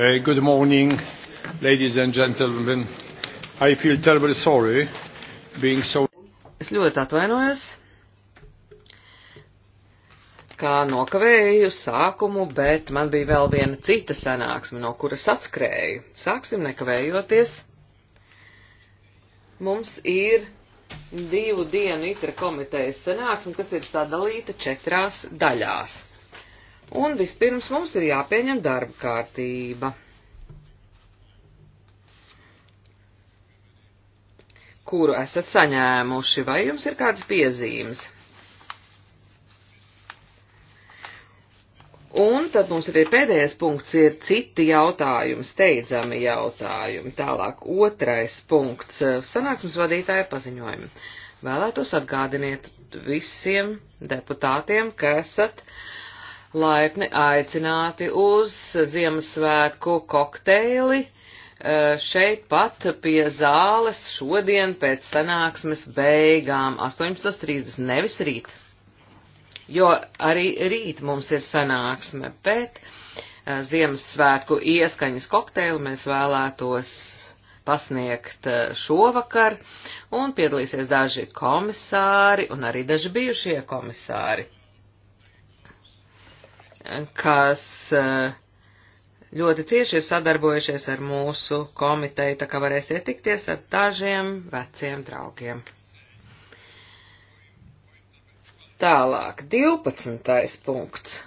Uh, good morning, ladies and gentlemen. I feel terribly sorry being so. Es ļoti atvainojos, kā nokavēju sākumu, bet man bija vēl viena cita sanāksme, no kuras atskrēju. Sāksim nekavējoties. Mums ir divu dienu itra komitejas sanāksme, kas ir sadalīta četrās daļās. Un vispirms mums ir jāpieņem darba kārtība, kuru esat saņēmuši, vai jums ir kādas piezīmes. Un tad mums arī pēdējais punkts ir citi jautājumi, steidzami jautājumi. Tālāk otrais punkts eh, - sanāksmes vadītāja paziņojumi. Vēlētos atgādiniet visiem deputātiem, ka esat uh, laipni aicināti uz Ziemassvētku kokteili e, šeit pat pie zāles šodien pēc sanāksmes beigām 18.30, nevis rīt. Jo arī rīt mums ir sanāksme, bet e, Ziemassvētku ieskaņas kokteili mēs vēlētos pasniegt e, šovakar, un piedalīsies daži komisāri un arī daži bijušie komisāri kas eh, ļoti cieši ir sadarbojušies ar mūsu komiteju, tā kā varēsiet tikties ar dažiem veciem draugiem. Tālāk, 12. punkts.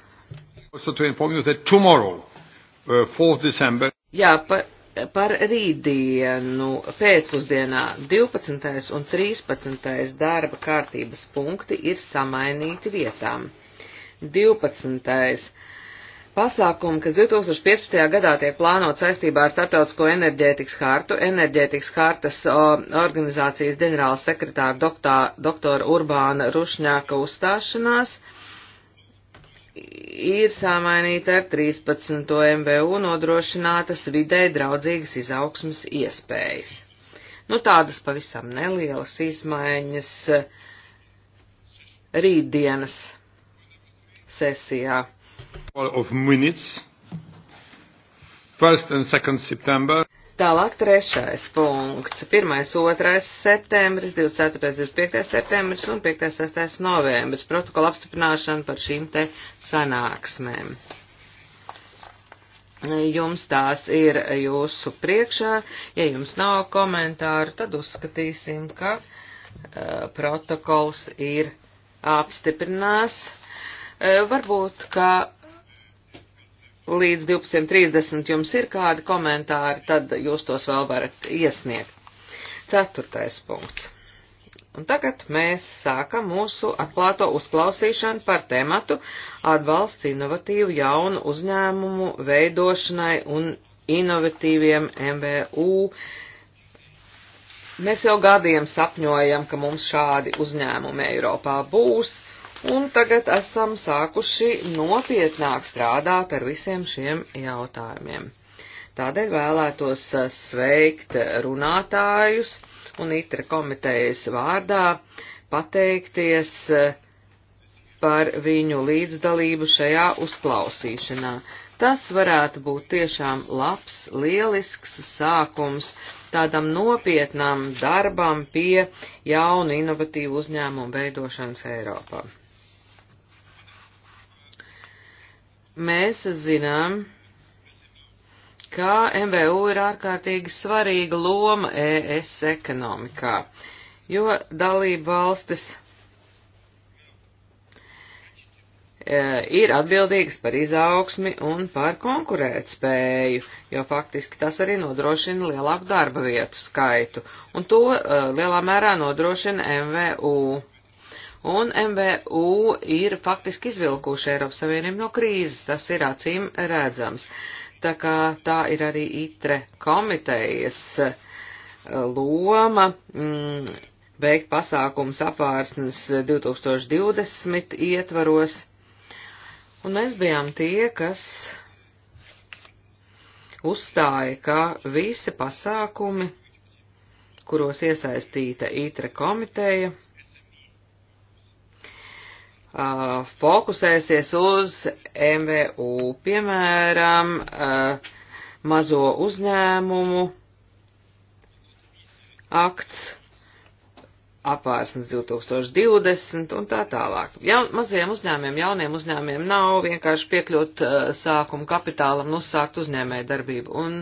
Also to inform you that tomorrow, uh, 4th December. Jā, pa, par rītdienu pēcpusdienā 12. un 13. darba kārtības punkti ir samainīti vietām. 12. Pasākumi, kas 2015. gadā tiek plānot saistībā ar Startautisko enerģētikas hārtu, enerģētikas hārtas organizācijas ģenerāla sekretāra doktā, doktora Urbāna Rušņāka uzstāšanās, ir samainīta ar 13. MBU nodrošinātas vidē draudzīgas izaugsmas iespējas. Nu, tādas pavisam nelielas izmaiņas eh, rītdienas sesijā. Tālāk trešais punkts. 1. 2. septembris, 24. 25. septembris un 5. 6. novembris. Protokola apstiprināšana par šīm te sanāksmēm. Jums tās ir jūsu priekšā. Ja jums nav komentāru, tad uzskatīsim, ka uh, protokols ir apstiprinās. E, varbūt, ka līdz 12.30 jums ir kādi komentāri, tad jūs tos vēl varat iesniegt. Ceturtais punkts. Un tagad mēs sākam mūsu atklāto uzklausīšanu par tematu atbalsts inovatīvu jaunu uzņēmumu veidošanai un inovatīviem MVU. Mēs jau gadiem sapņojam, ka mums šādi uzņēmumi Eiropā būs. Un tagad esam sākuši nopietnāk strādāt ar visiem šiem jautājumiem. Tādēļ vēlētos uh, sveikt runātājus un itra komitejas vārdā pateikties uh, par viņu līdzdalību šajā uzklausīšanā. Tas varētu būt tiešām labs, lielisks sākums tādam nopietnam darbam pie jaunu inovatīvu uzņēmumu veidošanas Eiropā. Mēs zinām, ka MVU ir ārkārtīgi svarīga loma ES ekonomikā, jo dalība valstis e, ir atbildīgas par izaugsmi un par konkurētspēju, jo faktiski tas arī nodrošina lielāku darba vietu skaitu, un to uh, lielā mērā nodrošina MVU un MVU ir faktiski izvilkuši Eiropas Savienību no krīzes, tas ir acīm redzams. Tā kā tā ir arī ITRE komitejas eh, loma mm, veikt pasākums apvārsnes 2020 ietvaros, un mēs bijām tie, kas uzstāja, ka visi pasākumi, kuros iesaistīta ITRE komiteja, uh, fokusēsies uz MVU, piemēram, uh, mazo uzņēmumu akts, apvērsnes 2020 un tā tālāk. Jaun, mazajiem uzņēmiem, jauniem uzņēmiem nav vienkārši piekļūt uh, sākuma kapitālam un nu, uzsākt uzņēmēju darbību. Un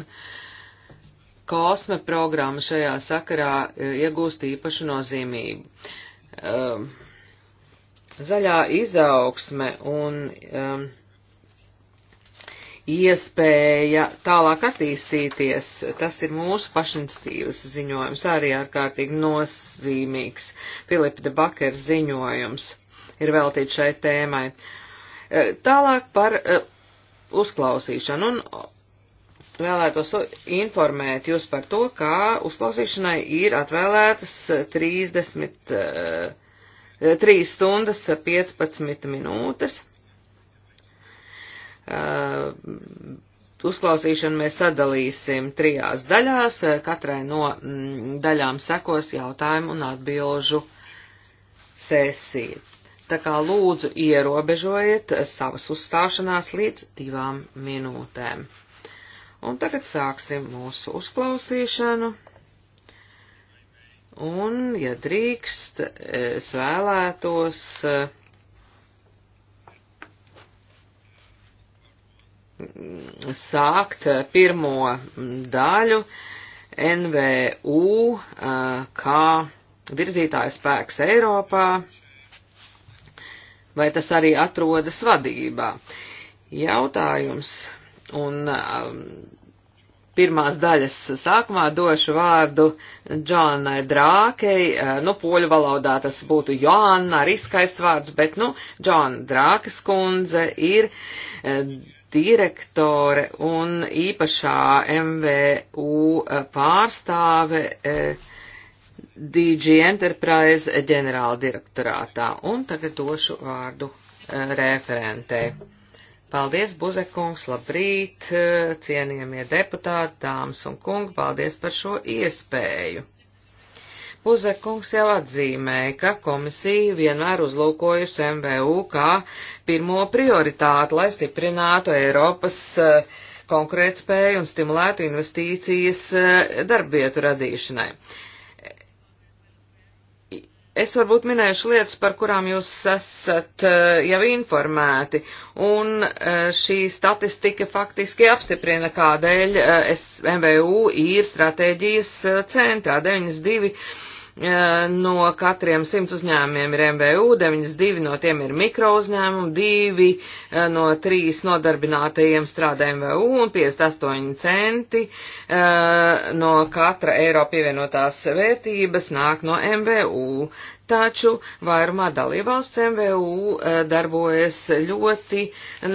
kosme programma šajā sakarā uh, iegūst īpašu nozīmību. Uh, Zaļā izaugsme un um, iespēja tālāk attīstīties, tas ir mūsu pašinstīvas ziņojums, arī ārkārtīgi nozīmīgs Filipa de Baker ziņojums ir veltīts šai tēmai. Uh, tālāk par uh, uzklausīšanu un vēlētos informēt jūs par to, kā uzklausīšanai ir atvēlētas 30 3 eh, stundas 15 eh, minūtes. Eh, uzklausīšanu mēs sadalīsim trijās daļās, katrai no mm, daļām sekos jautājumu un atbilžu sesija. Tā kā lūdzu ierobežojiet savas uzstāšanās līdz divām minūtēm. Un tagad sāksim mūsu uzklausīšanu. Un, ja drīkst, es vēlētos mm, sākt pirmo daļu NVU kā virzītāja spēks Eiropā, vai tas arī atrodas vadībā. Jautājums un um, pirmās daļas sākumā došu vārdu Džānai Drākei. Eh, nu, poļu valodā tas būtu Joanna, arī skaists vārds, bet, nu, Džāna Drākas kundze ir eh, direktore un īpašā MVU eh, pārstāve DG Enterprise ģenerāldirektorātā. Un tagad došu vārdu referentei. Paldies, Buzekungs, labrīt, cienījamie deputāti, dāmas un kungi, paldies par šo iespēju. Buzekungs jau atzīmēja, ka komisija vienmēr uzlūkojusi MVU kā pirmo prioritāti, lai stiprinātu Eiropas eh, konkurētspēju un stimulētu investīcijas eh, darbvietu radīšanai. Es varbūt minēšu lietas, par kurām jūs esat eh, jau informēti, un eh, šī statistika faktiski apstiprina, kādēļ eh, MVU ir stratēģijas centrā 92 no katriem simts uzņēmumiem ir MVU, 92 no tiem ir mikro uzņēmumi, 2 no 3 nodarbinātajiem strādā MVU un 58 centi no katra eiro pievienotās vērtības nāk no MVU. Taču vairumā dalībvalsts MVU eh, darbojas ļoti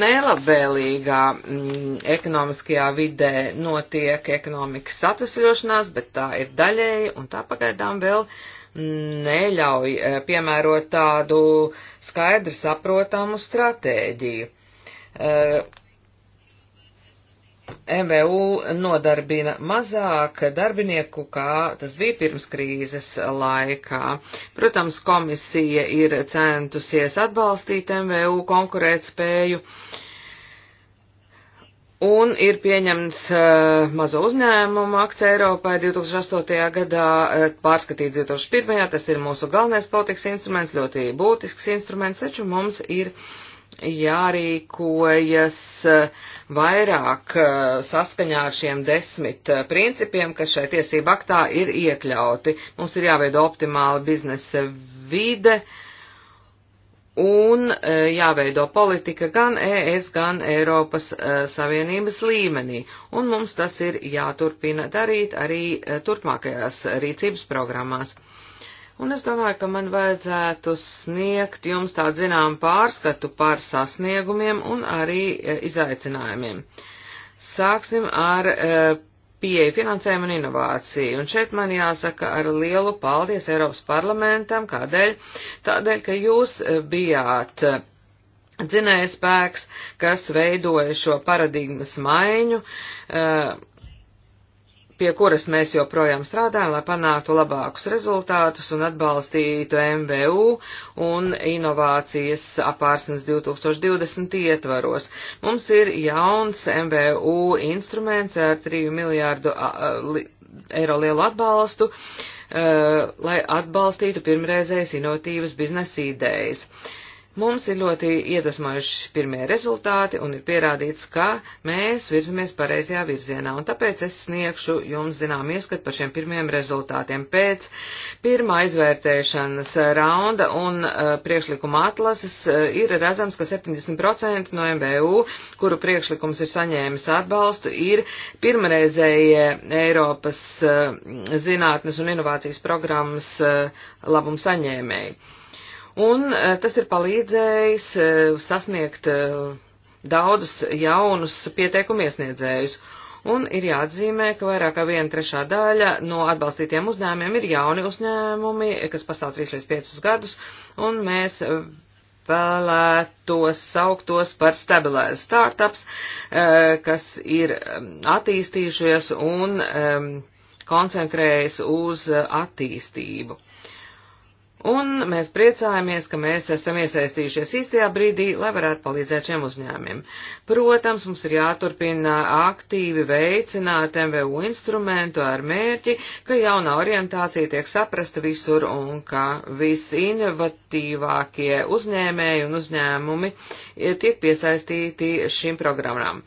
nelabvēlīgā mm, ekonomiskajā vidē, notiek ekonomikas atvesļošanās, bet tā ir daļēji un tā pagaidām vēl mm, neļauj eh, piemērot tādu skaidru saprotamu stratēģiju. Uh, MVU nodarbina mazāk darbinieku, kā tas bija pirms krīzes laikā. Protams, komisija ir centusies atbalstīt MVU konkurētspēju un ir pieņemts uh, mazo uzņēmumu akts Eiropai 2008. gadā, eh, pārskatīts 2001. tas ir mūsu galvenais politikas instruments, ļoti būtisks instruments, taču mums ir uh, jārīkojas eh, vairāk eh, saskaņā ar šiem desmit eh, principiem, kas šai tiesību aktā ir iekļauti. Mums ir jāveido optimāla biznesa vide un jāveido politika gan ES, gan Eiropas Savienības līmenī. Un mums tas ir jāturpina darīt arī turpmākajās rīcības programmās un es domāju, ka man vajadzētu sniegt jums tādu zinām pārskatu par sasniegumiem un arī e, izaicinājumiem. Sāksim ar e, pieeju finansējumu un inovāciju, un šeit man jāsaka ar lielu paldies Eiropas parlamentam, kādēļ? Tādēļ, ka jūs e, bijāt dzinējspēks, kas veidoja šo paradigmas maiņu, uh, pie kuras mēs joprojām strādājam, lai panāktu labākus rezultātus un atbalstītu MVU un inovācijas apārsnes 2020 ietvaros. Mums ir jauns MVU instruments ar 3 miljārdu eiro lielu atbalstu, lai atbalstītu pirmreizējas inovatīvas biznesa idejas. Mums ir ļoti iedvesmojuši pirmie rezultāti un ir pierādīts, ka mēs virzamies pareizajā virzienā, un tāpēc es sniegšu jums zinām ieskat par šiem pirmiem rezultātiem. Pēc pirmā izvērtēšanas raunda un uh, priekšlikuma atlases uh, ir redzams, ka 70% no MVU, kuru priekšlikums ir saņēmis atbalstu, ir pirmreizējie Eiropas uh, zinātnes un inovācijas programmas uh, labumu saņēmēji un eh, tas ir palīdzējis eh, sasniegt eh, daudzus jaunus pieteikumu iesniedzējus. Un ir jāatzīmē, ka vairāk kā viena trešā daļa no atbalstītiem uzņēmumiem ir jauni uzņēmumi, kas pastāv 3 līdz 5 gadus, un mēs vēlētos sauktos par stabilized startups, kas ir mm, attīstījušies un mm, koncentrējas uz attīstību un mēs priecājamies, ka mēs esam iesaistījušies īstajā brīdī, lai varētu palīdzēt šiem uzņēmiem. Protams, mums ir jāturpina aktīvi veicināt MVU instrumentu ar mērķi, ka jaunā orientācija tiek saprasta visur un ka visinnovatīvākie uzņēmēji un uzņēmumi e, tiek piesaistīti šīm programmām. E,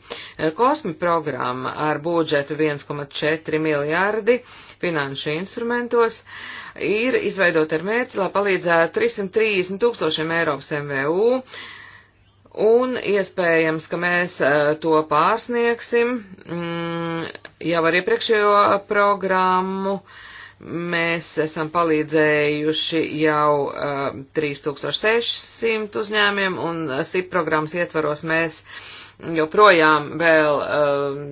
Kosmi programma ar budžetu 1,4 miljardi finanšu instrumentos, ir izveidota ar mērķi, lai palīdzētu 330 tūkstošiem Eiropas MVU, un iespējams, ka mēs eh, to pārsniegsim mm, jau ar iepriekšējo programmu. Mēs esam palīdzējuši jau uh, eh, 3600 uzņēmiem, un SIP programmas ietvaros mēs uh, joprojām vēl uh,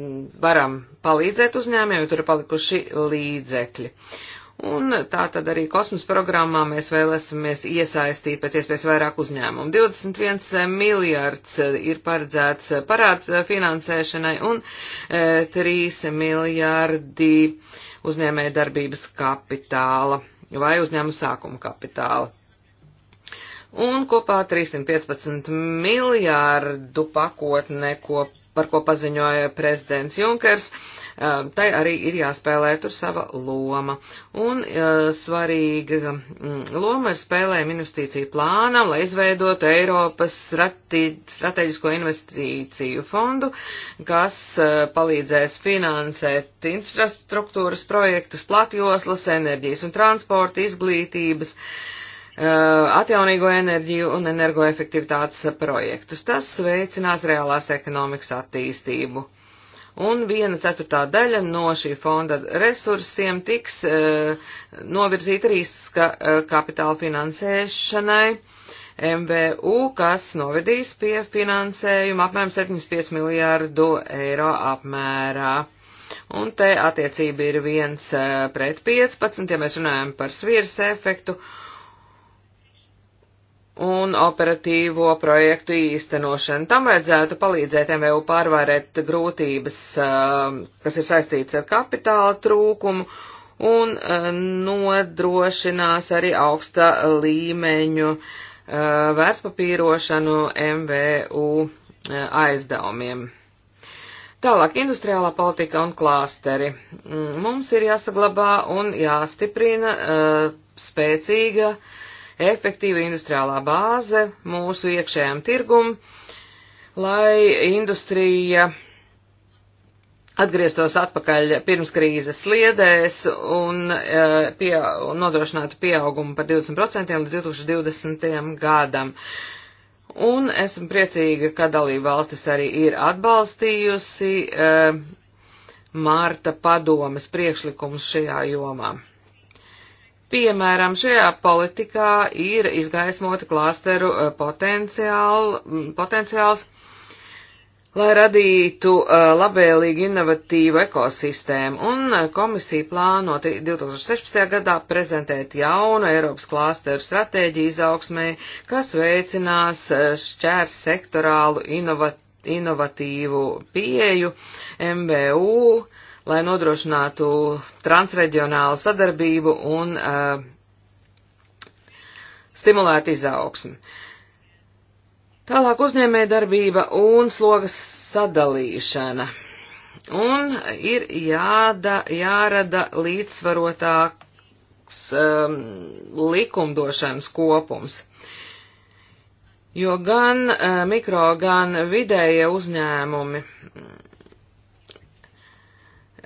varam palīdzēt uzņēmējiem, jo tur ir palikuši līdzekļi. Un tā tad arī kosmos programmā mēs vēlēsimies iesaistīt pēc iespējas vairāk uzņēmumu. 21 eh, miljards eh, ir paredzēts eh, parādu finansēšanai un e, 3 miljardi uzņēmēja darbības kapitāla vai uzņēmu sākuma kapitāla un kopā 315 miljārdu pakotne, ko, par ko paziņoja prezidents Junkers, tai arī ir jāspēlē tur sava loma. Un svarīga mm, loma ir spēlējama investīciju plānam, lai izveidotu Eiropas strateģisko investīciju fondu, kas palīdzēs finansēt infrastruktūras projektus, platjoslas, enerģijas un transporta, izglītības, uh, Uh, atjaunīgo enerģiju un energoefektivitātes projektus. Tas veicinās reālās ekonomikas attīstību. Un viena ceturtā daļa no šī fonda resursiem tiks uh, novirzīta riska uh, kapitāla finansēšanai MVU, kas novedīs pie finansējuma apmēram 75 miljārdu eiro apmērā. Un te attiecība ir viens uh, pret 15, ja mēs runājam par svirs efektu. Uh, un operatīvo projektu īstenošanu. Tam vajadzētu palīdzēt MVU pārvarēt grūtības, uh, kas ir saistīts ar kapitāla trūkumu, un uh, nodrošinās arī augsta līmeņu uh, vērtspapīrošanu MVU aizdevumiem. Tālāk industriālā politika un klāsteri. Mm, mums ir jāsaglabā un jāstiprina spēcīga uh, efektīva industriālā bāze mūsu iekšējām tirgum, lai industrija atgrieztos atpakaļ pirms krīzes sliedēs un, e, pie, un nodrošinātu pieaugumu par 20% līdz 2020. gadam. Un esmu priecīga, ka dalība valstis arī ir atbalstījusi e, Mārta padomes priekšlikums šajā jomā. Piemēram, šajā politikā ir izgaismota klāsteru eh, potenciāl, potenciāls, lai radītu eh, labvēlīgu inovatīvu ekosistēmu, un eh, komisija plāno 2016. gadā prezentēt jaunu Eiropas klāsteru stratēģiju izaugsmē, kas veicinās šķērs sektorālu inovat, inovatīvu pieju MBU lai nodrošinātu transreģionālu sadarbību un uh, stimulētu izaugsmu. Tālāk uzņēmē darbība un slogas sadalīšana. Un ir jāda, jārada līdzsvarotāks um, likumdošanas kopums. Jo gan uh, mikro, gan vidējie uzņēmumi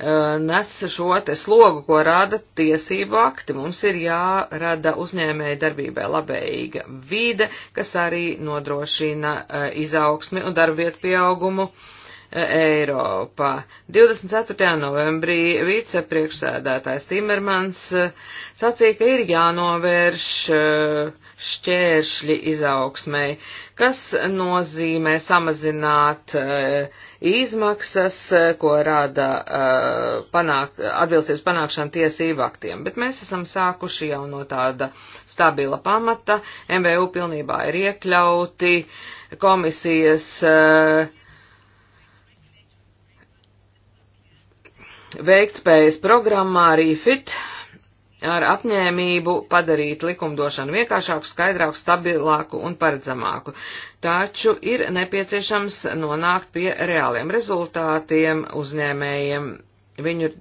Uh, nes šo te slogu, ko rada tiesību akti. Mums ir jārada uzņēmēja darbībai labējīga vide, kas arī nodrošina uh, izaugsmi un darbvietu pieaugumu. Uh, Eiropā. 24. novembrī vicepriekšsēdētājs Timermans sacīja, ka ir jānovērš šķēršļi izaugsmai, kas nozīmē samazināt uh, izmaksas, eh, ko rada uh, panāk, atbilstības panākšana tiesību aktiem. Bet mēs esam sākuši jau no tāda stabila pamata. MVU pilnībā ir iekļauti komisijas uh, veiktspējas programmā arī FIT ar apņēmību padarīt likumdošanu vienkāršāku, skaidrāku, stabilāku un paredzamāku. Taču ir nepieciešams nonākt pie reāliem rezultātiem uzņēmējiem viņu uh,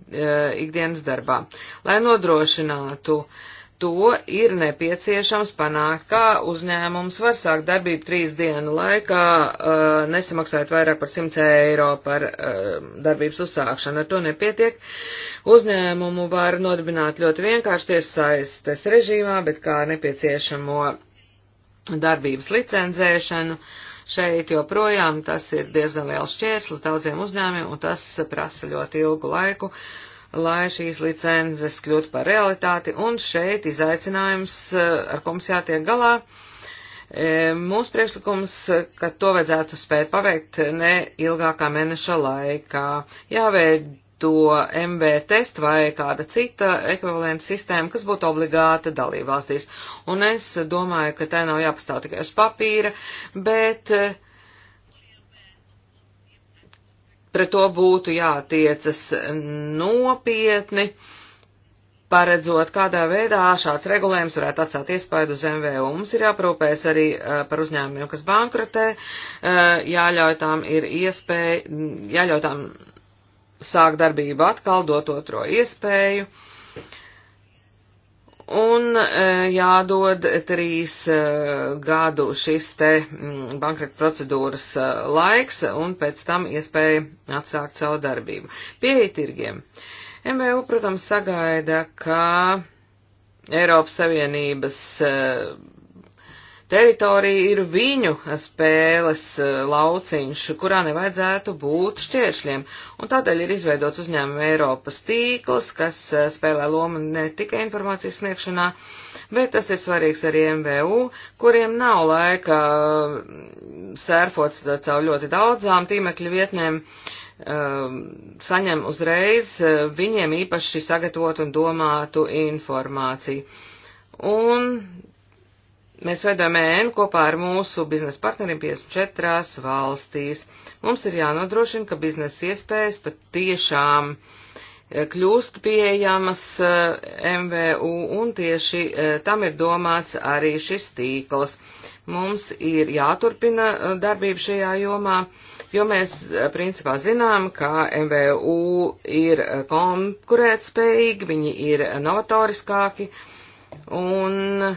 ikdienas darbā, lai nodrošinātu uh, to ir nepieciešams panākt, kā uzņēmums var sākt darbību trīs dienu laikā, uh, nesamaksājot vairāk par 100 eiro par uh, darbības uzsākšanu. Ar to nepietiek. Uzņēmumu var nodibināt ļoti vienkārši tiešsaistes režīmā, bet kā nepieciešamo darbības licenzēšanu. Šeit joprojām tas ir diezgan liels šķērslis daudziem uzņēmumiem, un tas prasa ļoti ilgu laiku. Uh, lai šīs licences kļūtu par realitāti, un šeit izaicinājums, eh, ar ko mums jātiek galā, eh, mūsu priekšlikums, ka to vajadzētu spēt paveikt ne ilgākā mēneša laikā. Jāveid to MB testu vai kāda cita ekvivalenta sistēma, kas būtu obligāta dalībvalstīs. Un es domāju, ka tā nav jāpastāv tikai uz papīra, bet uh, pret to būtu jātiecas nopietni, paredzot, kādā veidā šāds regulējums varētu atstāt iespaidu uz MVU. Mums ir jāprūpēs arī eh, par uzņēmumiem, kas bankrotē, eh, jāļauj tām ir iespēja, jāļauj tām sākt darbību atkal, dot otro iespēju un e, jādod trīs e, gadu šis te mm, bankrata procedūras e, laiks un pēc tam iespēja atsākt savu darbību. Pieeja tirgiem. MVU, protams, sagaida, ka Eiropas Savienības Teritorija ir viņu spēles e, lauciņš, kurā nevajadzētu būt šķēršļiem, un tādēļ ir izveidots uzņēmuma Eiropas tīkls, kas e, spēlē lomu ne tikai informācijas sniegšanā, bet tas ir svarīgs arī MVU, kuriem nav laika sērfot caur ļoti daudzām tīmekļa vietnēm, e, saņem uzreiz viņiem īpaši sagatavotu un domātu informāciju. Un Mēs veidojam EN kopā ar mūsu biznesa partneriem 54 valstīs. Mums ir jānodrošina, ka biznesa iespējas pat tiešām eh, kļūst pieejamas eh, MVU, un tieši eh, tam ir domāts arī šis tīkls. Mums ir jāturpina darbība šajā jomā, jo mēs principā zinām, ka MVU ir konkurētspējīgi, viņi ir novatoriskāki, un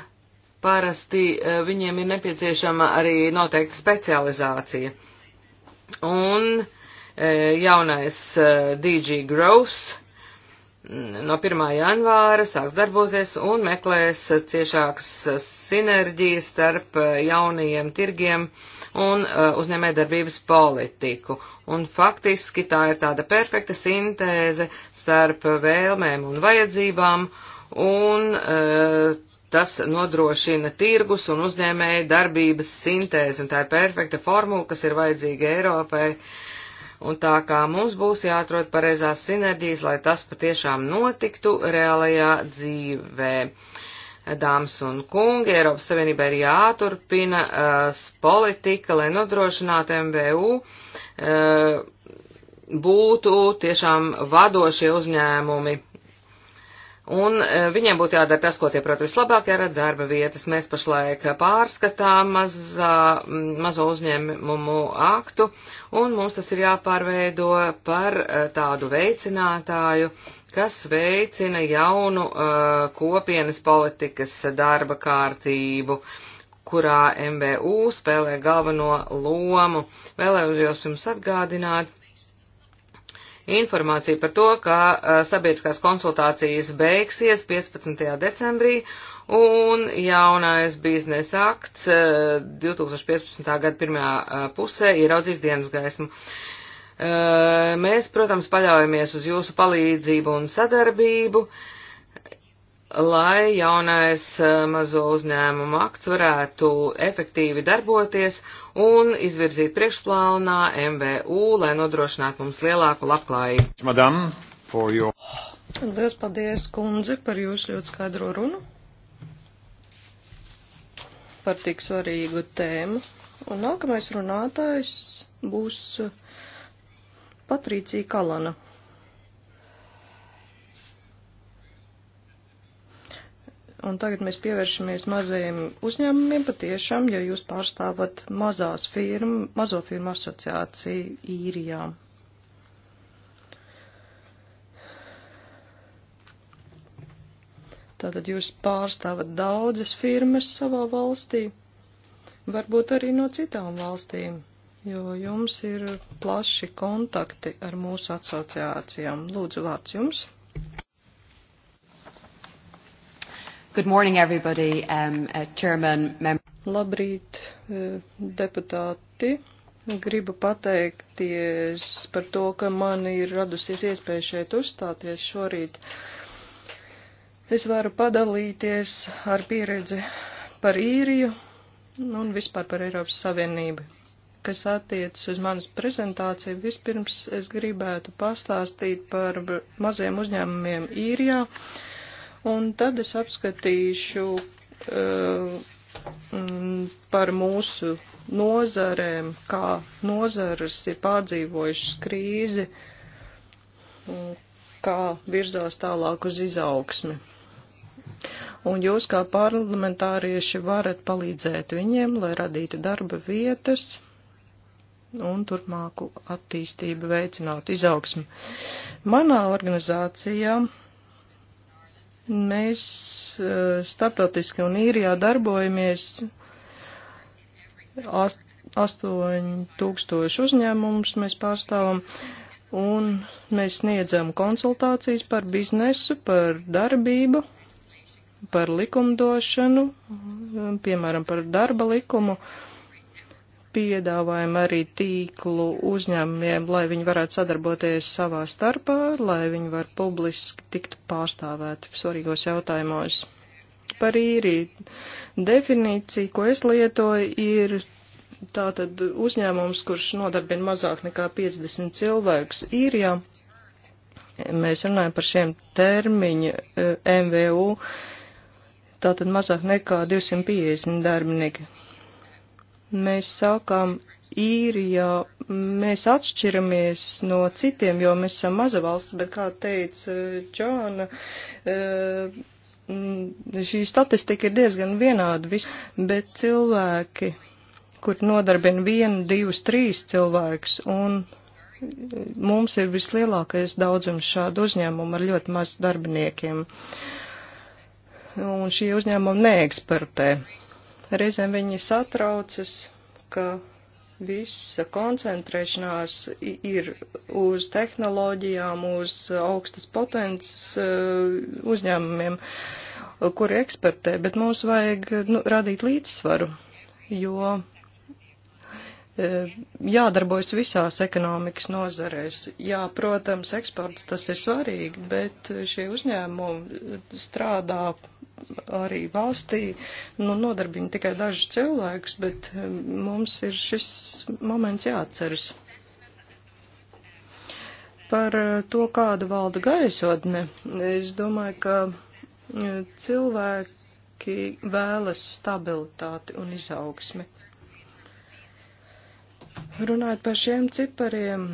parasti eh, viņiem ir nepieciešama arī noteikta specializācija. Un eh, jaunais eh, DG Growth mm, no 1. janvāra sāks darboties un meklēs ciešākas sinerģijas starp jaunajiem tirgiem un uzņēmējdarbības politiku. Un faktiski tā ir tāda perfekta sintēze starp vēlmēm un vajadzībām un uh, Tas nodrošina tirgus un uzņēmēja darbības sintēzi, un tā ir perfekta formula, kas ir vajadzīga Eiropai. Un tā kā mums būs jāatrod pareizās sinerģijas, lai tas patiešām notiktu reālajā dzīvē. Dāmas un kungi, Eiropas Savienībai ir jāturpina uh, politika, lai nodrošinātu MVU uh, būtu tiešām vadošie uzņēmumi Un e, viņiem būtu jādara tas, ko tie prot vislabāk, jādara darba vietas. Mēs pašlaik pārskatām mazā, mazo uzņēmumu aktu, un mums tas ir jāpārveido par e, tādu veicinātāju, kas veicina jaunu uh, kopienas politikas darba kārtību, kurā MBU spēlē galveno lomu. Vēlējos jums atgādināt, informāciju par to, ka eh, sabiedriskās konsultācijas beigsies 15. decembrī un jaunais biznesa akts 2015. Eh, gada pirmajā eh, pusē ieraudzīs dienas gaismu. Mēs, protams, paļaujamies uz jūsu palīdzību un sadarbību, lai jaunais mazo uzņēmumu akts varētu efektīvi darboties un izvirzīt priekšplānā MVU, lai nodrošinātu mums lielāku labklājību. Madam, for your. Liels paldies, kundze, par jūsu ļoti skaidro runu par tik svarīgu tēmu. Un nākamais runātājs būs Patricija Kalana. Un tagad mēs pievēršamies mazajiem uzņēmumiem patiešām, jo jūs pārstāvat mazās firmu, mazo firmu asociāciju īrijā. Tātad jūs pārstāvat daudzas firmas savā valstī, varbūt arī no citām valstīm, jo jums ir plaši kontakti ar mūsu asociācijām. Lūdzu, vārds jums! Good morning, everybody, um, uh, chairman, member. Labrīt, uh, deputāti. Gribu pateikties par to, ka man ir radusies iespēja šeit uzstāties šorīt. Es varu padalīties ar pieredzi par īriju un vispār par Eiropas Savienību. Kas attiecas uz manas prezentāciju, vispirms es gribētu pastāstīt par maziem uzņēmumiem īrijā. Uh, Un tad es apskatīšu uh, par mūsu nozarēm, kā nozaras ir pārdzīvojušas krīzi, kā virzās tālāk uz izaugsmi. Un jūs kā parlamentārieši varat palīdzēt viņiem, lai radītu darba vietas un turpmāku attīstību veicinātu izaugsmi. Manā organizācijā Mēs eh, starptautiski un īrijā darbojamies 8000 uzņēmumus mēs pārstāvam un mēs sniedzam konsultācijas par biznesu, par darbību, par likumdošanu, piemēram, par darba likumu. Uh, piedāvājam arī tīklu uzņēmumiem, lai viņi varētu sadarboties savā starpā, lai viņi var publiski tikt pārstāvēti svarīgos jautājumos. Par īri definīciju, ko es lietoju, ir tātad uzņēmums, kurš nodarbina mazāk nekā 50 cilvēkus īrijā. Mēs runājam par šiem termiņu eh, MVU, tātad mazāk nekā 250 darbinieki mēs sākām īrijā, mēs atšķiramies no citiem, jo mēs esam maza valsts, bet, kā teica eh, Džona, eh, šī statistika ir diezgan vienāda, bet cilvēki, kur nodarbina vienu, divus, trīs cilvēkus, un eh, mums ir vislielākais daudzums šādu uzņēmumu ar ļoti maz darbiniekiem. Un šie uzņēmumi neeksportē. Reizēm viņi satraucas, ka visa koncentrēšanās ir uz tehnoloģijām, uz augstas potences eh, uzņēmumiem, kuri ekspertē, bet mums vajag nu, radīt līdzsvaru, jo E, jādarbojas visās ekonomikas nozarēs. Jā, protams, eksports tas ir svarīgi, bet šie uzņēmumi strādā arī valstī, nu, nodarbina tikai dažus cilvēkus, bet e, mums ir šis moments jāatceras. Par e, to, kāda valda gaisotne, es domāju, ka cilvēki vēlas stabilitāti un izaugsmi. Runājot par šiem cipariem,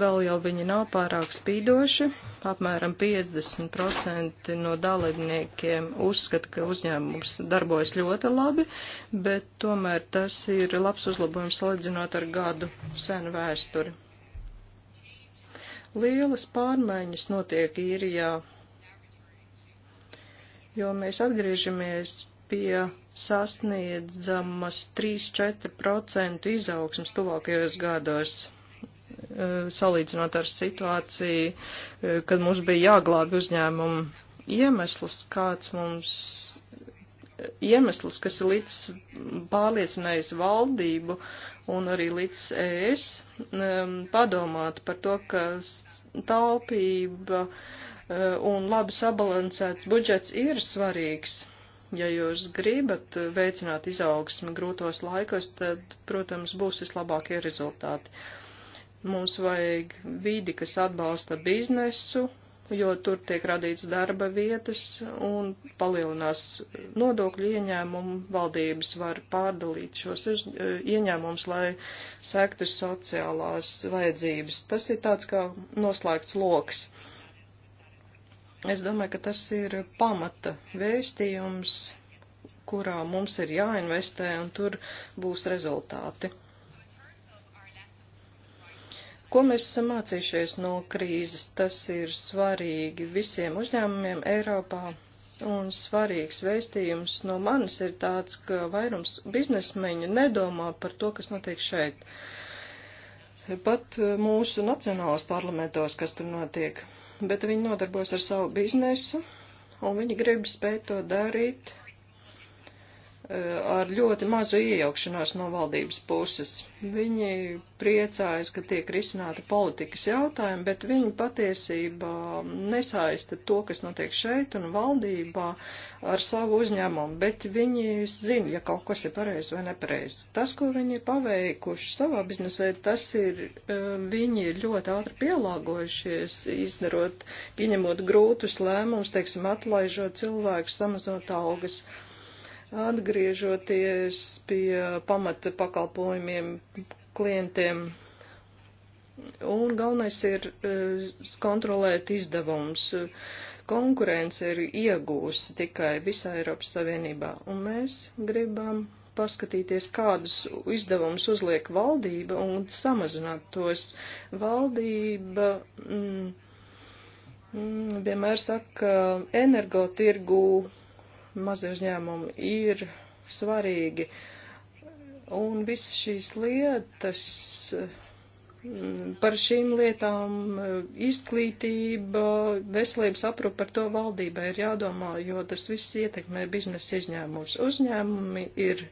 vēl jau viņi nav pārāk spīdoši. Apmēram 50% no dalībniekiem uzskata, ka uzņēmums darbojas ļoti labi, bet tomēr tas ir labs uzlabojums salīdzinot ar gadu senu vēsturi. Lielas pārmaiņas notiek īrijā, jo mēs atgriežamies pie sasniedzamas 3-4% izaugsmas tuvākajos gados, e, salīdzinot ar situāciju, e, kad mums bija jāglābi uzņēmumu. Iemesls, kāds mums, e, iemesls, kas ir līdz pārliecinājis valdību un arī līdz es, padomāt par to, ka taupība un labi sabalansēts budžets ir svarīgs Ja jūs gribat veicināt izaugsmi grūtos laikos, tad, protams, būs vislabākie rezultāti. Mums vajag vidi, kas atbalsta biznesu, jo tur tiek radīts darba vietas un palielinās nodokļu ieņēmumu. Valdības var pārdalīt šos ieņēmumus, lai sektu sociālās vajadzības. Tas ir tāds kā noslēgts loks. Es domāju, ka tas ir pamata vēstījums, kurā mums ir jāinvestē, un tur būs rezultāti. Ko mēs esam mācījušies no krīzes? Tas ir svarīgi visiem uzņēmumiem Eiropā, un svarīgs vēstījums no manis ir tāds, ka vairums biznesmeņu nedomā par to, kas notiek šeit. Pat mūsu nacionālos parlamentos, kas tur notiek bet viņi nodarbojas ar savu biznesu, un viņi grib spēt to darīt Eh, ar ļoti mazu iejaukšanos no valdības puses. Viņi priecājas, ka tiek risināta politikas jautājumi, bet viņi patiesībā nesaista to, kas notiek šeit un valdībā ar savu uzņēmumu, bet viņi zina, ja kaut kas ir pareizi vai nepareizi. Tas, ko viņi ir paveikuši savā biznesē, tas ir, eh, viņi ir ļoti ātri pielāgojušies, izdarot, pieņemot grūtus lēmumus, teiksim, atlaižot cilvēkus, samazinot algas. Atgriežoties pie pamata pakalpojumiem klientiem, un galvenais ir eh, kontrolēt izdevums. Konkurence ir iegūs tikai visā Eiropas Savienībā, un mēs gribam paskatīties, kādus izdevumus uzliek valdība un samazināt tos. Valdība mm, mm, vienmēr saka, ka energotirgu mazie uzņēmumi ir svarīgi. Un viss šīs lietas, mm, par šīm lietām izglītība, veselības aprūpa par to valdībai ir jādomā, jo tas viss ietekmē biznesa izņēmums. Uzņēmumi ir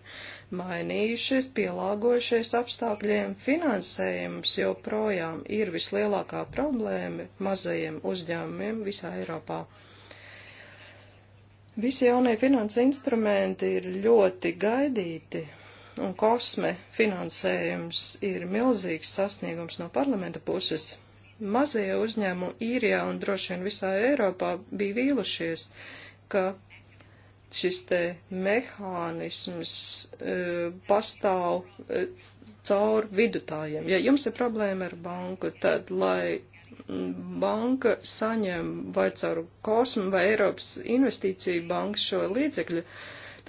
mainījušies, pielāgojušies apstākļiem, finansējums joprojām ir vislielākā problēma mazajiem uzņēmumiem visā Eiropā. Visi jaunie finanses instrumenti ir ļoti gaidīti, un kosme finansējums ir milzīgs sasniegums no parlamenta puses. Mazie uzņēmumi īrijā un droši vien visā Eiropā bija vīlušies, ka šis te mehānisms e, pastāv e, caur vidutājiem. Ja jums ir problēma ar banku, tad lai banka saņem vai caur kosmu vai Eiropas investīciju banku šo līdzekļu,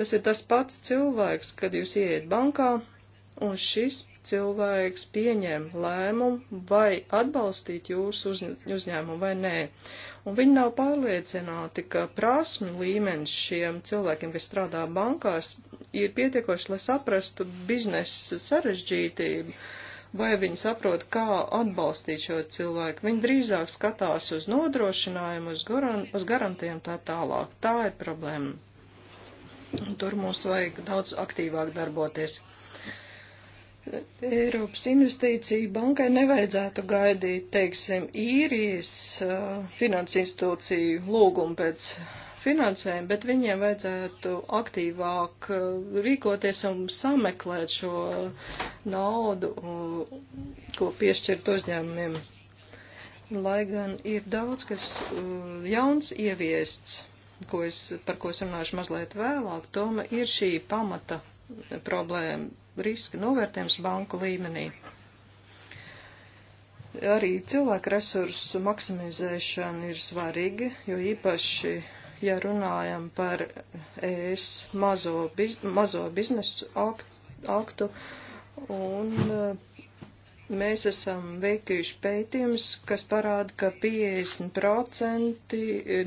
tas ir tas pats cilvēks, kad jūs ieiet bankā un šis cilvēks pieņem lēmumu vai atbalstīt jūsu uz, uzņēmumu vai nē. Un viņi nav pārliecināti, ka prasmi līmenis šiem cilvēkiem, kas strādā bankās, ir pietiekoši, lai saprastu biznesa sarežģītību. Uh, vai viņi saprot, kā atbalstīt šo cilvēku. Viņi drīzāk skatās uz nodrošinājumu, uz, garan, uz garantiem tā tālāk. Tā ir problēma. Tur mums vajag daudz aktīvāk darboties. Eiropas investīcija bankai nevajadzētu gaidīt, teiksim, īrijas uh, finansu institūciju lūgumu pēc finansējumu, bet viņiem vajadzētu aktīvāk uh, rīkoties un sameklēt šo uh, naudu, uh, ko piešķirt uzņēmumiem. Lai gan ir daudz, kas jauns ieviests, ko es, par ko es runāšu mazliet vēlāk, tomēr ir šī pamata problēma riska novērtējums banku līmenī arī cilvēku resursu maksimizēšana ir svarīga, jo īpaši ja runājam par ES mazo, biz, mazo biznesu aktu, un eh, mēs esam veikuši pētījums, kas parāda, ka 50%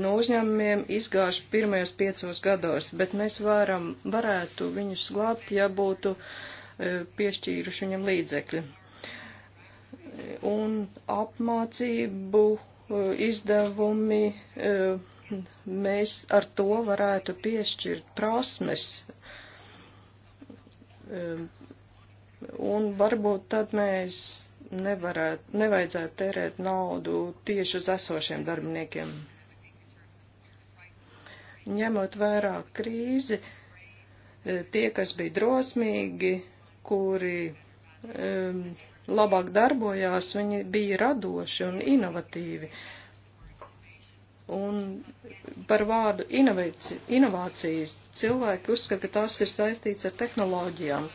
no uzņēmumiem izgāž pirmajos piecos gados, bet mēs varam, varētu viņus glābt, ja būtu eh, piešķīruši viņam līdzekļi. Un apmācību eh, izdevumi uh, mēs ar to varētu piešķirt prasmes. Ehm, un varbūt tad mēs nevarētu, nevajadzētu tērēt naudu tieši uz esošiem darbiniekiem. Ņemot vērā krīzi, e, tie, kas bija drosmīgi, kuri um, labāk darbojās, viņi bija radoši un inovatīvi. Uh, Un par vārdu inovācijas cilvēki uzskata, ka tas ir saistīts ar tehnoloģijām.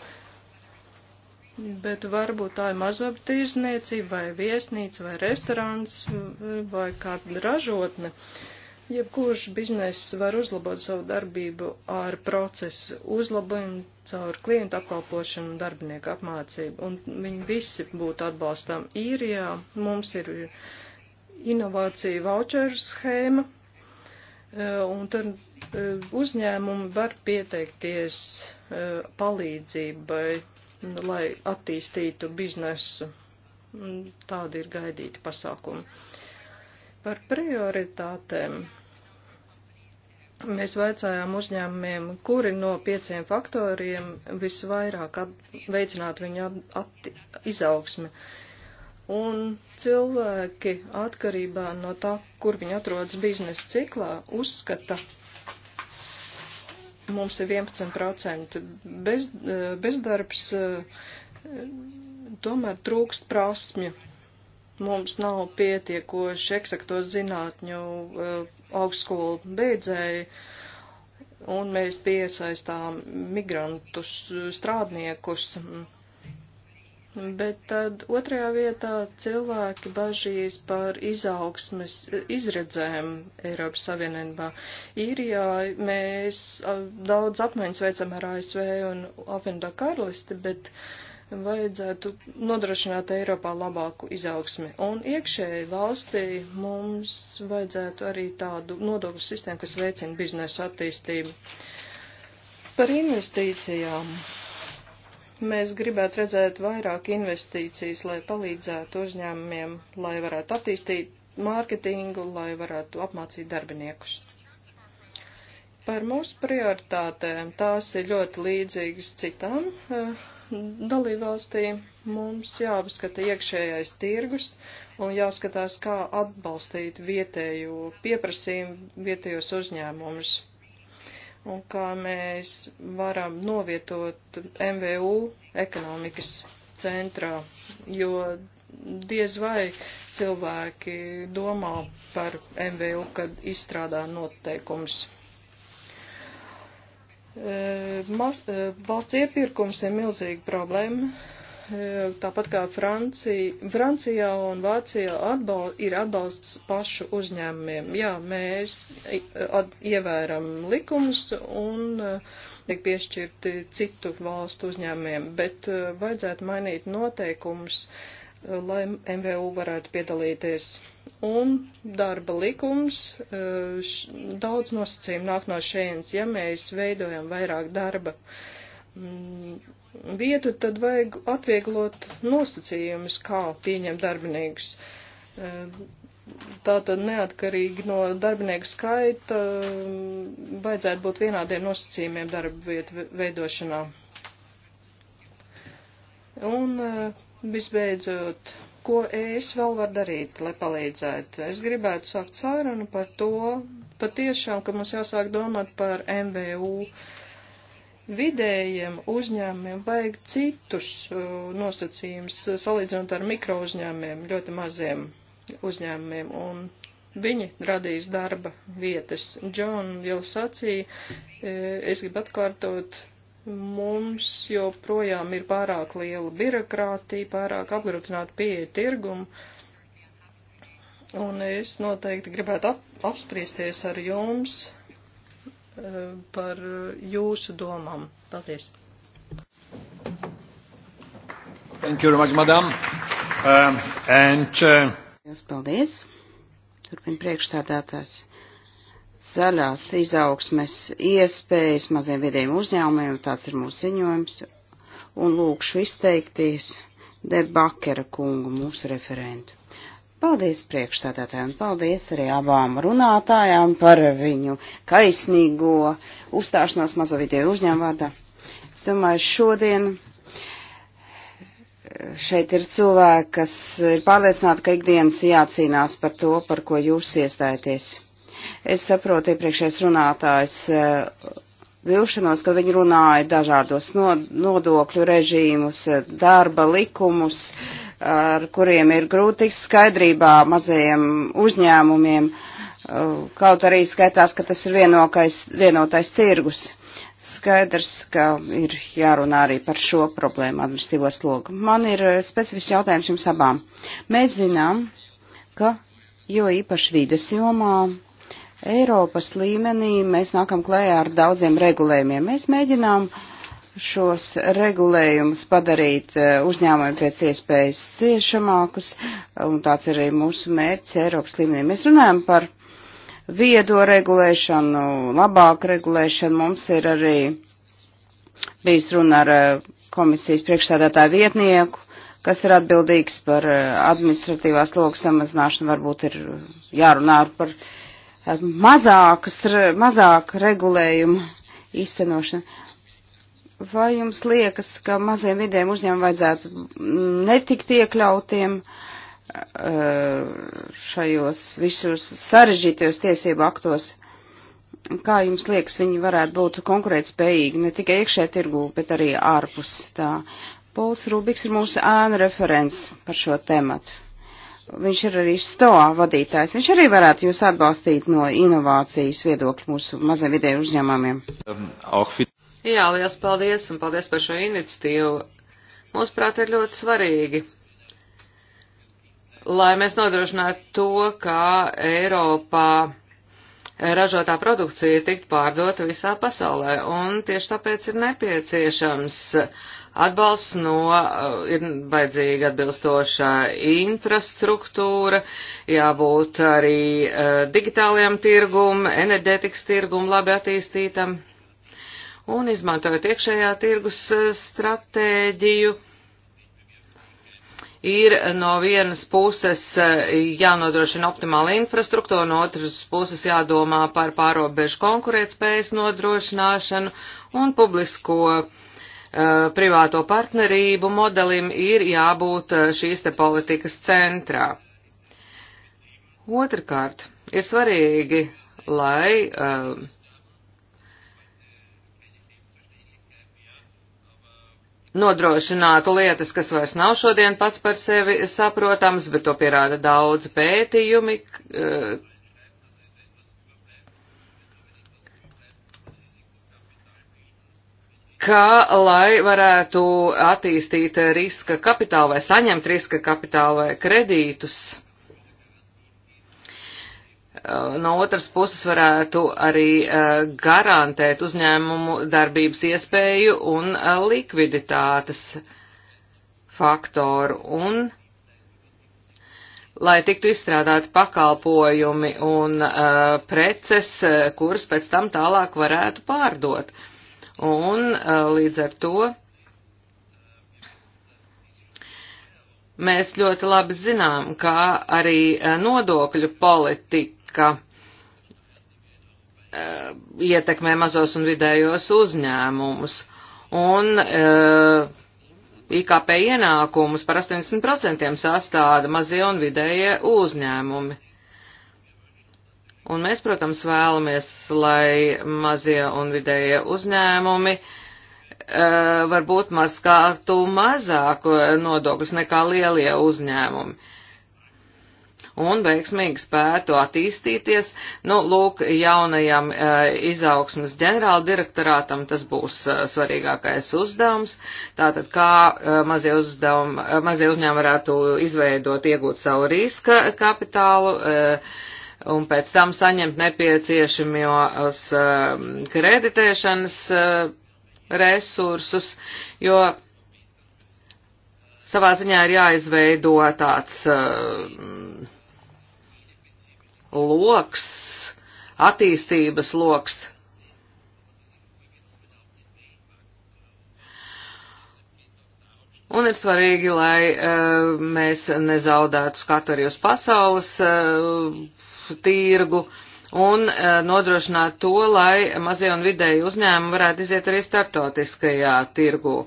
Bet varbūt tā ir mazaptīrzniecība vai viesnīca vai restorāns vai kāda ražotne. Jebkurš bizness var uzlabot savu darbību ar procesu uzlabojumu caur klientu apkalpošanu un darbinieku apmācību. Un viņi visi būtu atbalstām īrijā. Mums ir. Ja inovāciju voucheru schēma, eh, un tad eh, uzņēmumi var pieteikties eh, palīdzībai, lai attīstītu biznesu. Tādi ir gaidīti pasākumi. Par prioritātēm mēs vaicājām uzņēmumiem, kuri no pieciem faktoriem visvairāk at, veicinātu viņu at, at, izaugsmi. Uh, Un cilvēki atkarībā no tā, kur viņi atrodas biznesa ciklā, uzskata, mums ir 11% bez, bezdarbs, tomēr trūkst prasmju. Mums nav pietiekoši eksakto zinātņu eh, augstskolu beidzēji, un mēs piesaistām migrantus, strādniekus, Bet tad otrajā vietā cilvēki bažīs par izaugsmes izredzēm Eiropas Savienībā. Īrijā mēs daudz apmaiņas veicam ar ASV un apvienotā karalisti, bet vajadzētu nodrošināt Eiropā labāku izaugsmi. Un iekšēji valstī mums vajadzētu arī tādu nodokļu sistēmu, kas veicina biznesu attīstību. Par investīcijām Mēs gribētu redzēt vairāk investīcijas, lai palīdzētu uzņēmumiem, lai varētu attīstīt mārketingu, lai varētu apmācīt darbiniekus. Par mūsu prioritātēm tās ir ļoti līdzīgas citām eh, dalībvalstī. Mums jāapskata iekšējais tirgus un jāskatās, kā atbalstīt vietējo pieprasījumu, vietējos uzņēmumus un kā mēs varam novietot MVU ekonomikas centrā, jo diez vai cilvēki domā par MVU, kad izstrādā noteikums. Eh, eh, valsts iepirkums ir milzīga problēma, E, tāpat kā Francija, Francijā un Vācijā atbal, ir atbalsts pašu uzņēmumiem. Jā, mēs e, at, ievēram likumus un e, tiek piešķirti citu valstu uzņēmumiem, bet vajadzētu mainīt noteikumus, lai MVU varētu piedalīties. Un darba likums, daudz nosacījumu nāk no šeit, ja mēs veidojam vairāk darba vietu, tad vajag atvieglot nosacījumus, kā pieņemt darbiniekus. E, Tātad neatkarīgi no darbinieku skaita vajadzētu būt vienādiem nosacījumiem darba vietu veidošanā. Un e, visbeidzot, ko es vēl varu darīt, lai palīdzētu? Es gribētu sākt sārunu par to, patiešām, ka mums jāsāk domāt par MVU. Uh, Vidējiem uzņēmumiem vajag citus uh, nosacījumus uh, salīdzinot ar mikro uzņēmumiem, ļoti maziem uzņēmumiem, un viņi radīs darba vietas. Džon jau sacīja, e, es gribu atkārtot, mums joprojām ir pārāk liela birokrātija, pārāk apgrūtināta pieeja tirgumu, un es noteikti gribētu ap, apspriesties ar jums par jūsu domām. Paldies. Thank you very much, madam. Um, and, uh... Paldies. Turpin priekšstādātājs zaļās izaugsmes iespējas maziem vidējiem uzņēmumiem, tāds ir mūsu ziņojums, un lūkšu izteikties debakera kungu mūsu referentu. Paldies priekšsēdētājiem, paldies arī abām runātājām par viņu kaismīgo uzstāšanos mazovidēju uzņēmu vārdā. Es domāju, šodien eh, šeit ir cilvēki, kas ir pārliecināti, ka ikdienas jācīnās par to, par ko jūs iestājaties. Es saprotu, iepriekšējais runātājs eh, vilšanos, kad viņi runāja dažādos nodokļu režīmus, darba likumus, ar kuriem ir grūti tikt skaidrībā mazajiem uzņēmumiem, kaut arī skaitās, ka tas ir vienokais, vienotais tirgus. Skaidrs, ka ir jārunā arī par šo problēmu administratīvo slogu. Man ir specifisks jautājums jums abām. Mēs zinām, ka jo īpaši vides jomā Eiropas līmenī mēs nākam klējā ar daudziem regulējumiem. Mēs mēģinām šos regulējumus padarīt e, uzņēmumiem pēc iespējas ciešamākus, un tāds ir arī mūsu mērķis Eiropas līmenī. Mēs runājam par viedo regulēšanu, labāku regulēšanu. Mums ir arī bijis runa ar e, komisijas priekšstādātāju vietnieku, kas ir atbildīgs par e, administratīvās logas samazināšanu, varbūt ir jārunā par mazākas, mazāk regulējumu īstenošana. Vai jums liekas, ka maziem vidiem uzņēmumiem vajadzētu netikt iekļautiem eh, šajos visos sarežģītajos tiesību aktos? Kā jums liekas, viņi varētu būt konkurētspējīgi ne tikai iekšē tirgū, bet arī ārpus tā? Pols Rubiks ir mūsu ēna referents par šo tematu. Viņš ir arī stoā vadītājs. Viņš arī varētu jūs atbalstīt no inovācijas viedokļa mūsu maziem vidēju uzņēmumiem. Um, Jā, liels paldies un paldies par šo iniciatīvu. Mūsuprāt, ir ļoti svarīgi, lai mēs nodrošinātu to, ka Eiropā ražotā produkcija tiktu pārdota visā pasaulē. Un tieši tāpēc ir nepieciešams uh, atbalsts no, uh, ir vajadzīga atbilstošā infrastruktūra, jābūt arī uh, digitālajam tirgum, enerģetikas tirgum labi attīstītam. Un izmantojot iekšējā tirgus uh, stratēģiju, ir no vienas puses jānodrošina optimāla infrastruktūra, no otras puses jādomā par pārobežu konkurētspējas nodrošināšanu un publisko uh, Eh, privāto partnerību modelim ir jābūt eh, šīs te politikas centrā. Otrakārt, ir svarīgi, lai uh, nodrošinātu lietas, kas vairs nav šodien pats par sevi saprotams, bet to pierāda daudz pētījumi, ka, lai varētu attīstīt riska kapitālu vai saņemt riska kapitālu vai kredītus, eh, no otras puses varētu arī eh, garantēt uzņēmumu darbības iespēju un eh, likviditātes faktoru. Un lai tiktu izstrādāti pakalpojumi un uh, preces, kuras pēc tam tālāk varētu pārdot. Uh, Un eh, līdz ar to mēs ļoti labi zinām, ka arī eh, nodokļu politika eh, ietekmē mazos un vidējos uzņēmumus. Un uh, IKP ienākumus par 80% sastāda mazie un vidējie uzņēmumi. Un mēs, protams, vēlamies, lai mazie un vidējie uzņēmumi uh, varbūt maskātu mazāk nodokļus nekā lielie uzņēmumi. Un veiksmīgi spētu attīstīties, nu, lūk, jaunajam uh, izaugsmas ģenerāla direktorātam tas būs uh, svarīgākais uzdevums. Tātad, kā mazie, uzdevumi, mazie uzņēmumi varētu izveidot, iegūt savu riska kapitālu, uh, un pēc tam saņemt nepieciešamos uh, um, kreditēšanas uh, resursus, jo savā ziņā ir jāizveido tāds uh, loks, attīstības loks. Un ir svarīgi, lai uh, mēs nezaudētu skatu arī uz pasaules uh, tirgu un e, nodrošināt to, lai mazie un vidēji uzņēmumi varētu iziet arī starptautiskajā tirgu.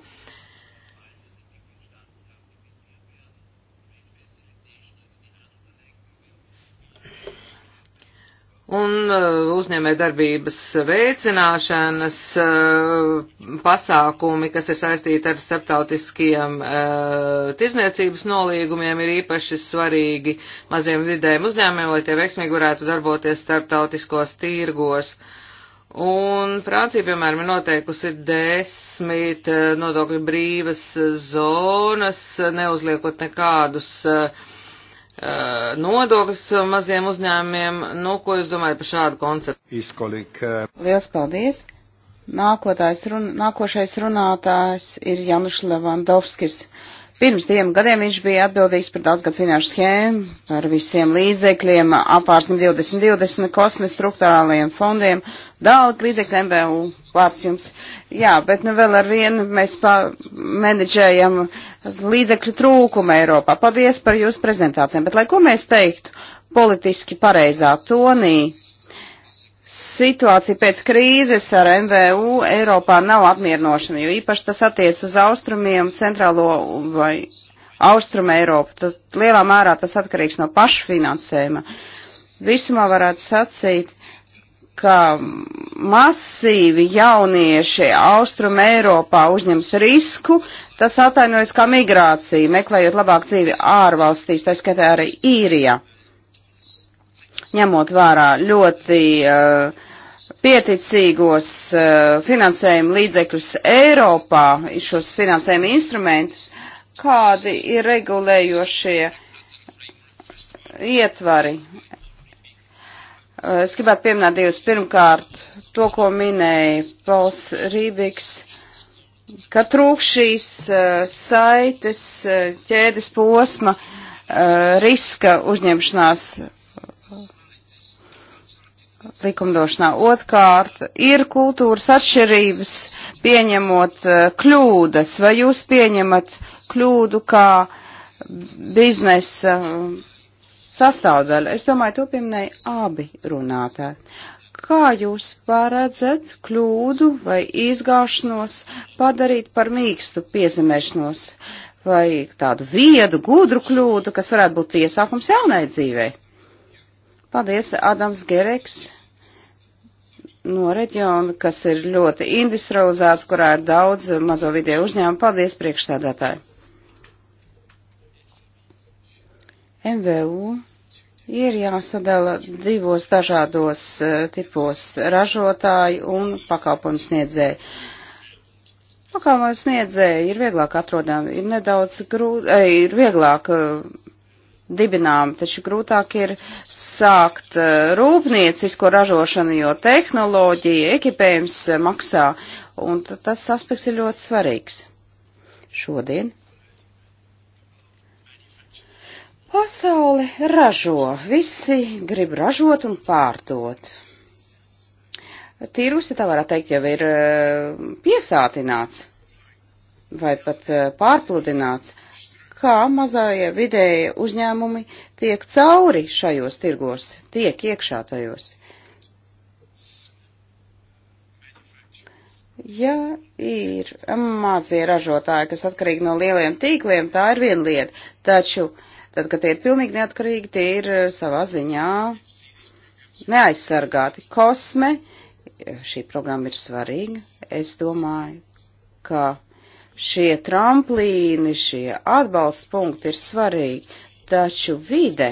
un uh, uzņēmē darbības veicināšanas uh, pasākumi, kas ir saistīti ar starptautiskiem uh, tirzniecības nolīgumiem, ir īpaši svarīgi maziem vidējiem uzņēmumiem, lai tie veiksmīgi varētu darboties starptautiskos tirgos. Un Francija, piemēram, ir noteikusi desmit nodokļu brīvas zonas, neuzliekot nekādus uh, Eh, nodoklis maziem uzņēmumiem. Nu, ko jūs domājat par šādu konceptu? Izkolīgi. Eh, Lielas paldies! Nākotais run, nākošais runātājs ir Januš Levandovskis. Uh, Pirms diviem gadiem viņš bija atbildīgs par daudzgadu finanšu schēmu, par visiem līdzekļiem, apārsnim 2020, kosmes struktūrālajiem fondiem, daudz līdzekļu MBU vārds jums. Jā, bet nu vēl ar vienu mēs menedžējam līdzekļu trūkumu Eiropā. Paldies par jūsu prezentācijām, bet lai ko mēs teiktu politiski pareizā tonī, situācija pēc krīzes ar MVU Eiropā nav apmierinošana, jo īpaši tas attiec uz austrumiem, centrālo vai austrumu Eiropu. Tad lielā mērā tas atkarīgs no pašfinansējuma. Visumā varētu sacīt, ka masīvi jaunieši austrumu Eiropā uzņems risku, tas atainojas kā migrācija, meklējot labāk dzīvi ārvalstīs, tā skatā arī īrijā. Ja ņemot vērā ļoti uh, pieticīgos uh, finansējuma līdzekļus Eiropā, šos finansējuma instrumentus, kādi ir regulējošie ietvari. Uh, es gribētu pieminēt divas. Pirmkārt, to, ko minēja Pauls Rībiks, ka trūkst šīs uh, saites uh, ķēdes posma uh, riska uzņemšanās likumdošanā. Otkārt, ir kultūras atšķirības pieņemot eh, kļūdas, vai jūs pieņemat kļūdu kā biznesa eh, sastāvdaļa? Es domāju, to pieminēja abi runātāji. Kā jūs paredzat kļūdu vai izgāšanos padarīt par mīkstu piezemēšanos vai tādu viedu, gudru kļūdu, kas varētu būt iesākums jaunai dzīvei? Paldies, Adams Gereks no reģiona, kas ir ļoti industrializēts, kurā ir daudz mazo vidēju uzņēmumu. Paldies, priekšsēdētāji! MVU ir jāsadala divos dažādos eh, tipos - ražotāji un pakalpojumu sniedzēji. Pakalpojumu sniedzēji ir vieglāk atrodami, ir nedaudz grūti, eh, ir vieglāk eh, dibināmi, taču grūtāk ir sākt eh, rūpniecisko ražošanu, jo tehnoloģija, ekipējums eh, maksā, un tas aspekts ir ļoti svarīgs. Šodien pasauli ražo, visi grib ražot un pārdot. Tīrusi, tā varētu teikt, jau ir eh, piesātināts vai pat pārpludināts kā mazārie vidējie uzņēmumi tiek cauri šajos tirgos, tiek iekšā tajos. Ja ir mazie ražotāji, kas atkarīgi no lieliem tīkliem, tā ir viena lieta, taču tad, kad tie ir pilnīgi neatkarīgi, tie ir eh, savā ziņā neaizsargāti. Kosme, šī programma ir svarīga, es domāju, ka Šie tramplīni, šie atbalsta punkti ir svarīgi, taču vide,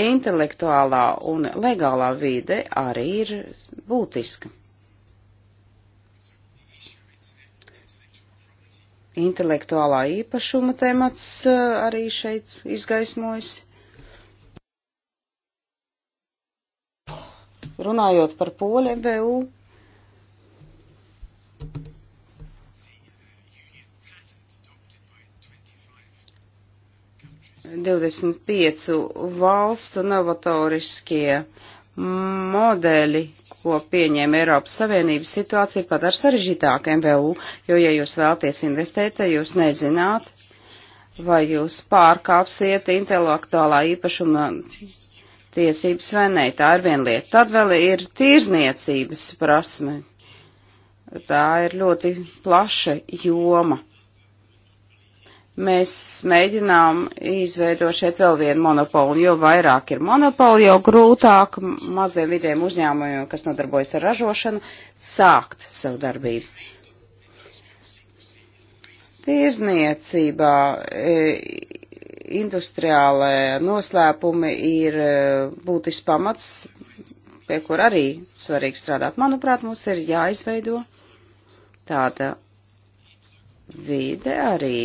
intelektuālā un legālā vide arī ir būtiska. Intelektuālā īpašuma temats eh, arī šeit izgaismojas. Runājot par poļu MVU, 25 valstu novatoriskie modeļi, ko pieņēma Eiropas Savienības situācija, padara sarežģītāku MVU, jo, ja jūs vēlties investēt, tad jūs nezināt, vai jūs pārkāpsiet intelektuālā īpašuma tiesības vai nē. Tā ir viena lieta. Tad vēl ir tirzniecības prasme. Tā ir ļoti plaša joma mēs mēģinām izveidot šeit vēl vienu monopolu, un jo vairāk ir monopoli, jo grūtāk maziem vidiem uzņēmumiem, kas nodarbojas ar ražošanu, sākt savu darbību. Tirzniecībā e, industriālē noslēpumi ir e, būtisks pamats, pie kur arī svarīgi strādāt. Manuprāt, mums ir jāizveido tāda vide arī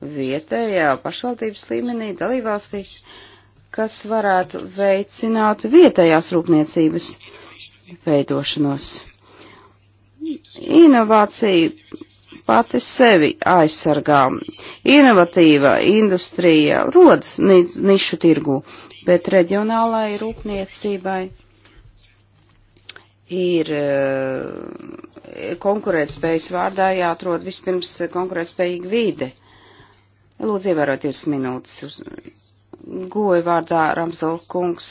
vietējā pašvaldības līmenī dalībvalstīs, kas varētu veicināt vietējās rūpniecības veidošanos. Inovācija pati sevi aizsargā. Inovatīva industrija rod ni nišu tirgu, bet reģionālai rūpniecībai ir eh, konkurētspējas vārdā jāatrod vispirms konkurētspējīga vīde. Lūdzu, ievērot divas minūtes. Goja vārdā Ramzal kungs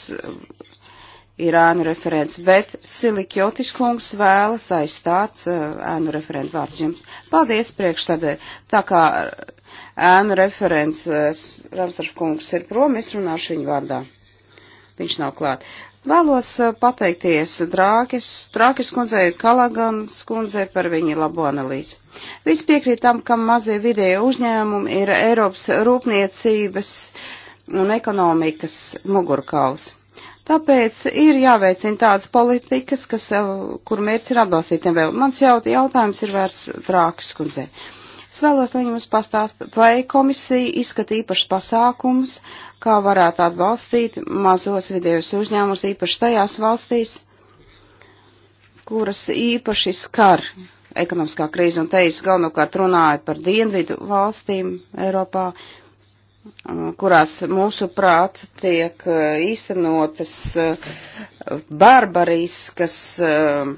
ir ēnu referents, bet Silikjotis kungs vēlas aizstāt uh, ēnu referentu vārds jums. Paldies priekšstādē. Tā kā uh, ēnu referents uh, Ramsarf kungs ir prom, es runāšu viņu vārdā. Viņš nav klāt. Vēlos eh, pateikties Drākis, Drākis kundzei un Kalagans kundzei par viņa labo analīzi. Visi piekrīt tam, ka mazie vidēji uzņēmumi ir Eiropas rūpniecības un ekonomikas mugurkauls. Tāpēc ir jāveicina tādas politikas, kas, eh, kur mērķis ir atbalstīt MVU. Mans jautājums ir vērsts Drākas kundzei. Es vēlos, lai jums pastāst, vai komisija izskata īpašs pasākums, kā varētu atbalstīt mazos vidējos uzņēmumus īpaši tajās valstīs, kuras īpaši skar ekonomiskā krīze, un te es galvenokārt runāju par dienvidu valstīm Eiropā, kurās mūsu prāt tiek eh, īstenotas eh, barbariskas eh,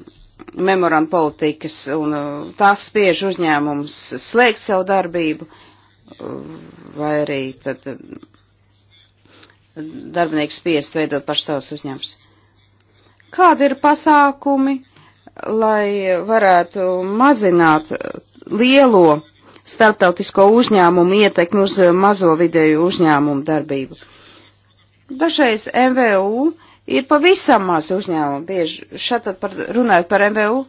memoranda politikas, un uh, tās spiež uzņēmums slēgt savu darbību, uh, vai arī tad uh, darbinieks spiest veidot pašu savus uzņēmumus. Kādi ir pasākumi, lai varētu mazināt lielo starptautisko uzņēmumu ietekmi uz mazo vidēju uzņēmumu darbību? Dažreiz MVU ir pavisam maz uzņēmumu. Bieži šatad par, runājot par MBU,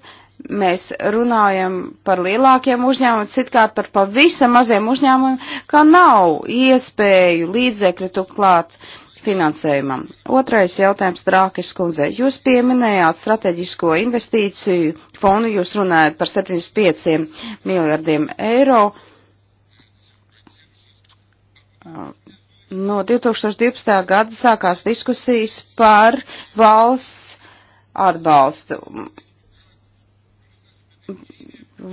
mēs runājam par lielākiem uzņēmumiem, citkārt par pavisam maziem uzņēmumiem, kā nav iespēju līdzekļu tuklāt finansējumam. Otrais jautājums Drākis kundze. Jūs pieminējāt strateģisko investīciju fondu, jūs runājat par 75 miljardiem eiro No 2012. gada sākās diskusijas par valsts atbalstu.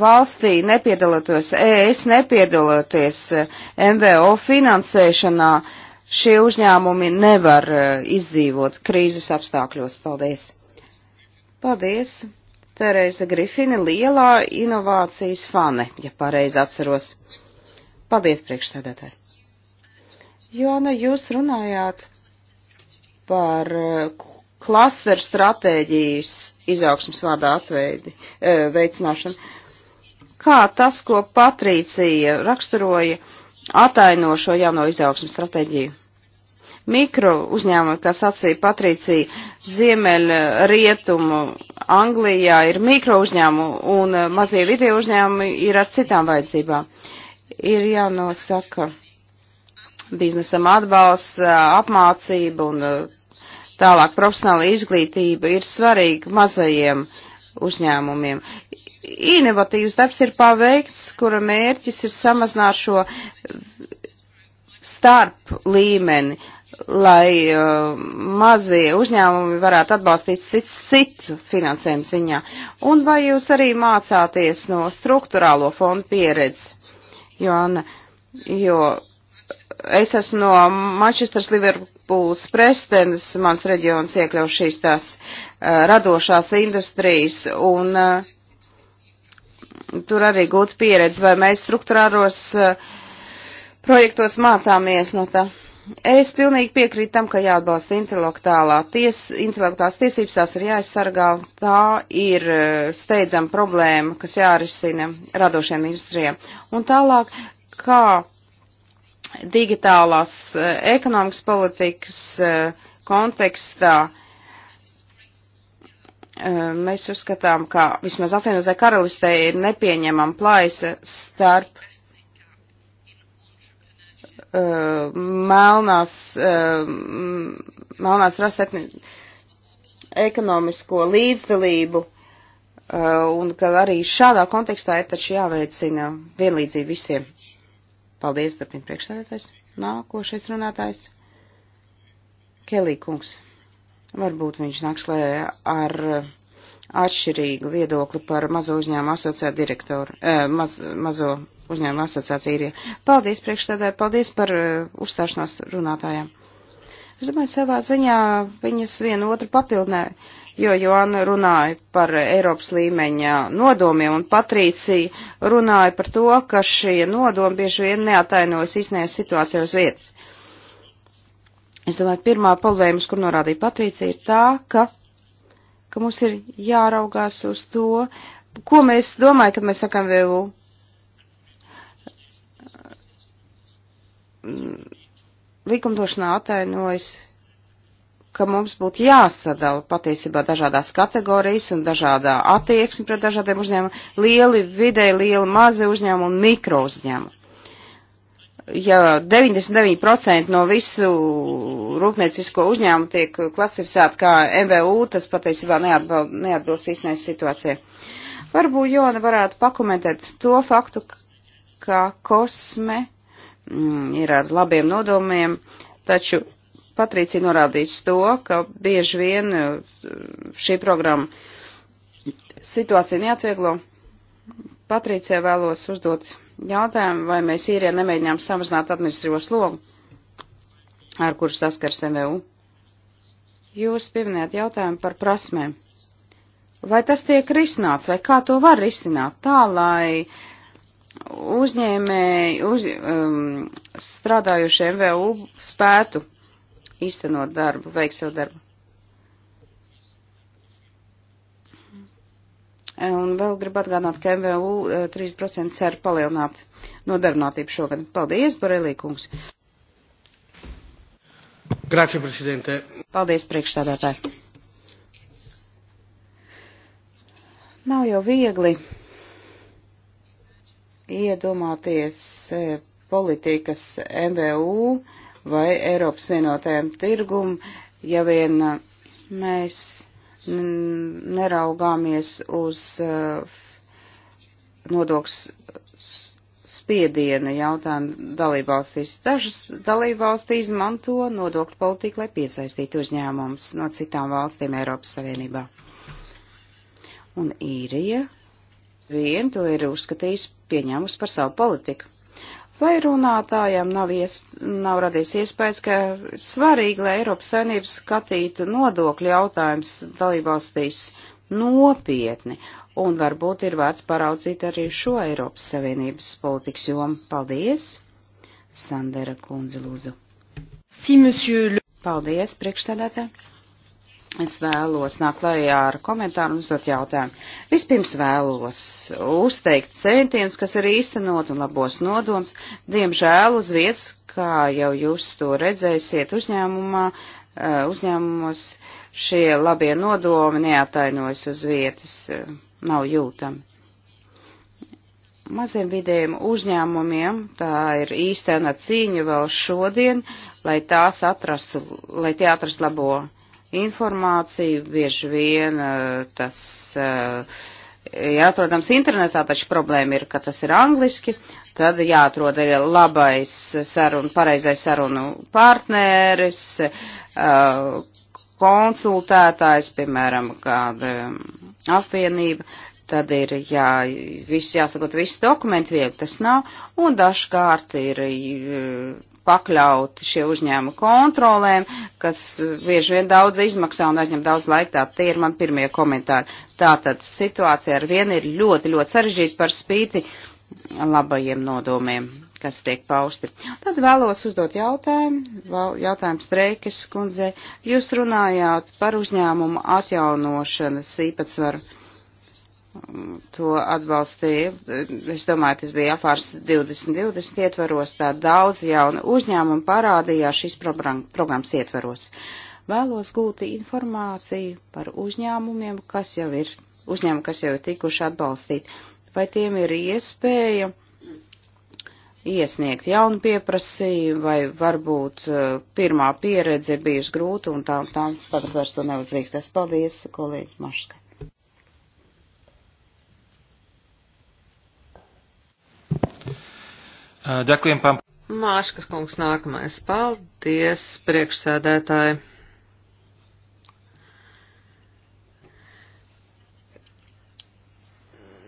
Valstī nepiedaloties, ES nepiedaloties MVO finansēšanā, šie uzņēmumi nevar e, izdzīvot krīzes apstākļos. Paldies! Paldies! Tereza Grifina lielā inovācijas fane, ja pareizi atceros. Paldies, priekšsēdētāji! Jo, nu, jūs runājāt par eh, klasteru stratēģijas izaugsmas vārdā atveidi, eh, veicināšanu. Kā tas, ko Patrīcija raksturoja, ataino šo jauno izaugsmas stratēģiju? Mikro uzņēmumi, kā sacīja Patrīcija, ziemeļa rietumu Anglijā ir mikro uzņēmumi un eh, mazie video uzņēmumi ir ar citām vajadzībām. Ir jānosaka. Ja biznesam atbalsts, apmācība un tālāk profesionāla izglītība ir svarīga mazajiem uzņēmumiem. Inovatīvs darbs ir paveikts, kura mērķis ir samazināt šo starp līmeni, lai uh, mazie uzņēmumi varētu atbalstīt citu, citu finansējumu ziņā. Un vai jūs arī mācāties no struktūrālo fondu pieredzi, Joana, jo Es esmu no Manchesteras, Liverpools, Prestenas, mans reģions iekļauj šīs tās uh, radošās industrijas, un uh, tur arī gūt pieredzi, vai mēs struktūrāros uh, projektos mācāmies no tā. Es pilnīgi piekrītu tam, ka jāatbalsta intelektuālā ties, intelektuālās tiesības, tās ir jāaizsargā. Tā ir steidzama problēma, kas jārisina radošiem industrijām. Un tālāk, kā digitālās eh, ekonomikas politikas eh, kontekstā eh, mēs uzskatām, ka vismaz apvienotā karalistē ir nepieņemama plaisa starp uh, melnās, uh, melnās rasetni ekonomisko līdzdalību, uh, un ka arī šādā kontekstā ir taču jāveicina vienlīdzība visiem. Paldies, turpina priekšsēdētājs. Nākošais runātājs. Kelī kungs. Varbūt viņš nāks lē ar atšķirīgu viedokli par mazo uzņēmumu asociāciju direktoru, eh, maz, mazo uzņēmumu asociāciju īrija. Paldies priekšstādāji, paldies par uh, uzstāšanos runātājiem. Es domāju, savā ziņā viņas vienu otru papildināja jo Joana runāja par Eiropas līmeņa nodomiem, un Patrīcija runāja par to, ka šie nodomi bieži vien neatainojas īstenējās situācijā uz vietas. Es domāju, pirmā problēma, kur norādīja Patrīcija, ir tā, ka, ka mums ir jāraugās uz to, ko mēs domājam, kad mēs sakam vēl mm, likumdošanā atainojas ka mums būtu jāsadala patiesībā dažādās kategorijas un dažādā attieksme pret dažādiem uzņēmumiem - lieli, vidēji lieli, mazi uzņēmumi un mikro uzņēmumi. Ja 99% no visu rūpniecisko uzņēmumu tiek klasificēti kā MVU, tas patiesībā neatbilst īstenai situācijai. Varbūt Jona varētu pakomentēt to faktu, ka kosme mm, ir ar labiem nodomiem, taču Patricija norādīts to, ka bieži vien eh, šī programma situācija neatvieglo. Patricija vēlos uzdot jautājumu, vai mēs īrijā nemēģinām samazināt administrīvo slogu, ar kur saskars MVU. Jūs pieminējat jautājumu par prasmēm. Vai tas tiek risināts, vai kā to var risināt tā, lai uzņēmēji, uz, um, strādājušie MVU spētu īstenot darbu, veikt savu darbu. Un vēl gribu atgādināt, ka MVU 3% eh, cer palielināt nodarbinātību šogad. Paldies, Borelī kungs! Grācija, prezidente! Paldies, priekšstādātāji! Nav jau viegli iedomāties eh, politikas MVU vai Eiropas vienotajam tirgum, ja vien uh, mēs neraugāmies uz uh, nodokļu spiediena jautājumu dalībvalstīs. Dažas dalībvalstīs izmanto nodokļu politiku, lai piesaistītu uzņēmumus no citām valstīm Eiropas Savienībā. Un īrija vien to ir uzskatījis pieņēmus par savu politiku. Vai runātājiem nav, ies, nav radies iespējas, ka svarīgi, lai Eiropas saimnības skatītu nodokļu jautājums dalībvalstīs nopietni, un varbūt ir vērts paraudzīt arī šo Eiropas Savienības politikas jomu. Paldies! Sandera Kunze lūdzu. Paldies, priekšsēdētāji! Es vēlos nākt klajā ar komentāru un uzdot jautājumu. Vispirms vēlos uzteikt centienus, kas ir īstenot un labos nodoms. Diemžēl uz vietas, kā jau jūs to redzēsiet uzņēmumā, eh, uzņēmumos šie labie nodomi neatainojas uz vietas, eh, nav jūtami. Maziem vidējiem uzņēmumiem tā ir īstena cīņa vēl šodien, lai tās atrastu, lai tie atrastu labo informāciju, bieži vien eh, tas eh, ir atrodams internetā, taču problēma ir, ka tas ir angliski, tad jāatrod arī labais sarunu, pareizais sarunu partneris, eh, konsultētājs, piemēram, kāda apvienība, tad ir jā, viss jāsagot, viss dokumenti viegli tas nav, un dažkārt ir e, pakļauti šie uzņēma kontrolēm, kas bieži vien daudz izmaksā un aizņem daudz laika. Tā tie ir man pirmie komentāri. Tātad situācija ar vienu ir ļoti, ļoti sarežģīta par spīti labajiem nodomiem, kas tiek pausti. Tad vēlos uzdot jautājumu, jautājumu Streikas kundze. Jūs runājāt par uzņēmumu atjaunošanas īpatsvaru to atbalstīja. Es domāju, tas bija apārs 2020 ietvaros, tā daudz jauna uzņēmuma parādījās šīs programmas ietvaros. Vēlos gūt informāciju par uzņēmumiem, kas jau ir, uzņēmumi, kas jau ir tikuši atbalstīti. Vai tiem ir iespēja iesniegt jaunu pieprasījumu, vai varbūt uh, pirmā pieredze bijusi grūta un tām, tām tagad vairs to neuzdrīkstēs. Paldies, kolēģis Maškai. Ďakujem, pán. Māškas kungs nākamais. Paldies, priekšsēdētāji.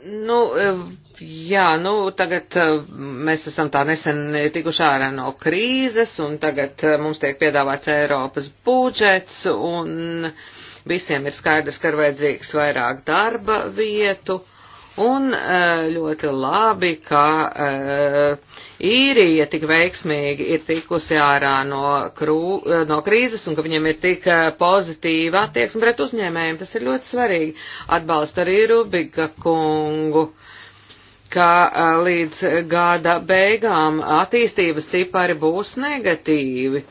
Nu, e, jā, nu, tagad e, mēs esam tā nesen tikuši ārā no krīzes, un tagad e, mums tiek piedāvāts Eiropas budžets, un visiem ir skaidrs, ka ir vajadzīgs vairāk darba vietu. Uh, Un eh, ļoti labi, ka eh, īrija tik veiksmīgi ir tikusi ārā no, krū, eh, no krīzes un ka viņiem ir tik pozitīva attieksme pret uzņēmējiem. Tas ir ļoti svarīgi. Atbalstu arī Rubiga kungu ka līdz gada beigām attīstības cipari būs negatīvi.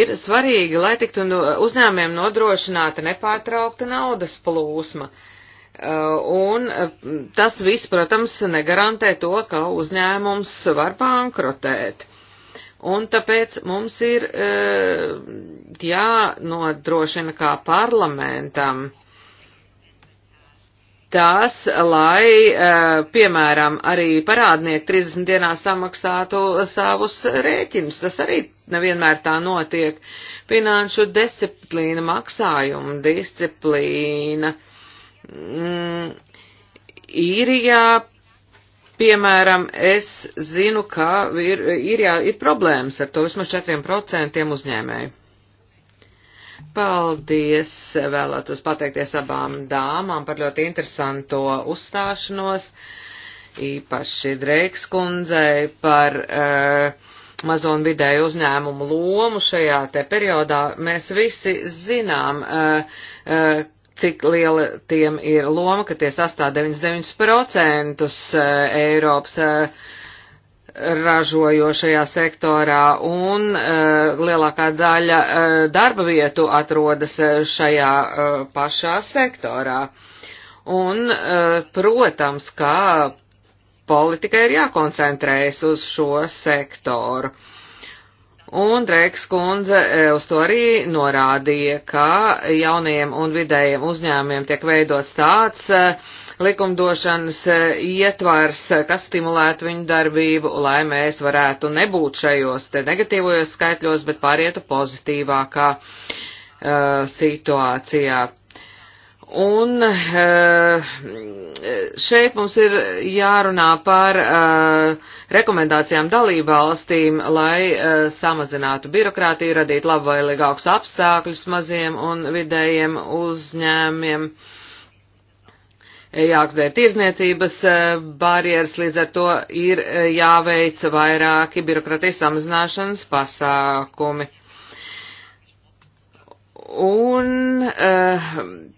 Ir svarīgi, lai tiktu uzņēmiem nodrošināta nepārtraukta naudas plūsma. Uh, Eh, un eh, tas viss, protams, negarantē to, ka uzņēmums var bankrotēt. Un tāpēc mums ir e, jānodrošina kā parlamentam tas, lai, e, piemēram, arī parādnieki 30 dienā samaksātu savus rēķinus. Tas arī nevienmēr tā notiek. Finanšu disciplīna, maksājuma disciplīna. E, Mm, īrijā, piemēram, es zinu, ka ir, īrijā ir problēmas ar to vismaz 4% uzņēmēju. Paldies! Vēlētos pateikties abām dāmām par ļoti interesanto uzstāšanos, īpaši Dreiks kundzei par uh, mazo un vidēju uzņēmumu lomu šajā te periodā. Mēs visi zinām, uh, uh, cik liela tiem ir loma, ka tie sastāv 99% eh, Eiropas eh, ražojošajā sektorā un eh, lielākā daļa darba vietu atrodas šajā pašā sektorā. Un, protams, kā politika ir jākoncentrējas uz šo sektoru. Uh, Un Dreiks kundze e, uz to arī norādīja, ka jaunajiem un vidējiem uzņēmumiem tiek veidots tāds e, likumdošanas e, ietvars, kas stimulētu viņu darbību, lai mēs varētu nebūt šajos te negatīvojos skaitļos, bet pārietu pozitīvākā uh, situācijā. Un eh, šeit mums ir jārunā par eh, rekomendācijām dalībvalstīm, lai eh, samazinātu birokrātiju, radītu labvēlīgākus apstākļus maziem un vidējiem uzņēmiem, jāakvē tirzniecības barjeras, līdz ar to ir jāveic vairāki birokrātijas samazināšanas pasākumi. Un uh,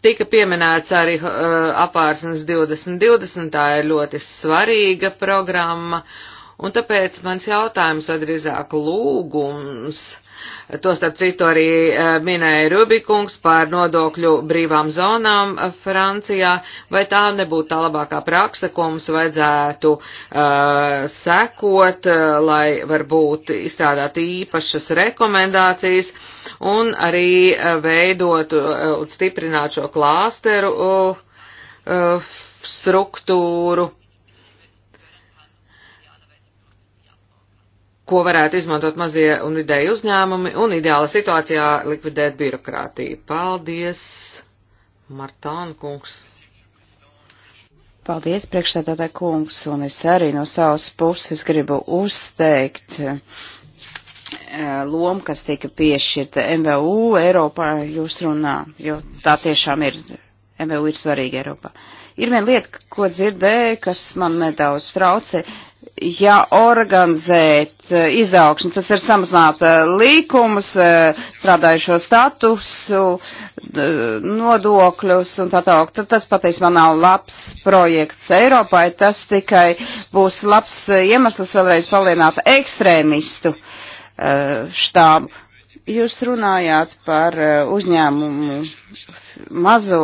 tika pieminēts arī uh, apārsnes 2020, tā ir ļoti svarīga programma, un tāpēc mans jautājums, vai drīzāk lūgums, To starp citu arī e, minēja Rubikungs par nodokļu brīvām zonām e, Francijā, vai tā nebūtu tā labākā praksa, ko mums vajadzētu uh, sekot, lai varbūt izstrādātu īpašas rekomendācijas un arī veidotu un stiprinātu šo klāsteru uh, struktūru ko varētu izmantot mazie un vidēji uzņēmumi un ideāla situācijā likvidēt birokrātiju. Paldies, Martāna kungs. Paldies, priekšsēdētāji kungs, un es arī no savas puses gribu uzteikt eh, lomu, kas tika piešķirta MVU Eiropā jūs runā, jo tā tiešām ir, MVU ir svarīga Eiropā. Ir viena lieta, ko dzirdēju, kas man nedaudz traucē. Uh, ja organizēt eh, izaugsmu, tas ir samazināt līkumus, eh, strādājušo statusu, eh, nodokļus un tā tālāk, tad tas patiesībā nav labs projekts Eiropai, tas tikai būs labs iemesls vēlreiz palielināt ekstrēmistu štābu. Jūs runājāt par uzņēmumu mazo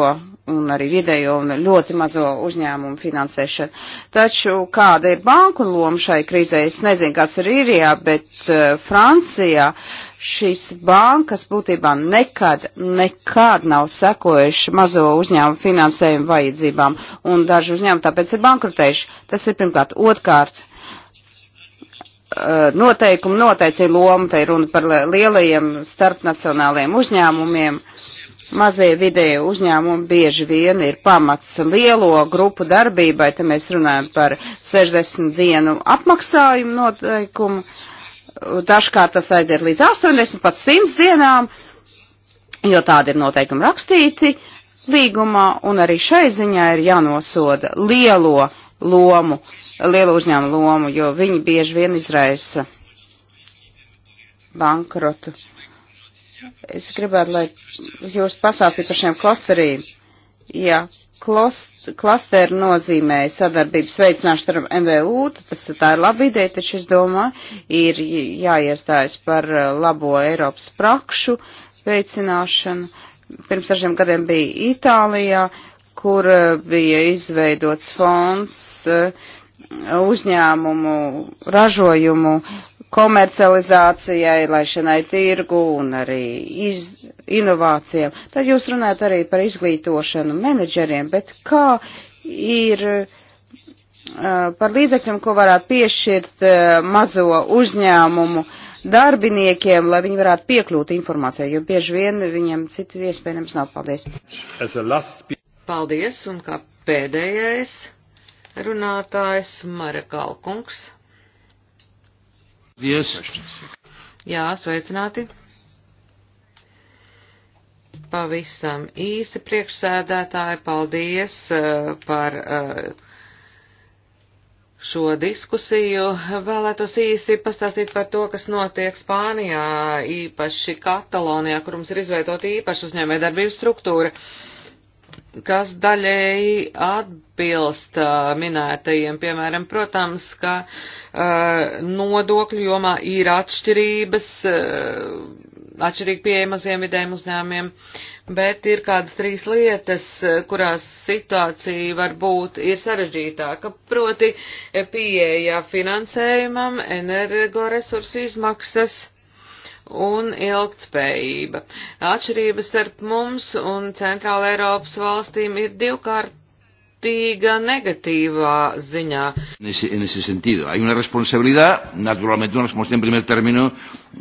un arī vidējo un ļoti mazo uzņēmumu finansēšanu. Taču kāda ir banku loma šai krīzē? Es nezinu, kāds ir Irijā, bet uh, Francijā šīs bankas būtībā nekad, nekad nav sekojuši mazo uzņēmumu finansējumu vajadzībām, un daži uzņēmumi tāpēc ir bankrutējuši. Tas ir pirmkārt. Otkārt, uh, eh, noteikumu noteicīja loma, tai runa par lielajiem starpnacionāliem uzņēmumiem. Uh, mazie vidēji uzņēmumi bieži vien ir pamats lielo grupu darbībai, te mēs runājam par 60 dienu apmaksājumu noteikumu, dažkārt tas aiziet līdz 80 pat 100 dienām, jo tādi ir noteikumi rakstīti līgumā, un arī šai ziņā ir jānosoda lielo lomu, lielo uzņēmumu lomu, jo viņi bieži vien izraisa bankrotu. Es gribētu, lai jūs pasāstītu par šiem klasteriem. Jā, klost, klasteri nozīmē sadarbības veicināšanu ar MVU, tas tā ir laba ideja, taču es domāju, ir jāiestājas par uh, labo Eiropas prakšu veicināšanu. Pirms dažiem gadiem bija Itālijā, kur uh, bija izveidots fonds uh, uzņēmumu ražojumu komercializācijai, laišanai tirgu un arī iz, inovācijām. Tad jūs runājat arī par izglītošanu menedžeriem, bet kā ir uh, par līdzekļiem, ko varētu piešķirt uh, mazo uzņēmumu darbiniekiem, lai viņi varētu piekļūt informācijai, jo bieži vien viņiem citu iespēju nemaz nav. Paldies! Paldies, un kā pēdējais runātājs Mare Kalkungs. Yes. Jā, sveicināti. Pavisam īsi priekšsēdētāji, paldies uh, par uh, šo diskusiju. Vēlētos īsi pastāstīt par to, kas notiek Spānijā, īpaši Katalonijā, kur mums ir izveidota īpaša uzņēmē darbības struktūra. Uh, kas daļēji atbilst uh, minētajiem. Piemēram, protams, ka uh, nodokļu jomā ir atšķirības, uh, atšķirīgi pieeja maziem vidējiem uzņēmiem, bet ir kādas trīs lietas, kurās situācija varbūt ir sarežģītāka, proti pieeja finansējumam, energoresursu izmaksas un ilgtspējība. Atšķirība starp mums un Centrāla Eiropas valstīm ir divkārtīga negatīvā ziņā. En ese, en ese sentido, hay una responsabilidad, naturalmente una responsabilidad en primer término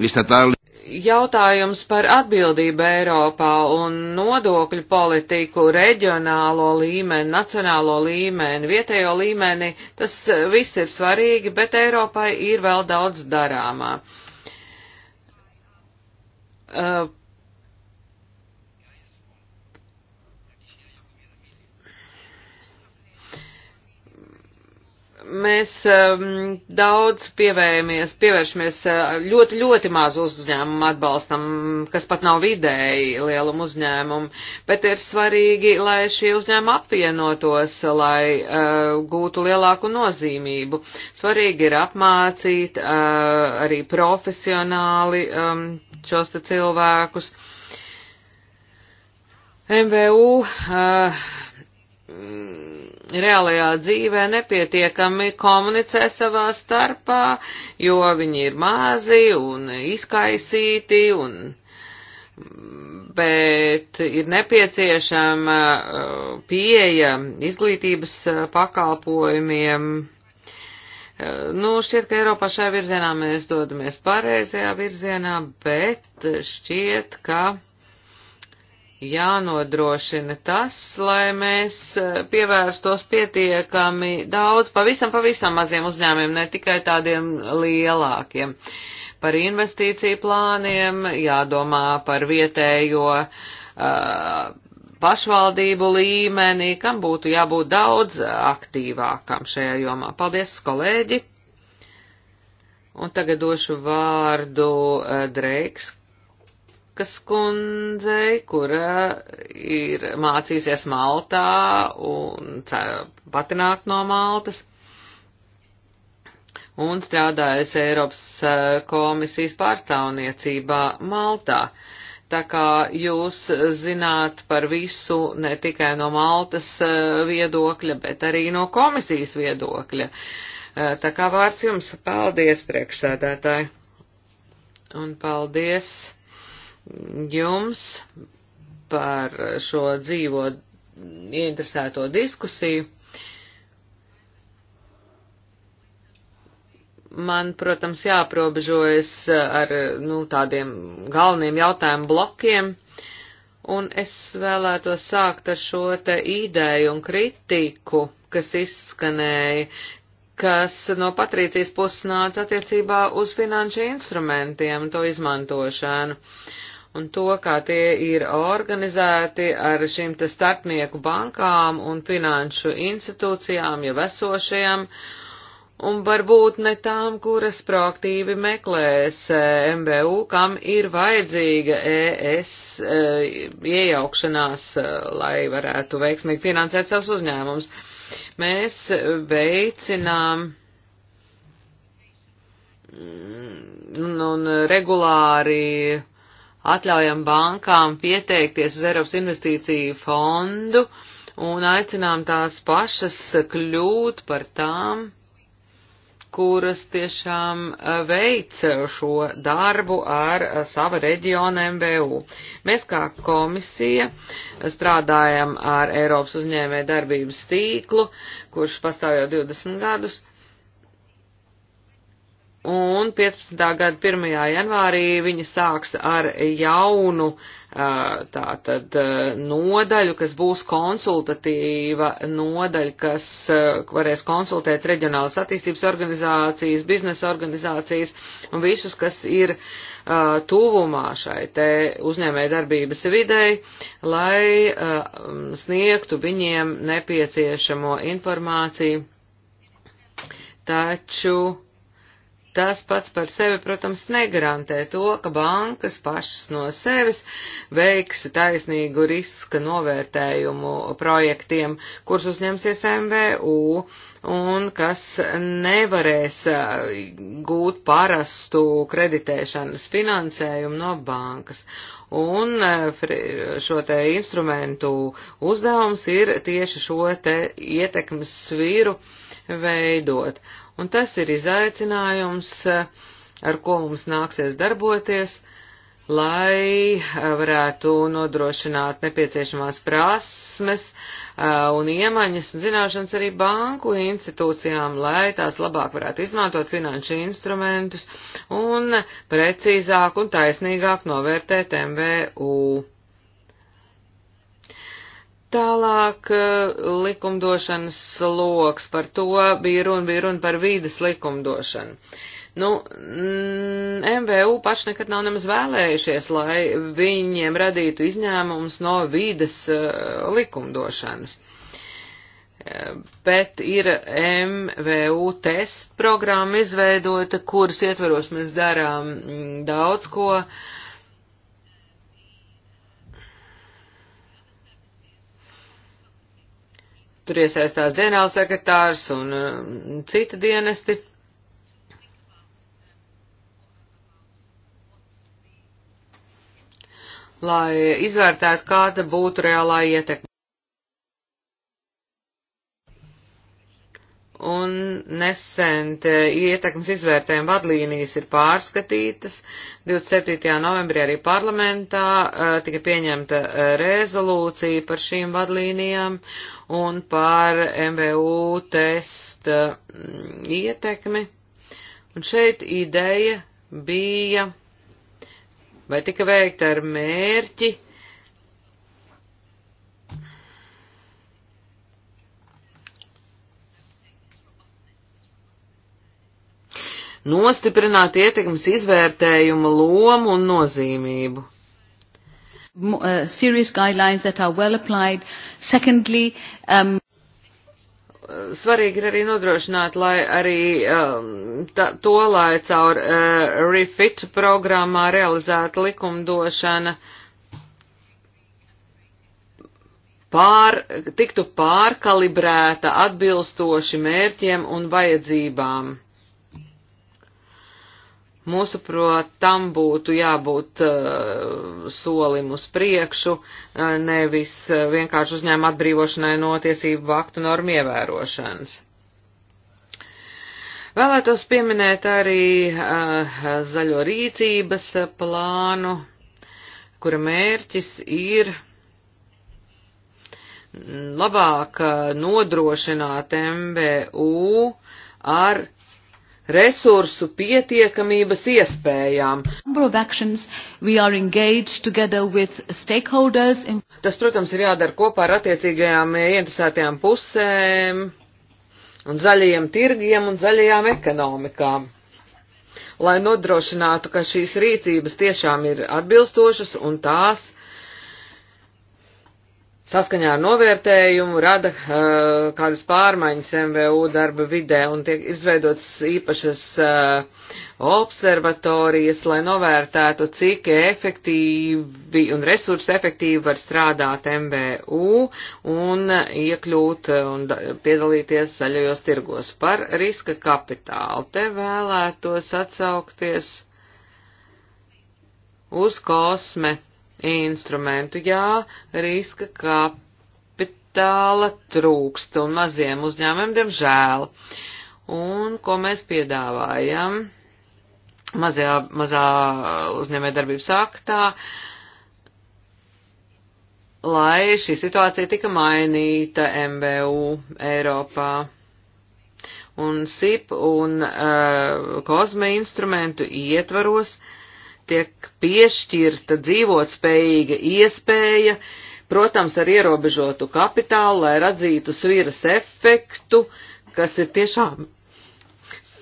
estatal. Jautājums par atbildību Eiropā un nodokļu politiku reģionālo līmeni, nacionālo līmeni, vietējo līmeni, tas viss ir svarīgi, bet Eiropai ir vēl daudz darāmā. Uh, Uh, mēs um, daudz pievējamies, pievēršamies uh, ļoti, ļoti mazu uzņēmumu atbalstam, kas pat nav vidēji lielumu uzņēmumu, bet ir svarīgi, lai šie uzņēmumi apvienotos, lai uh, gūtu lielāku nozīmību. Svarīgi ir apmācīt uh, arī profesionāli um, šos te cilvēkus. MVU uh, eh, reālajā dzīvē nepietiekami komunicē savā starpā, jo viņi ir mazi un izkaisīti un bet ir nepieciešama eh, pieeja izglītības eh, pakalpojumiem Nu, šķiet, ka Eiropā šajā virzienā mēs dodamies pareizajā virzienā, bet šķiet, ka jānodrošina tas, lai mēs eh, pievērstos pietiekami daudz pavisam, pavisam maziem uzņēmiem, ne tikai tādiem lielākiem. Par investīciju plāniem jādomā par vietējo uh, pašvaldību līmenī, kam būtu jābūt daudz aktīvākam šajā jomā. Paldies, kolēģi! Un tagad došu vārdu eh, Dreiks Kaskundzei, kura eh, ir mācījusies Maltā un pati nāk no Maltas un strādājas Eiropas eh, komisijas pārstāvniecībā Maltā. Uh, Tā kā jūs zināt par visu ne tikai no Maltas eh, viedokļa, bet arī no komisijas viedokļa. Eh, tā kā vārds jums paldies, priekšsēdētāji. Un paldies jums par šo dzīvo ieinteresēto diskusiju. man, protams, jāprobežojas ar nu, tādiem galveniem jautājumu blokiem, un es vēlētos sākt ar šo te ideju un kritiku, kas izskanēja, kas no Patrīcijas puses nāca attiecībā uz finanšu instrumentiem un to izmantošanu. Un to, kā tie ir organizēti ar šīm te starpnieku bankām un finanšu institūcijām, jau esošajām, uh, un varbūt ne tām, kuras proaktīvi meklēs eh, MBU, kam ir vajadzīga ES eh, iejaukšanās, eh, lai varētu veiksmīgi finansēt savus uzņēmumus. Mēs veicinām un, mm, un regulāri atļaujam bankām pieteikties uz Eiropas investīciju fondu un aicinām tās pašas kļūt par tām, kuras tiešām eh, veic eh, šo darbu ar eh, sava reģiona MBU. Mēs kā komisija strādājam ar Eiropas uzņēmē darbības tīklu, kurš pastāv jau 20 gadus, un 15. gada 1. janvārī viņi sāks ar jaunu tātad nodaļu, kas būs konsultatīva nodaļa, kas varēs konsultēt reģionālas attīstības organizācijas, biznesa organizācijas un visus, kas ir tuvumā šai te uzņēmē darbības videi, lai sniegtu viņiem nepieciešamo informāciju. Taču Tas pats par sevi, protams, negarantē to, ka bankas pašas no sevis veiks taisnīgu riska novērtējumu projektiem, kurus uzņemsies MVU un kas nevarēs gūt parastu kreditēšanas finansējumu no bankas. Un šo te instrumentu uzdevums ir tieši šo te ietekmes svīru uh, veidot. Un tas ir izaicinājums, eh, ar ko mums nāksies darboties, lai eh, varētu nodrošināt nepieciešamās prasmes eh, un iemaņas un zināšanas arī banku institūcijām, lai tās labāk varētu izmantot finanšu instrumentus un precīzāk un taisnīgāk novērtēt MVU. Tālāk eh, likumdošanas loks par to bija runa, bija runa par vīdes likumdošanu. Nu, MVU mm, paši nekad nav nemaz vēlējušies, lai viņiem radītu izņēmums no vīdes uh, likumdošanas. Eh, bet ir MVU test programma izveidota, kuras ietveros mēs darām mm, daudz ko. Uh, Tur iesaistās ģenerālsekretārs un um, citi dienesti. lai izvērtētu, kāda būtu reālā ietekme. un nesen ietekmes izvērtējuma vadlīnijas ir pārskatītas. 27. novembrī arī parlamentā eh, tika pieņemta eh, rezolūcija par šīm vadlīnijām un par MVU testa mm, ietekmi. Un šeit ideja bija, vai tika veikta ar mērķi nostiprināt ietekmes izvērtējuma lomu un nozīmību. Uh, serious guidelines that are well applied. Secondly, um, uh, svarīgi ir arī nodrošināt, lai arī um, ta, to, lai caur uh, refit programmā realizēta likumdošana pār, tiktu pārkalibrēta atbilstoši mērķiem un vajadzībām. Mūsuprot, tam būtu jābūt uh, solim uz priekšu, uh, nevis uh, vienkārši uzņēma atbrīvošanai no tiesību aktu normu ievērošanas. Vēlētos pieminēt arī uh, zaļo rīcības uh, plānu, kura mērķis ir labāk uh, nodrošināt MBU ar resursu pietiekamības iespējām. Tas, protams, ir jādara kopā ar attiecīgajām eh, interesētajām pusēm un zaļajiem tirgiem un zaļajām ekonomikām. Lai nodrošinātu, ka šīs rīcības tiešām ir atbilstošas un tās saskaņā ar novērtējumu rada uh, kādas pārmaiņas MVU darba vidē un tiek izveidotas īpašas uh, observatorijas, lai novērtētu, cik efektīvi un resursu efektīvi var strādāt MVU un iekļūt uh, un piedalīties zaļajos tirgos. Par riska kapitālu te vēlētos atsaukties uz kosme instrumentu. Jā, riska kapitāla trūkst un maziem uzņēmumiem, diemžēl. Un ko mēs piedāvājam mazajā, mazā uzņēmē darbības aktā, lai šī situācija tika mainīta MBU Eiropā un SIP un uh, kosme instrumentu ietvaros, tiek piešķirta dzīvotspējīga iespēja, protams, ar ierobežotu kapitālu, lai radzītu sviras efektu, kas ir tiešām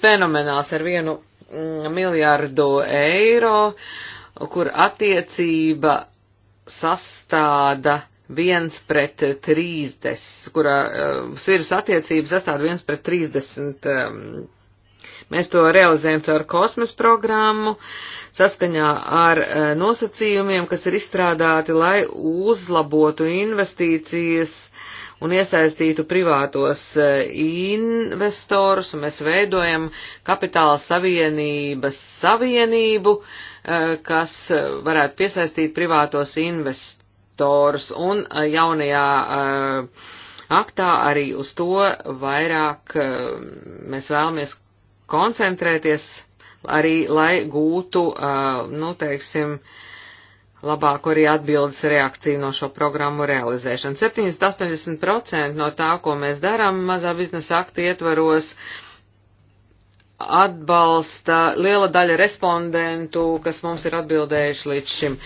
fenomenāls ar vienu mm, miljārdu eiro, kur attiecība sastāda viens pret 30, kurā uh, sviras attiecības sastāda viens pret 30 um, ehm, Mēs to realizējam caur kosmas programmu, saskaņā ar e, nosacījumiem, kas ir izstrādāti, lai uzlabotu investīcijas un iesaistītu privātos e, investorus, un mēs veidojam kapitāla savienības savienību, e, kas varētu piesaistīt privātos investorus, un jaunajā aktā arī uz to vairāk mēs vēlamies koncentrēties arī, lai gūtu, uh, nu, teiksim, labāku arī atbildes reakciju no šo programmu realizēšanu. 70-80% no tā, ko mēs darām mazā biznesa akti ietvaros, atbalsta liela daļa respondentu, kas mums ir atbildējuši līdz šim.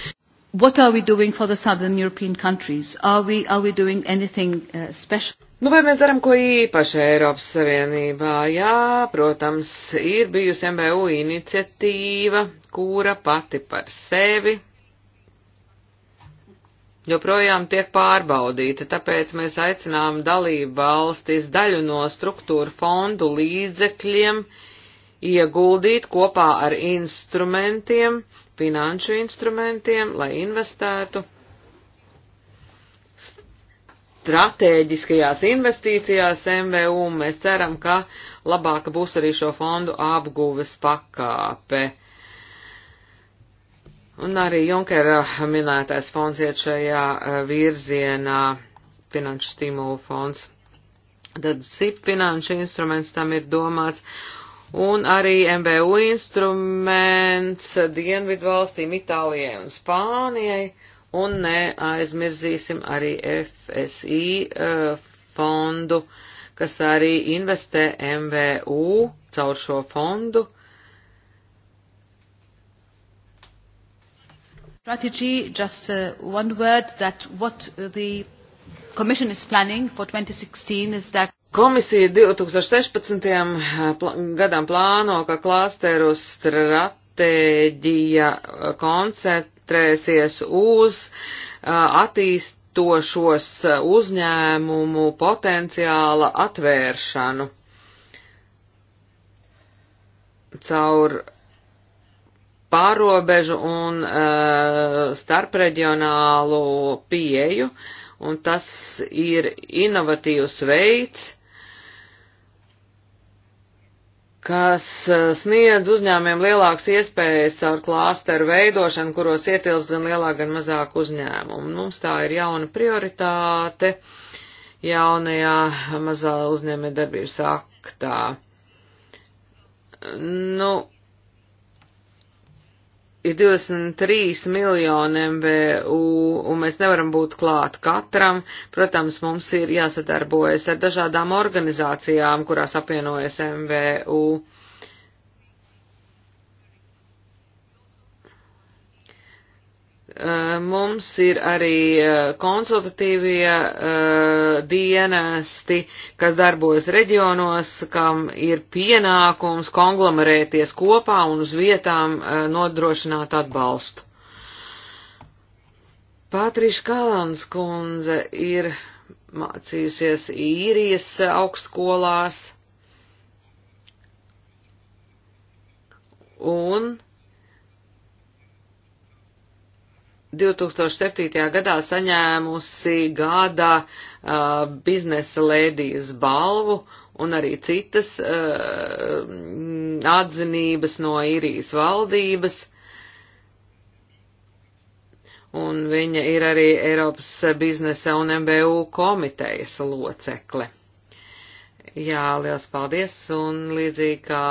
What are we doing for the southern European countries? Are we, are we doing anything uh, special? Nu, vai mēs darām ko īpaši Eiropas Savienībā? Jā, protams, ir bijusi MBU iniciatīva, kura pati par sevi joprojām tiek pārbaudīta, tāpēc mēs aicinām dalību valstis daļu no struktūra fondu līdzekļiem ieguldīt kopā ar instrumentiem, finanšu instrumentiem, lai investētu stratēģiskajās investīcijās MVU, un mēs ceram, ka labāka būs arī šo fondu apguves pakāpe. Un arī Junkera minētais fonds iet šajā eh, virzienā, finanšu stimulu fonds. Tad SIP finanšu instruments tam ir domāts, un arī MBU instruments Dienvidu valstīm, Itālijai un Spānijai, un neaizmirzīsim arī FSI uh, eh, fondu, kas arī investē MVU caur šo fondu. Strategy, just uh, one word that what the Commission is planning for 2016 is that Komisija 2016. Eh, gadam plāno, ka klāsteru stratēģija eh, koncentrēsies uz eh, attīstošos uzņēmumu potenciāla atvēršanu caur pārobežu un uh, starpreģionālu pieju, un tas ir inovatīvs veids, kas eh, sniedz uzņēmiem lielākas iespējas caur klāsteru veidošanu, kuros ietilps gan lielāk, gan mazāk uzņēmumu. Mums tā ir jauna prioritāte jaunajā mazā uzņēmē darbības aktā. Nu, ir 23 miljoni MVU, un mēs nevaram būt klāt katram. Protams, mums ir jāsadarbojas ar dažādām organizācijām, kurās apvienojas MVU. Eh, mums ir arī eh, konsultatīvie eh, dienesti, kas darbojas reģionos, kam ir pienākums konglomerēties kopā un uz vietām nodrošināt atbalstu. Patriša Kalans kundze ir mācījusies īrijas augstskolās un 2007. gadā saņēmusi gada uh, biznesa lēdijas balvu un arī citas uh, mm, atzinības no īrijas valdības. Un viņa ir arī Eiropas biznesa un MBU komitejas locekle. Jā, liels paldies, un līdzīgi kā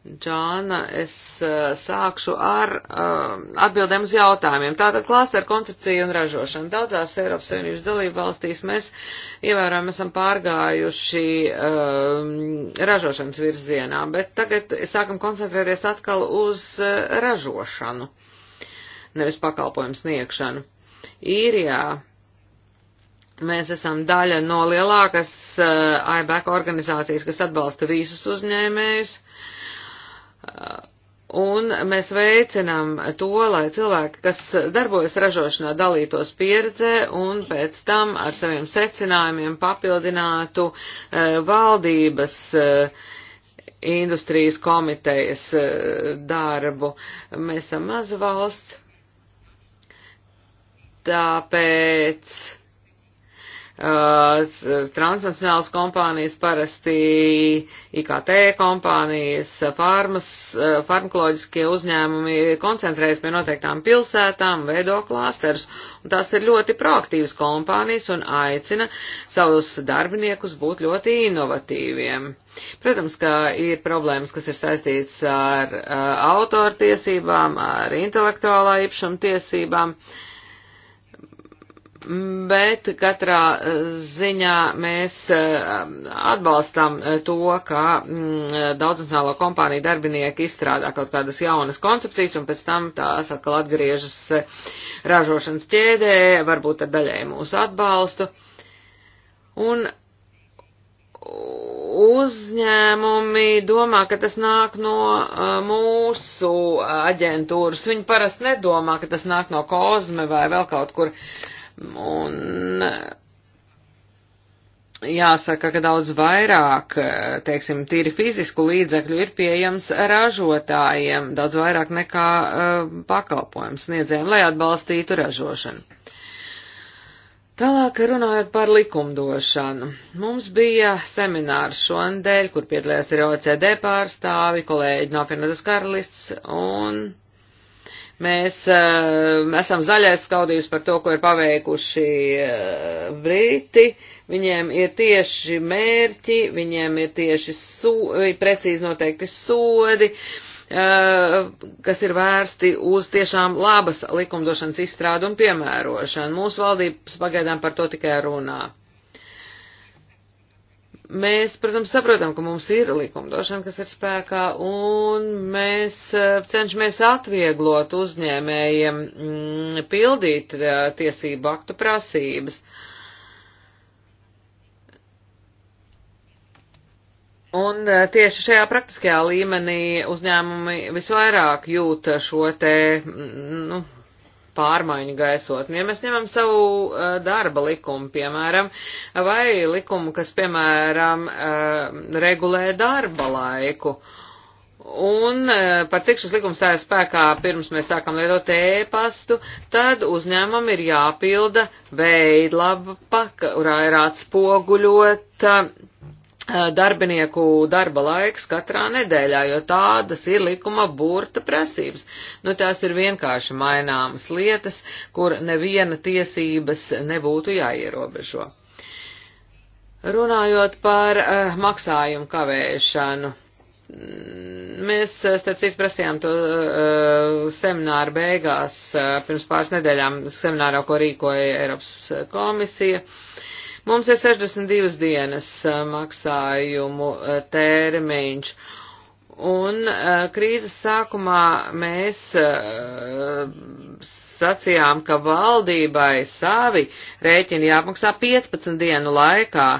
Džāna, es uh, sākšu ar uh, atbildēm uz jautājumiem. Tātad klāsteru koncepcija un ražošana. Daudzās Eiropas Savienības dalību valstīs mēs ievērojam esam pārgājuši uh, ražošanas virzienā, bet tagad sākam koncentrēties atkal uz uh, ražošanu, nevis pakalpojumu sniegšanu. Īrijā Mēs esam daļa no lielākas uh, IBAC organizācijas, kas atbalsta visus uzņēmējus. Uh, un mēs veicinām to, lai cilvēki, kas darbojas ražošanā, dalītos pieredzē un pēc tam ar saviem secinājumiem papildinātu e, valdības e, industrijas komitejas e, darbu. Mēs esam maza valsts, tāpēc Uh, transnacionālas kompānijas, parasti IKT kompānijas, farmas, uh, farmakoloģiskie uzņēmumi koncentrējas pie noteiktām pilsētām, veido klāsterus, un tās ir ļoti proaktīvas kompānijas un aicina savus darbiniekus būt ļoti inovatīviem. Protams, ka ir problēmas, kas ir saistīts ar, ar uh, autortiesībām, ar intelektuālā īpašuma tiesībām. Uh, Bet katrā eh, ziņā mēs eh, atbalstam eh, to, ka mm, daudznacionālo kompāniju darbinieki izstrādā kaut kādas jaunas koncepcijas un pēc tam tās atkal atgriežas ražošanas ķēdē, varbūt ar daļai mūsu atbalstu. Un uzņēmumi domā, ka tas nāk no uh, mūsu aģentūras. Viņi parasti nedomā, ka tas nāk no kozme vai vēl kaut kur. Un jāsaka, ka daudz vairāk, teiksim, tīri fizisku līdzekļu ir pieejams ražotājiem, daudz vairāk nekā uh, eh, pakalpojums sniedzējiem, lai atbalstītu ražošanu. Tālāk runājot par likumdošanu. Mums bija seminārs šonadēļ, kur piedalījās arī OECD pārstāvi, kolēģi no Finansas karalists un Mēs uh, esam zaļais skaudījums par to, ko ir paveikuši uh, Briti. Viņiem ir tieši mērķi, viņiem ir tieši so, precīzi noteikti sodi, uh, kas ir vērsti uz tiešām labas likumdošanas izstrādu un piemērošanu. Mūsu valdības pagaidām par to tikai runā. Mēs, protams, saprotam, ka mums ir likumdošana, kas ir spēkā, un mēs eh, cenšamies atvieglot uzņēmējiem m, mm, pildīt eh, tiesību aktu prasības. Un eh, tieši šajā praktiskajā līmenī uzņēmumi visvairāk jūt šo te, mm, nu, pārmaiņu gaisotni. Ja mēs ņemam savu uh, darba likumu, piemēram, vai likumu, kas, piemēram, uh, regulē darba laiku, un uh, par cik šis likums stājas spēkā pirms mēs sākam lietot ēpastu, tad uzņēmumam ir jāpilda veidlapa, kurā ir atspoguļota. Uh, Eh, darbinieku darba laiks katrā nedēļā, jo tādas ir likuma burta prasības. Nu, tās ir vienkārši maināmas lietas, kur neviena tiesības nebūtu jāierobežo. Runājot par uh, maksājumu kavēšanu, mm, mēs, eh, starp citu, prasījām to uh, semināru beigās, uh, pirms pāris nedēļām seminārā, ko rīkoja Eiropas komisija. Uh, Mums ir 62 dienas eh, maksājumu eh, termiņš. Un eh, krīzes sākumā mēs sacījām, ka valdībai savi rēķini jāapmaksā 15 dienu laikā,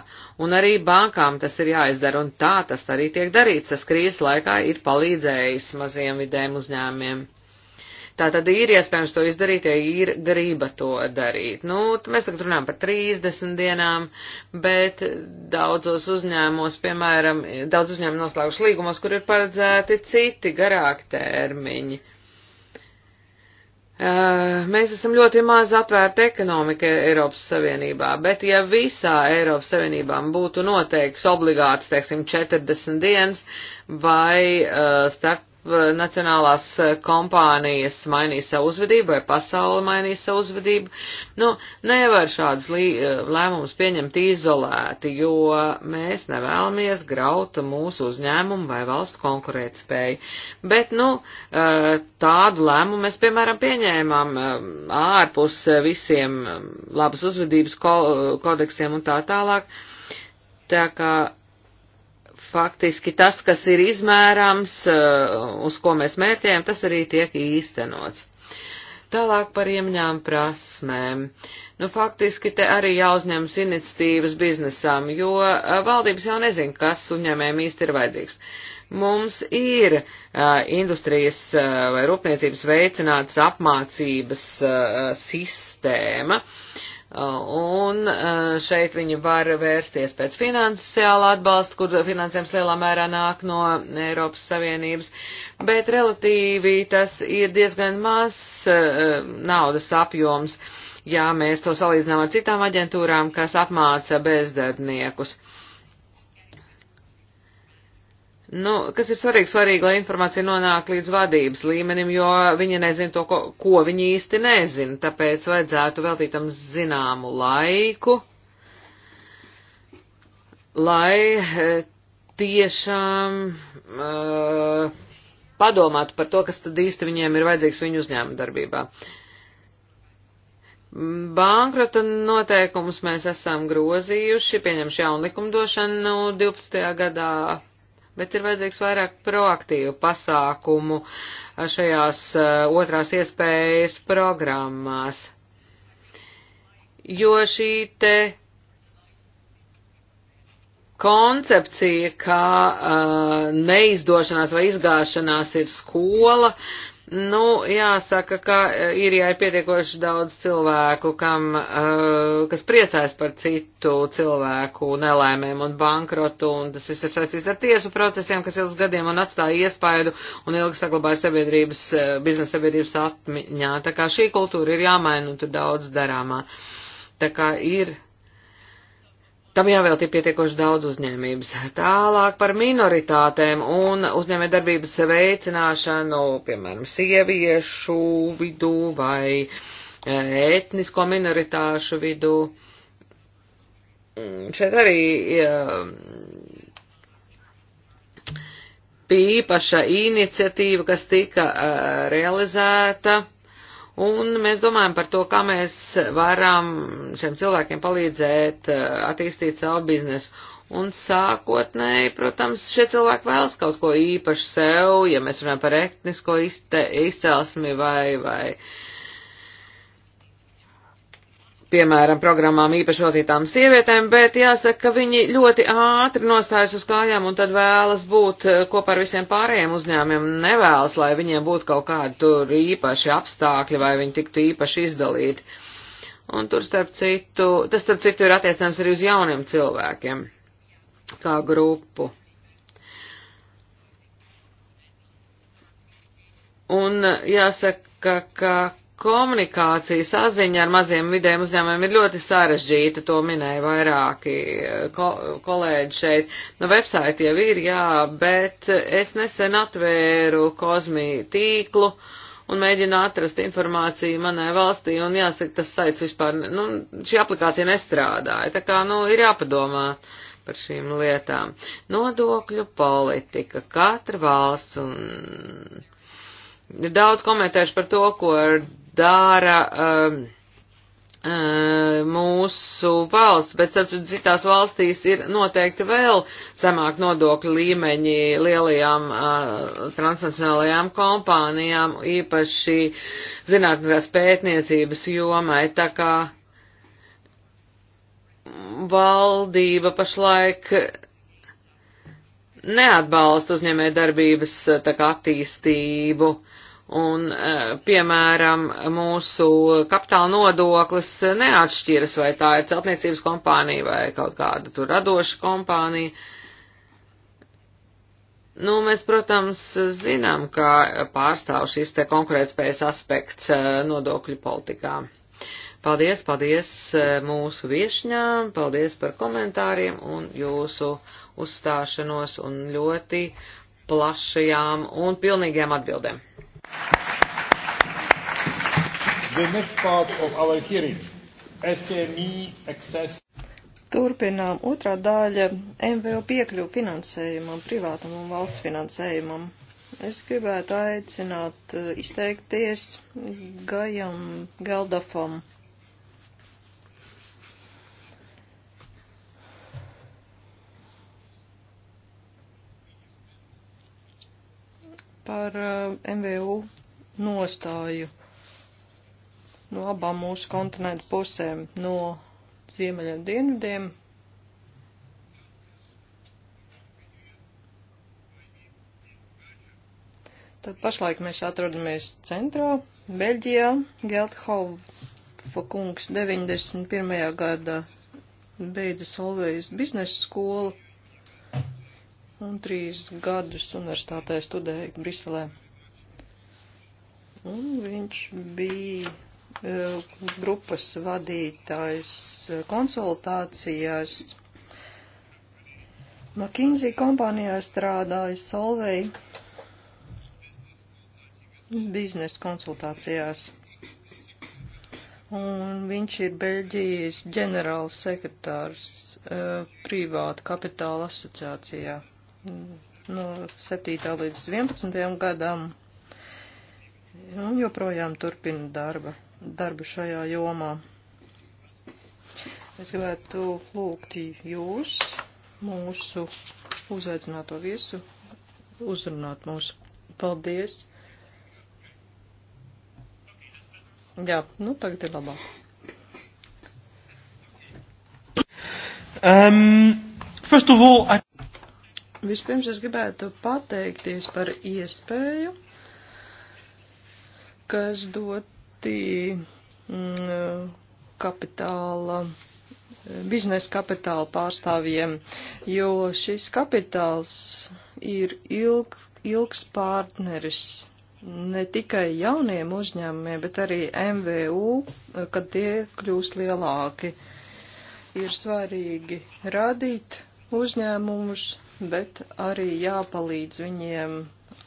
un arī bankām tas ir jāizdara, un tā tas arī tiek darīts. Tas krīzes laikā ir palīdzējis maziem vidēm uzņēmiem. Tā tad ir iespējams to izdarīt, ja ir grība to darīt. Nu, mēs tagad runājam par 30 dienām, bet daudzos uzņēmumos, piemēram, daudz uzņēmumu noslēguši līgumos, kur ir paredzēti citi garāki termiņi. Uh, mēs esam ļoti maz atvērta ekonomika Eiropas Savienībā, bet ja visā Eiropas Savienībā būtu noteikts obligāts, teiksim, 40 dienas vai uh, starp nacionālās e, kompānijas mainīja savu uzvedību vai pasauli mainīja savu uzvedību. Nu, nevar šādus e, lēmumus pieņemt izolēti, jo mēs nevēlamies graut mūsu uzņēmumu vai valstu konkurētspēju. Bet, nu, e, tādu lēmumu mēs, piemēram, pieņēmām ārpus visiem labas uzvedības kodeksiem un tā tālāk. Tā kā faktiski tas, kas ir izmērams, eh, uz ko mēs mērķējam, tas arī tiek īstenots. Tālāk par iemaņām prasmēm. Nu, faktiski te arī jāuzņemas iniciatīvas biznesām, jo eh, valdības jau nezin, kas uzņēmējiem īsti ir vajadzīgs. Mums ir uh, industrijas uh, vai rūpniecības veicinātas apmācības uh, sistēma, uh, Un eh, šeit viņi var vērsties pēc finansiāla atbalsta, kur finansējums lielā mērā nāk no Eiropas Savienības, bet relatīvi tas ir diezgan mazs eh, naudas apjoms, ja mēs to salīdzinām ar citām aģentūrām, kas apmāca bezdarbniekus. Nu, kas ir svarīgi, svarīgi, lai informācija nonāk līdz vadības līmenim, jo viņi nezina to, ko, ko viņi īsti nezina, tāpēc vajadzētu veltīt tam zināmu laiku, lai e, tiešām uh, padomātu par to, kas tad īsti viņiem ir vajadzīgs viņu uzņēmuma darbībā. Bankrota noteikumus mēs esam grozījuši, pieņemši jaunu likumdošanu 12. gadā bet ir vajadzīgs vairāk proaktīvu pasākumu šajās eh, otrās iespējas programmās. Jo šī te koncepcija, ka uh, eh, neizdošanās vai izgāšanās ir skola, uh, Nu, jāsaka, ka īrijā eh, ir pietiekoši daudz cilvēku, kam, uh, kas priecājas par citu cilvēku nelaimēm un bankrotu, un tas viss ir saistīts ar tiesu procesiem, kas ilgs gadiem un atstāja iespaidu un ilgi saglabāja sabiedrības, eh, biznesa sabiedrības atmiņā. Tā kā šī kultūra ir jāmaina un tur daudz darāmā. Tā kā ir Tam jāvēlti pietiekoši daudz uzņēmības. Tālāk par minoritātēm un uzņēmējdarbības veicināšanu, piemēram, sieviešu vidū vai e, etnisko minoritāšu vidū. Mm, šeit arī bija e, īpaša iniciatīva, kas tika e, realizēta. Un mēs domājam par to, kā mēs varam šiem cilvēkiem palīdzēt eh, attīstīt savu biznesu. Un sākotnēji, protams, šie cilvēki vēlas kaut ko īpašu sev, ja mēs runājam par etnisko izcelsmi vai, vai uh, piemēram, programmām īpaši veltītām sievietēm, bet jāsaka, ka viņi ļoti ātri nostājas uz kājām un tad vēlas būt eh, kopā ar visiem pārējiem uzņēmiem, nevēlas, lai viņiem būtu kaut kādi tur īpaši apstākļi vai viņi tiktu īpaši izdalīti. Un tur, starp citu, tas, starp citu, ir attiecams arī uz jauniem cilvēkiem kā grupu. Un eh, jāsaka, ka Komunikācija, saziņa ar maziem vidiem uzņēmumiem ir ļoti sarežģīta, to minēja vairāki eh, ko, kolēģi šeit. Nu, websaiti jau ir, jā, bet es nesen atvēru kozmī tīklu un mēģinu atrast informāciju manai valstī, un jāsaka, tas saits vispār, nu, šī aplikācija nestrādāja, tā kā, nu, ir jāpadomā par šīm lietām. Nodokļu politika, katra valsts un. Ir daudz komentējuši par to, ko ar dara um, um, mūsu valsts, bet citās valstīs ir noteikti vēl zemāk nodokļu līmeņi lielajām uh, transnacionālajām kompānijām, īpaši zinātniskās pētniecības jomai, tā kā valdība pašlaik neatbalsta uzņēmē darbības tā kā attīstību. Uh, Un, e, piemēram, mūsu kapitāla nodoklis neatšķiras, vai tā ir celtniecības kompānija vai kaut kāda tur radoša kompānija. Nu, mēs, protams, zinām, ka pārstāv šis te konkurētspējas aspekts e, nodokļu politikā. Paldies, paldies e, mūsu viešņām, paldies par komentāriem un jūsu uzstāšanos un ļoti plašajām un pilnīgajām atbildēm. The next part of our hearing, SME access. Turpinām otrā daļa MVO piekļuvu finansējumam, privātam un valsts finansējumam. Es gribētu aicināt eh, izteikties Gajam Geldofam. par eh, MVU nostāju no abām mūsu kontinentu pusēm, no ziemeļiem dienvidiem. Tad pašlaik mēs atrodamies centrā, Beļģijā, Geldhova kungs 91. gada beidza Solvejas biznesa skolu un trīs gadus universitātē studēja Briselē. Un viņš bija e, grupas vadītājs konsultācijās. McKinsey kompānijā strādāja Solvei biznesa konsultācijās. Un viņš ir Beļģijas ģenerāls sekretārs e, privāta kapitāla asociācijā no 7. līdz 11. gadam un joprojām turpina darba, darbu šajā jomā. Es gribētu lūgt jūs, mūsu uzaicināto viesu, uzrunāt mūsu. Paldies! Jā, nu tagad ir labāk. Um, first of all, I Vispirms es gribētu pateikties par iespēju, kas doti mm, kapitāla, biznesa kapitāla pārstāvjiem, jo šis kapitāls ir ilg, ilgs partneris ne tikai jauniem uzņēmumiem, bet arī MVU, kad tie kļūst lielāki. Ir svarīgi radīt uzņēmumus, bet arī jāpalīdz viņiem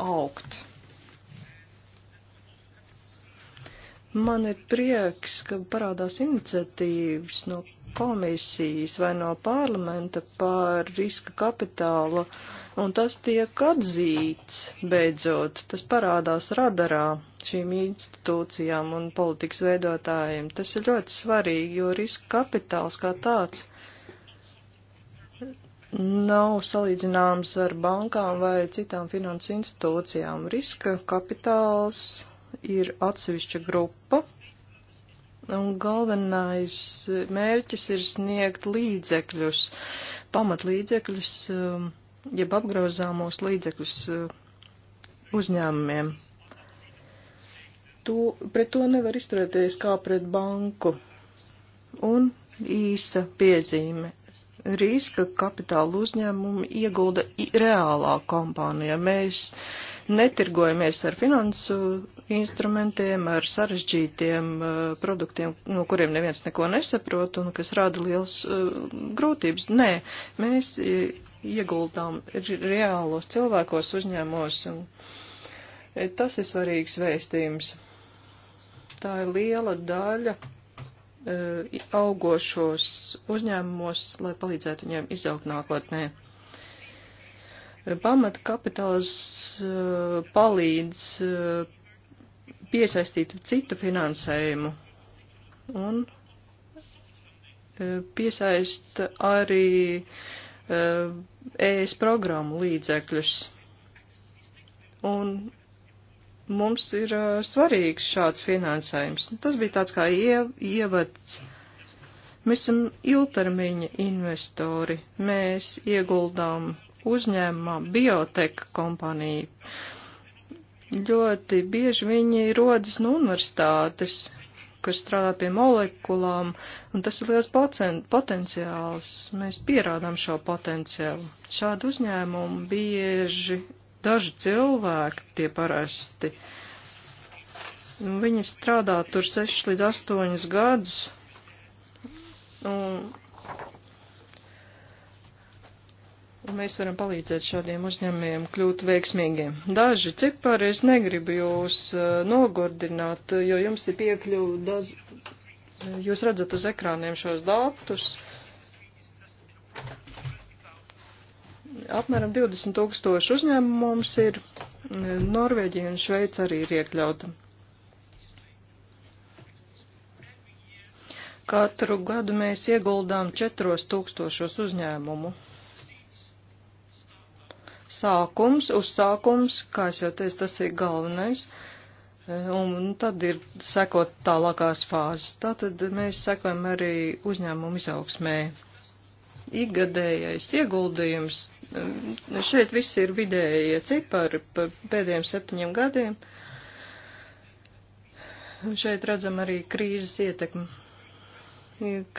augt. Man ir prieks, ka parādās iniciatīvas no komisijas vai no parlamenta par riska kapitālu, un tas tiek atzīts beidzot. Tas parādās radarā šīm institūcijām un politikas veidotājiem. Tas ir ļoti svarīgi, jo riska kapitāls kā tāds nav salīdzināms ar bankām vai citām finansu institūcijām. Riska kapitāls ir atsevišķa grupa, un galvenais mērķis ir sniegt līdzekļus, pamatlīdzekļus, um, jeb apgrozāmos līdzekļus um, uzņēmumiem. To, pret to nevar izturēties kā pret banku. Un īsa piezīme riska kapitāla uzņēmumi iegulda reālā kompānijā. Mēs netirgojamies ar finansu instrumentiem, ar sarežģītiem uh, produktiem, no kuriem neviens neko nesaprot un kas rada liels uh, grūtības. Nē, mēs uh, ieguldām reālos cilvēkos uzņēmos. Un tas ir svarīgs vēstījums. Tā ir liela daļa Uh, augošos uzņēmumos, lai palīdzētu viņiem izaugt nākotnē. Pamata kapitāls uh, palīdz uh, piesaistīt citu finansējumu un piesaist arī ES programmu līdzekļus. Un mums ir svarīgs šāds finansējums. Tas bija tāds kā ievads. Mēs esam ilgtermiņa investori. Mēs ieguldām uzņēmumā bioteka kompāniju. Ļoti bieži viņi rodas no universitātes, kas strādā pie molekulām, un tas ir liels potenciāls. Mēs pierādām šo potenciālu. Šādu uzņēmumu bieži daži cilvēki, tie parasti, viņi strādā tur 6 līdz 8 gadus. Un, un mēs varam palīdzēt šādiem uzņēmējiem kļūt veiksmīgiem. Daži cipari es negribu jūs eh, nogurdināt, jo jums ir piekļuva daudz. Jūs redzat uz ekrāniem šos datus. Uh, apmēram 20 tūkstoši uzņēmumu mums ir. Norvēģija un Šveica arī ir iekļauta. Katru gadu mēs ieguldām 4000 uzņēmumu. Sākums, uzsākums, kā es jau teicu, tas ir galvenais, un tad ir sekot tālākās fāzes. Tātad mēs sekojam arī uzņēmumu izaugsmē. Igadējais ieguldījums Šeit viss ir vidējie cipari par pēdējiem septiņiem gadiem. Šeit redzam arī krīzes ietekmi.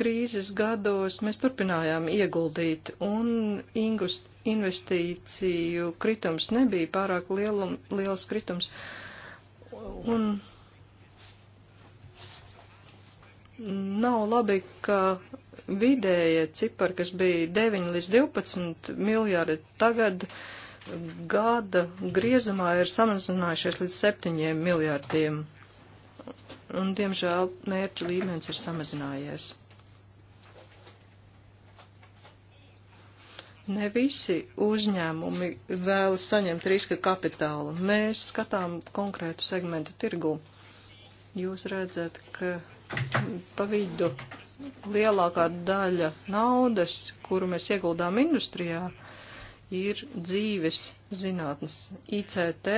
Krīzes gados mēs turpinājām ieguldīt, un investīciju kritums nebija pārāk lielum, liels kritums. Un nav labi, ka vidējie cipari, kas bija 9 līdz 12 miljārdi, tagad gada griezumā ir samazinājušies līdz 7 miljārdiem. Un, diemžēl, mērķu līmenis ir samazinājies. Ne visi uzņēmumi vēlas saņemt riska kapitālu. Mēs skatām konkrētu segmentu tirgu. Jūs redzat, ka pa vidu lielākā daļa naudas, kuru mēs ieguldām industrijā, ir dzīves zinātnes ICT.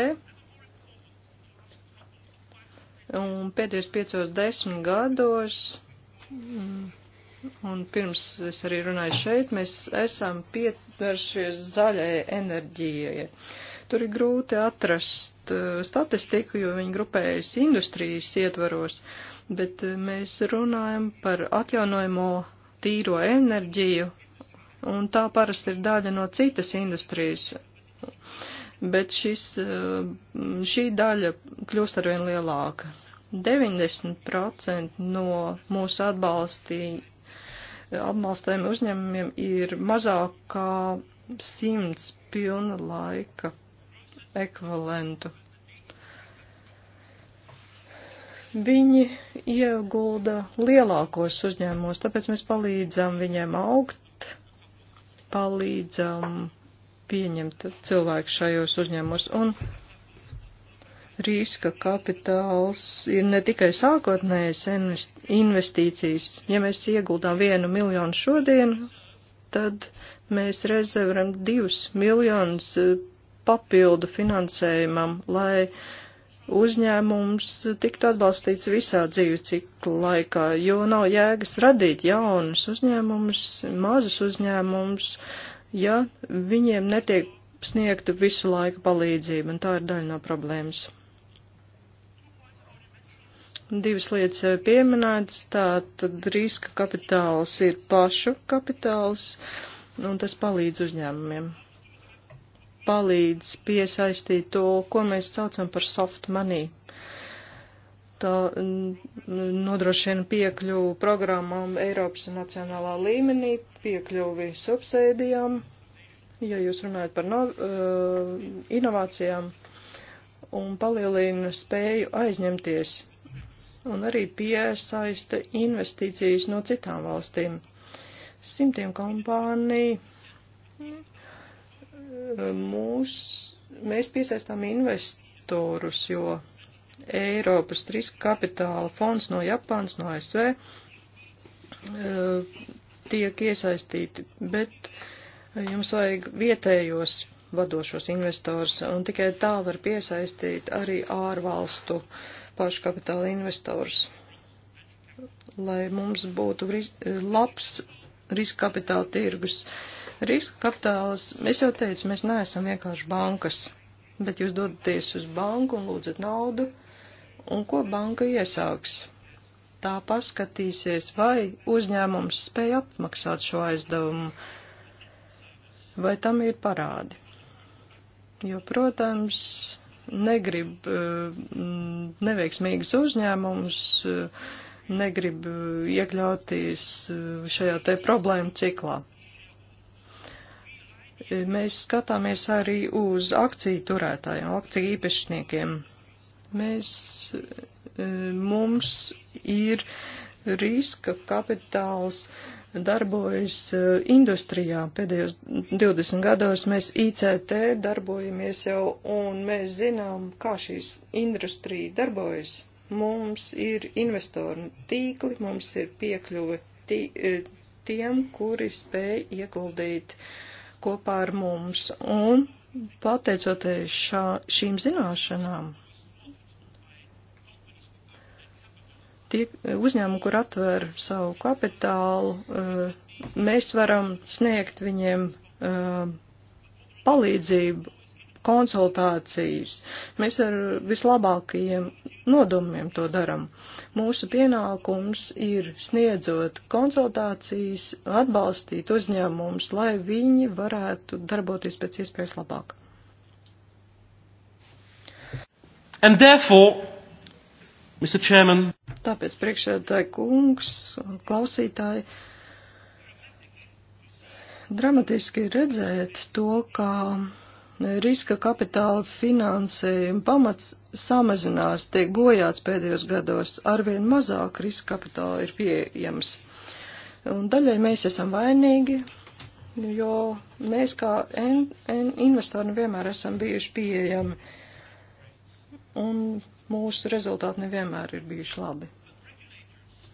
Un pēdējos piecos desmit gados, un pirms es arī runāju šeit, mēs esam pievēršies zaļai enerģijai. Tur ir grūti atrast uh, statistiku, jo viņi grupējas industrijas ietvaros. Uh, bet eh, mēs runājam par atjaunojamo tīro enerģiju, un tā parasti ir daļa no citas industrijas. Bet šis, eh, šī daļa kļūst arvien lielāka. 90% no mūsu atbalstī, atbalstējiem uzņēmumiem ir mazāk kā 100 pilna laika ekvivalentu. Viņi iegulda lielākos uzņēmumos, tāpēc mēs palīdzam viņiem augt, palīdzam pieņemt cilvēku šajos uzņēmumos. Un riska kapitāls ir ne tikai sākotnējas investīcijas. Ja mēs ieguldām vienu miljonu šodien, tad mēs reizē varam divus miljonus papildu finansējumam, lai uh, uzņēmums tiktu atbalstīts visā dzīvi cikla laikā, jo nav jēgas radīt jaunus uzņēmumus, mazus uzņēmumus, ja viņiem netiek sniegta visu laiku palīdzība, un tā ir daļa no problēmas. Divas lietas jau pieminētas, tā tad riska kapitāls ir pašu kapitāls, un tas palīdz uzņēmumiem palīdz piesaistīt to, ko mēs saucam par soft money. Tā nodrošina piekļuvu programmām Eiropas nacionālā līmenī, piekļuvi subsēdijām, ja jūs runājat par no, uh, inovācijām, un palielina spēju aizņemties, un arī piesaista investīcijas no citām valstīm. Simtiem kompāniju mūs, mēs piesaistām investorus, jo Eiropas riska kapitāla fonds no Japānas, no ASV eh, tiek iesaistīti, bet eh, jums vajag vietējos vadošos investors, un tikai tā var piesaistīt arī ārvalstu paškapitāla investors, lai mums būtu ris eh, labs riska kapitāla tirgus. Uh, Riska kapitāls, es jau teicu, mēs neesam vienkārši bankas, bet jūs dodaties uz banku un lūdzat naudu, un ko banka iesāks? Tā paskatīsies, vai uzņēmums spēj atmaksāt šo aizdevumu, vai tam ir parādi. Jo, protams, negrib mm, neveiksmīgus uzņēmumus, negrib mm, iekļauties mm, šajā te problēmu ciklā. Mēs skatāmies arī uz akciju turētājiem, akciju īpašniekiem. Mēs, e, mums ir riska kapitāls darbojas e, industrijā. Pēdējos 20 gados mēs ICT darbojamies jau un mēs zinām, kā šīs industrija darbojas. Mums ir investoru tīkli, mums ir piekļuve tī, e, tiem, kuri spēj ieguldīt uh, kopā ar mums. Un pateicoties šā, šīm zināšanām, tie uzņēmumi, kur atver savu kapitālu, eh, mēs varam sniegt viņiem eh, palīdzību konsultācijas. Mēs ar vislabākajiem nodomiem to daram. Mūsu pienākums ir sniedzot konsultācijas, atbalstīt uzņēmumus, lai viņi varētu darboties pēc iespējas labāk. And therefore, Mr. Chairman. Tāpēc priekšētāji kungs, klausītāji, dramatiski redzēt to, kā Riska kapitāla finansējuma pamats samazinās, tiek bojāts pēdējos gados, arvien mazāk riska kapitāla ir pieejams. Un daļai mēs esam vainīgi, jo mēs kā en, en investori vienmēr esam bijuši pieejami, un mūsu rezultāti nevienmēr ir bijuši labi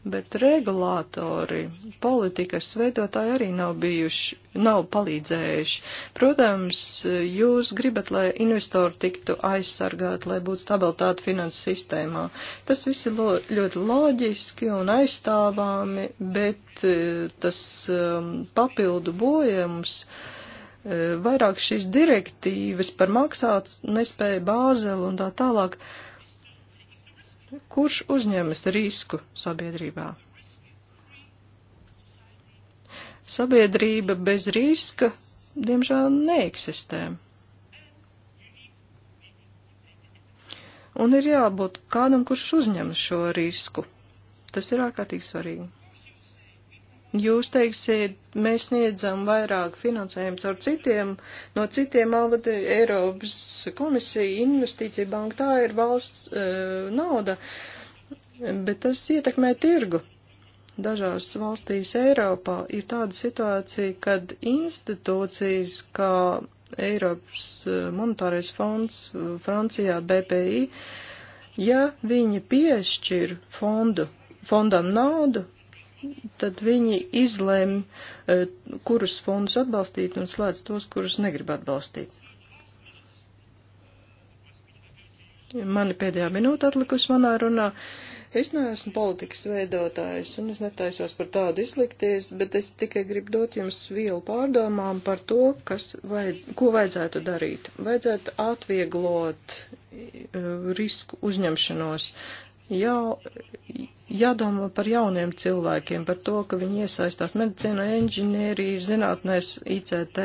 bet regulātori, politikas veidotāji arī nav bijuši, nav palīdzējuši. Protams, jūs gribat, lai investori tiktu aizsargāti, lai būtu stabilitāte finanses sistēmā. Tas viss ir lo, ļoti loģiski un aizstāvāmi, bet eh, tas um, papildu bojums. Eh, vairāk šīs direktīvas par maksāt nespēju bāzeli un tā tālāk. Uh, kurš uzņemas risku sabiedrībā. Sabiedrība bez riska, diemžēl, neeksistē. Un ir jābūt kādam, kurš uzņemas šo risku. Tas ir ārkārtīgi svarīgi. Jūs teiksiet, mēs sniedzam vairāk finansējumu caur citiem, no citiem avada Eiropas komisija, investīcija banka, tā ir valsts e, nauda, bet tas ietekmē tirgu. Dažās valstīs Eiropā ir tāda situācija, kad institūcijas kā Eiropas e, monetārais fonds Francijā BPI, ja viņi piešķir fondu, fondam naudu, tad viņi izlēm, e, kurus fondus atbalstīt un slēdz tos, kurus negrib atbalstīt. Mani pēdējā minūte atlikusi manā runā. Es neesmu politikas veidotājs, un es netaisos par tādu izlikties, bet es tikai gribu dot jums vielu pārdomām par to, kas vajad, ko vajadzētu darīt. Vajadzētu atvieglot e, risku uzņemšanos, jau jādomā par jauniem cilvēkiem, par to, ka viņi iesaistās medicīnā, inženierijas, zinātnēs, ICT.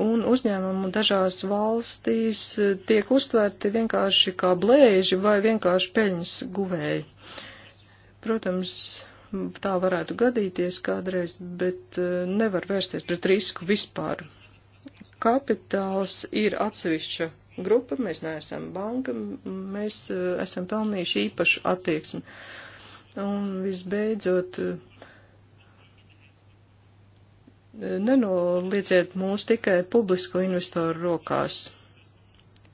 Un uzņēmumu dažās valstīs tiek uztvērti vienkārši kā blēži vai vienkārši peļņas guvēji. Protams, tā varētu gadīties kādreiz, bet eh, nevar vērsties pret risku vispār. Kapitāls ir atsevišķa grupa, mēs neesam banka, mēs eh, esam pelnījuši īpašu attieksmi. Un visbeidzot, eh, nenolieciet mūs tikai publisko investoru rokās.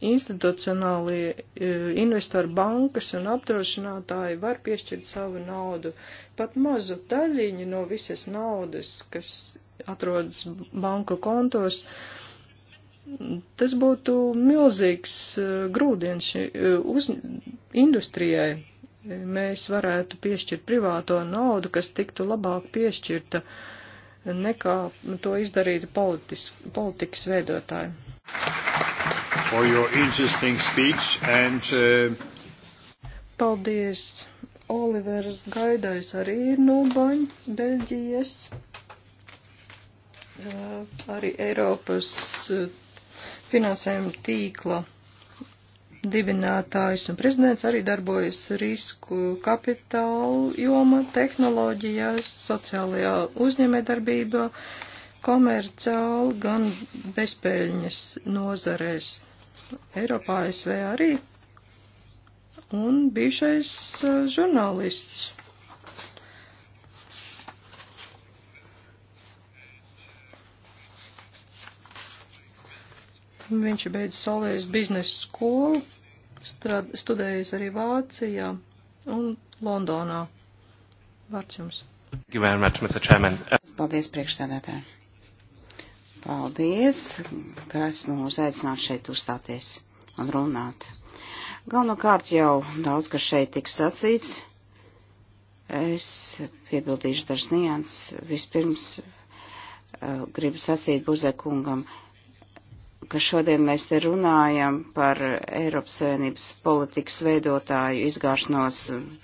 Institucionālie eh, investori bankas un apdrošinātāji var piešķirt savu naudu, pat mazu daļiņu no visas naudas, kas atrodas banku kontos. Uh, Tas būtu milzīgs eh, grūdienis eh, uz industrijai. Mēs varētu piešķirt privāto naudu, kas tiktu labāk piešķirta nekā to izdarītu politis, politikas veidotāji. And, uh... Paldies! Olivers Gaidais arī ir no Beļģijas. Uh, arī Eiropas uh, finansējuma tīkla dibinātājs un prezidents arī darbojas risku kapitāla joma, tehnoloģijās, sociālajā uzņēmējdarbībā, komerciāli, gan bezpēļņas nozarēs. Eiropā, ASV arī. Un bijušais eh, žurnālists Viņš beidz Solējas biznesa skolu, strad, studējis arī Vācijā un Londonā. Vārds jums. Paldies, priekšsēdētāji. Paldies, ka esmu uzaicināts šeit uzstāties un runāt. Galvenokārt jau daudz, kas šeit tiks sacīts. Es piebildīšu dažas nianses. Vispirms eh, gribu sacīt Buzekungam. kungam ka šodien mēs te runājam par Eiropas Savienības politikas veidotāju izgāšanos.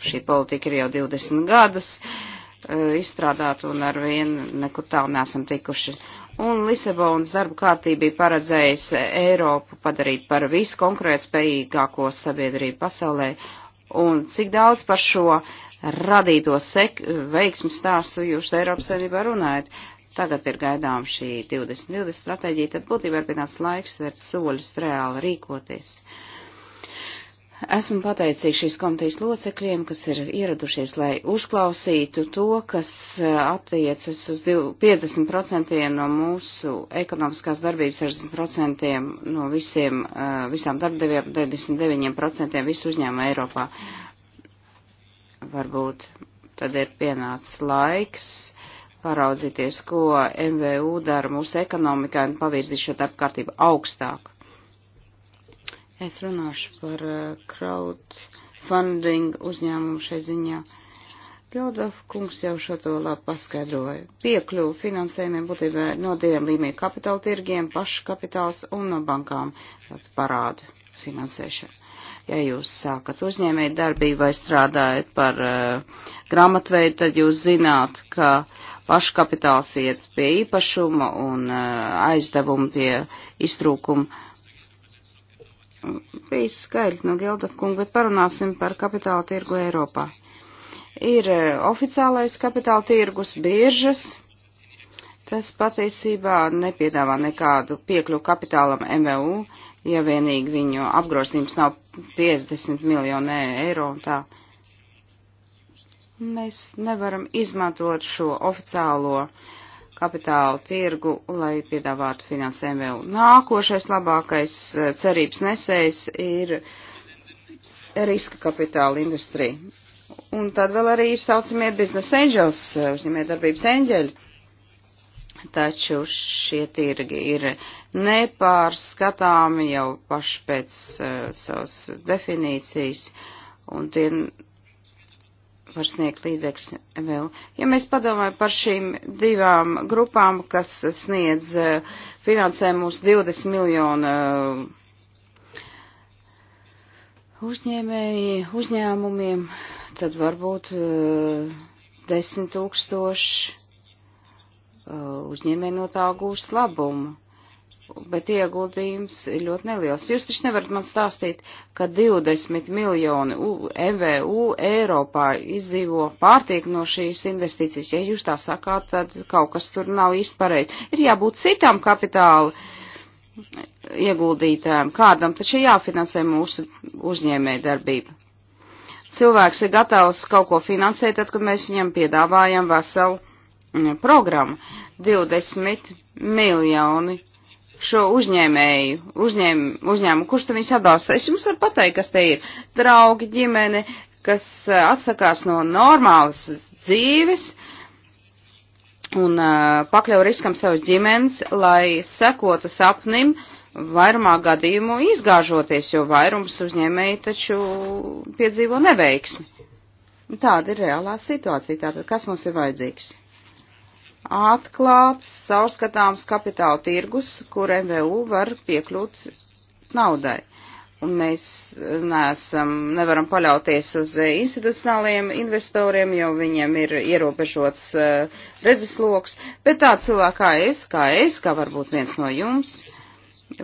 Šī politika ir jau 20 gadus e, izstrādāt un ar vienu nekur tālu nesam tikuši. Un Lisabonas darba kārtība bija paredzējusi Eiropu padarīt par visu konkurētspējīgāko sabiedrību pasaulē. Un cik daudz par šo radīto sek, veiksmi stāstu jūs Eiropas Savienībā runājat? tagad ir gaidām šī 2020 stratēģija, tad būtībā ir pienācis laiks vērt soļus reāli rīkoties. Esmu pateicīgs šīs komitejas locekļiem, kas ir ieradušies, lai uzklausītu to, kas uh, attiecas uz 50% no mūsu ekonomiskās darbības, 60% no visiem, uh, visām darbdeviem, 99% visu uzņēmumu Eiropā. Varbūt tad ir pienācis laiks paraudzīties, ko MVU dara mūsu ekonomikā un pavirzīt šo darbu kārtību augstāk. Es runāšu par uh, crowdfunding uzņēmumu šai ziņā. Gildov kungs jau šo to labi paskaidroja. Piekļuvu finansējumiem būtībā no diviem līmeņu kapitāla tirgiem, pašu kapitāls un no bankām parādu finansēšanu. Ja jūs sākat uzņēmēt darbību vai strādājat par uh, grāmatveid, tad jūs zināt, ka uh, paškapitāls iet pie īpašuma un uh, aizdevumu pie iztrūkuma. Bija skaidrs no Gildaf kunga, bet parunāsim par kapitāla tirgu Eiropā. Ir uh, oficiālais kapitāla tirgus biežas, tas patiesībā nepiedāvā nekādu piekļuvu kapitālam MVU, ja vienīgi viņu apgrozījums nav 50 miljonu eiro un tā. Uh, Mēs nevaram izmantot šo oficiālo kapitālu tirgu, lai piedāvātu finansējumu vēl. Nākošais labākais eh, cerības nesējs ir riska kapitāla industrija. Un tad vēl arī ir saucamie biznesa angels, eh, uzņēmējdarbības eņģeļi. Taču šie tirgi ir nepārskatāmi jau paši pēc uh, savas definīcijas, un tie var sniegt līdzekļus vēl. Ja mēs padomājam par šīm divām grupām, kas sniedz finansējumu uz 20 miljonu eh, uzņēmēji uzņēmumiem, tad varbūt 10 eh, tūkstoši eh, uzņēmēji no tā gūst labumu bet ieguldījums ir ļoti neliels. Jūs taču nevarat man stāstīt, ka 20 miljoni MVU Eiropā izdzīvo pārtiek no šīs investīcijas. Ja jūs tā sakāt, tad kaut kas tur nav īsti pareizi. Ir jābūt citām kapitāla ieguldītājiem. Kādam taču jāfinansē mūsu uzņēmē darbība. Cilvēks ir gatavs kaut ko finansēt, tad, kad mēs viņam piedāvājam veselu mm, programmu. 20 miljoni šo uzņēmēju, uzņēm, uzņēmumu, kurš tad viņus atbalsta. Es jums varu pateikt, kas te ir draugi, ģimene, kas eh, atsakās no normālas dzīves un uh, pakļauj riskam savas ģimenes, lai sekotu sapnim, vairumā gadījumu izgāžoties, jo vairums uzņēmēji taču piedzīvo neveiksmi. Tāda ir reālā situācija, tātad kas mums ir vajadzīgs? atklāts, caurskatāms kapitāla tirgus, kur MVU var piekļūt naudai. Un mēs neesam, nevaram paļauties uz institucionāliem investoriem, jo viņiem ir ierobežots uh, redzesloks, bet tā cilvēka kā es, kā es, kā varbūt viens no jums,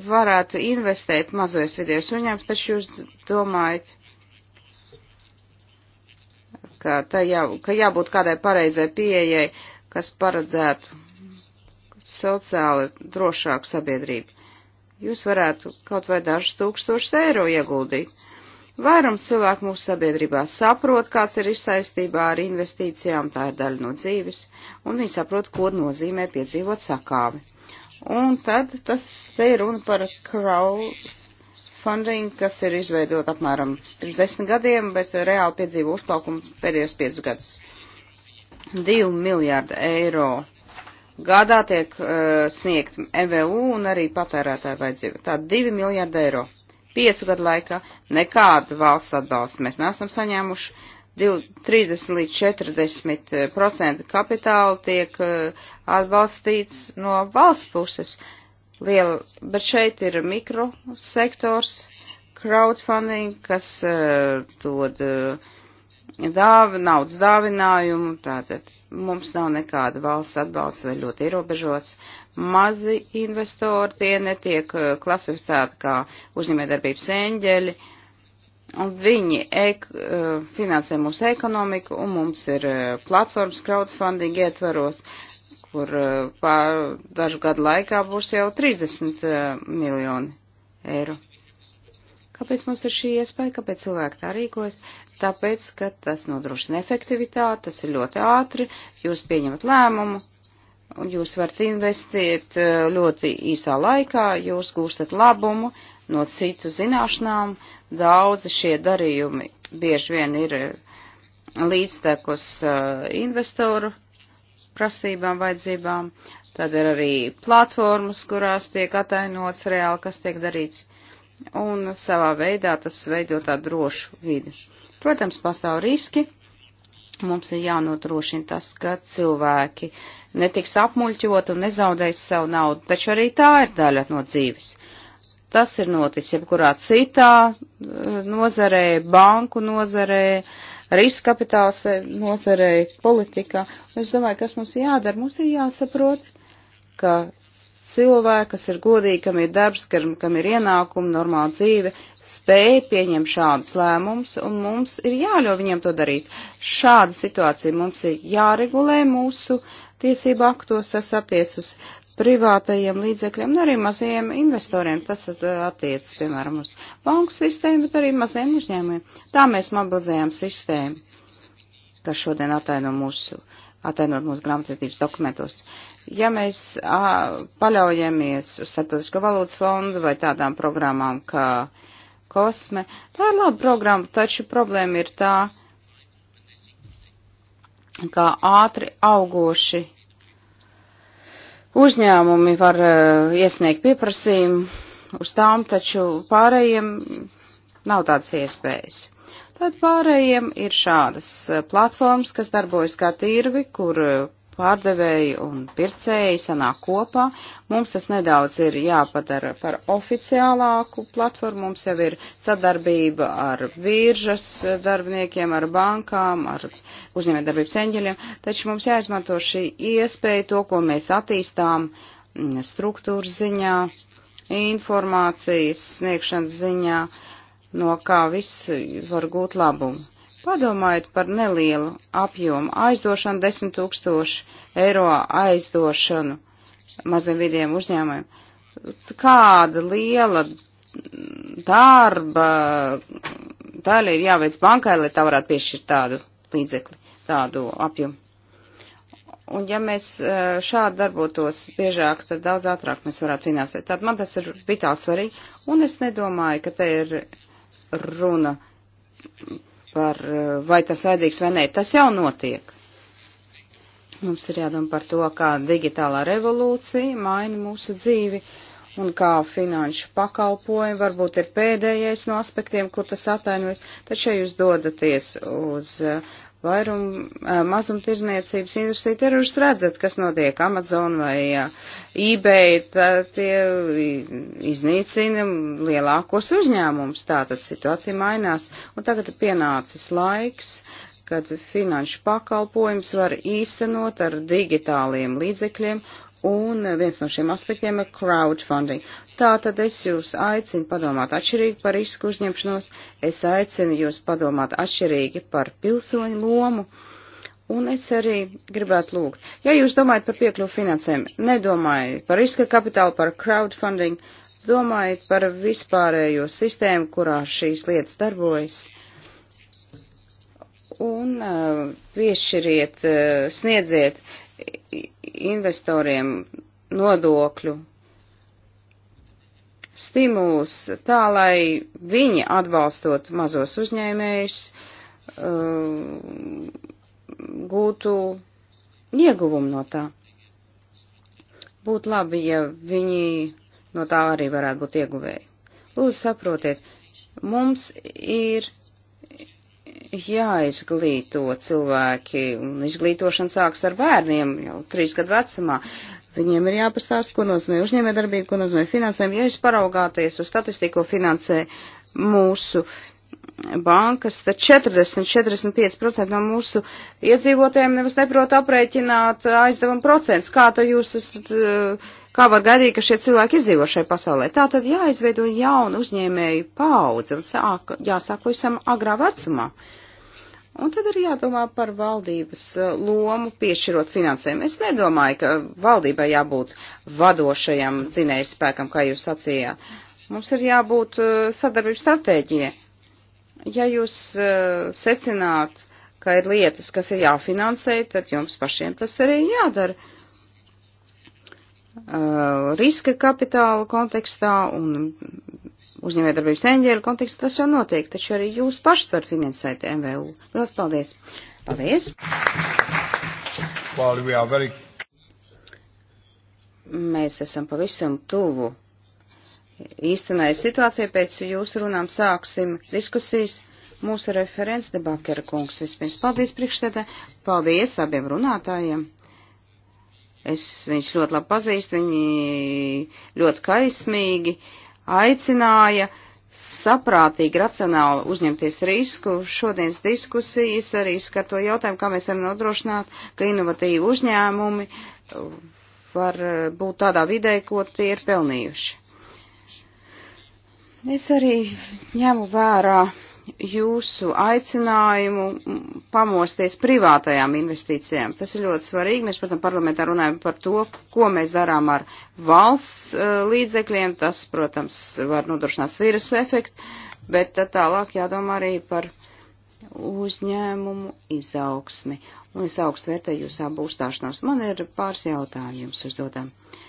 varētu investēt mazajos vidējos uzņēmumos, taču jūs domājat, ka, tā jā, ka jābūt kādai pareizai pieejai, uh, kas paredzētu sociāli drošāku sabiedrību. Jūs varētu kaut vai dažus tūkstošus eiro ieguldīt. Vairums cilvēku mūsu sabiedrībā saprot, kāds ir izsaistībā ar investīcijām, tā ir daļa no dzīves, un viņi saprot, ko nozīmē piedzīvot sakāvi. Un tad tas te ir runa par crowdfunding, kas ir izveidot apmēram pirms desmit gadiem, bet reāli piedzīvo uzplaukumu pēdējos piecus gadus. 2 miljārdi eiro gadā tiek uh, sniegt MVU un arī patērētāju vajadzību. Tā 2 miljārdi eiro. Piecu gadu laikā nekādu valsts atbalstu mēs neesam saņēmuši. 30 līdz 40 eh, procentu kapitāla tiek uh, atbalstīts no valsts puses. Liela, bet šeit ir mikrosektors, crowdfunding, kas uh, dod uh, dāvi, naudas dāvinājumu, tātad mums nav nekāda valsts atbalsts vai ļoti ierobežots. Mazi investori tie netiek eh, klasificēti kā uzņēmējdarbības eņģeļi, un viņi ek, eh, finansē mūsu ekonomiku, un mums ir eh, platformas crowdfunding ietvaros, kur pār dažu gadu laikā būs jau 30 miljoni eiro. Kāpēc mums ir šī iespēja, kāpēc cilvēki tā rīkojas? Tāpēc, ka tas nodrošina efektivitāti, tas ir ļoti ātri, jūs pieņemat lēmumu, un jūs varat investēt eh, ļoti īsā laikā, jūs gūstat labumu no citu zināšanām, daudzi šie darījumi bieži vien ir eh, līdztekus eh, investoru prasībām, vajadzībām, tad ir arī platformas, kurās tiek atainots reāli, kas tiek darīts un savā veidā tas veido tādu drošu vidi. Protams, pastāv riski. Mums ir jānodrošina tas, ka cilvēki netiks apmuļķot un nezaudēs savu naudu, taču arī tā ir daļa no dzīves. Tas ir noticis jebkurā citā eh, nozarē, banku nozarē, riska kapitāls eh, nozarē, politikā. Es domāju, kas mums jādara, mums ir jāsaprot, ka cilvēki, kas ir godīgi, kam ir darbs, kam ir ienākumi, normāla dzīve, spēja pieņemt šādus lēmumus, un mums ir jāļauj viņiem to darīt. Šāda situācija mums ir jāregulē mūsu tiesību aktos, tas attiec uz privātajiem līdzekļiem, un nu arī mazajiem investoriem. Tas attiecas, piemēram, uz banku sistēmu, bet arī mazajiem uzņēmumiem. Tā mēs mobilizējām sistēmu, kas šodien ataino mūsu, atainot mūsu grāmatvedības dokumentos. Ja mēs a, paļaujamies uz Startautisko valūtas fondu vai tādām programmām kā Kosme, tā ir laba programma, taču problēma ir tā, kā ātri augoši uzņēmumi var uh, iesniegt pieprasījumu uz tām, taču pārējiem nav tādas iespējas. Tad pārējiem ir šādas platformas, kas darbojas kā tirvi, kur pārdevēji un pircēji sanāk kopā. Mums tas nedaudz ir jāpadara par oficiālāku platformu. Mums jau ir sadarbība ar vīržas darbiniekiem, ar bankām, ar uzņēmējdarbības eņģeļiem, taču mums jāizmanto šī iespēja to, ko mēs attīstām mm, struktūras ziņā, informācijas sniegšanas ziņā, no kā viss var gūt labumu Padomājiet par nelielu apjomu aizdošanu, 10 tūkstoši eiro aizdošanu maziem vidiem uzņēmumiem. Kāda liela darba daļa ir jāveic bankai, lai tā varētu piešķirt tādu līdzekli, tādu apjomu. Un ja mēs e, šādi darbotos biežāk, tad daudz ātrāk mēs varētu finansēt. Tātad man tas ir vitāli svarīgi, un es nedomāju, ka te ir runa par eh, vai tas vajadzīgs vai nē, tas jau notiek. Mums ir jādomā par to, kā digitālā revolūcija maina mūsu dzīvi un kā finanšu pakalpojumi varbūt ir pēdējais no aspektiem, kur tas atainojas. Taču, ja jūs dodaties uz eh, vairum mazumtirzniecības industrija, tur jūs redzat, kas notiek Amazon vai eBay, tie iznīcina lielākos uzņēmumus, tātad situācija mainās, un tagad ir pienācis laiks, kad finanšu pakalpojums var īstenot ar digitāliem līdzekļiem, Un viens no šiem aspektiem ir crowdfunding. Tātad es jūs aicinu padomāt atšķirīgi par risku uzņemšanos, es aicinu jūs padomāt atšķirīgi par pilsoņu lomu, un es arī gribētu lūgt. Ja jūs domājat par piekļuvu finansēm, nedomājiet par riska kapitālu, par crowdfunding, domājiet par vispārējo sistēmu, kurā šīs lietas darbojas un uh, piešķiriet, uh, sniedziet investoriem nodokļu stimulus tā, lai viņi atbalstot mazos uzņēmējus um, gūtu ieguvumu no tā. Būtu labi, ja viņi no tā arī varētu būt ieguvēji. Lūdzu, saprotiet, mums ir jāizglīto cilvēki, un izglītošana sāks ar bērniem jau trīs gadu vecumā. Viņiem ir jāpastāst, ko nozīmē uzņēmējdarbība, ko nozīmē finansējumi. Ja jūs paraugāties uz statistiku, ko finansē mūsu bankas, tad 40-45% no mūsu iedzīvotājiem nevis neprot aprēķināt aizdevumu procents. Kā tad jūs esat uh, kā var gaidīt, ka šie cilvēki izdzīvo šai pasaulē. Tā tad jāizveido jaunu uzņēmēju paudzi un sāk, jāsāk visam agrā vecumā. Un tad ir jādomā par valdības eh, lomu piešķirot finansējumu. Es nedomāju, ka valdībai jābūt vadošajam dzinējas spēkam, kā jūs sacījāt. Mums ir jābūt eh, sadarbības stratēģijai. Ja jūs eh, secināt, ka ir lietas, kas ir jāfinansē, tad jums pašiem tas arī jādara uh, riska kapitāla kontekstā un uzņēmējdarbības eņģēļa kontekstā tas jau notiek, taču arī jūs paši varat finansēt MVU. Lielas paldies! Paldies! Well, we very... Mēs esam pavisam tuvu īstenai situācijai, pēc jūsu runām sāksim diskusijas. Mūsu referents debakera kungs vispirms paldies priekšsēdē, paldies abiem runātājiem. Es viņš ļoti labi pazīstu, viņi ļoti kaismīgi aicināja saprātīgi, racionāli uzņemties risku. Šodienas diskusijas arī skar to jautājumu, kā mēs varam nodrošināt, ka inovatīvi uzņēmumi var būt tādā vidē, ko tie ir pelnījuši. Es arī ņemu vērā jūsu aicinājumu pamosties privātajām investīcijām. Tas ir ļoti svarīgi. Mēs, protams, parlamentā runājam par to, ko mēs darām ar valsts eh, līdzekļiem. Tas, protams, var nodrošināt sviras efektu, bet tad tālāk jādomā arī par uzņēmumu izaugsmi. Un es augstu vērtēju jūsu abu uzstāšanos. Man ir pāris jautājums uzdodam. Uh,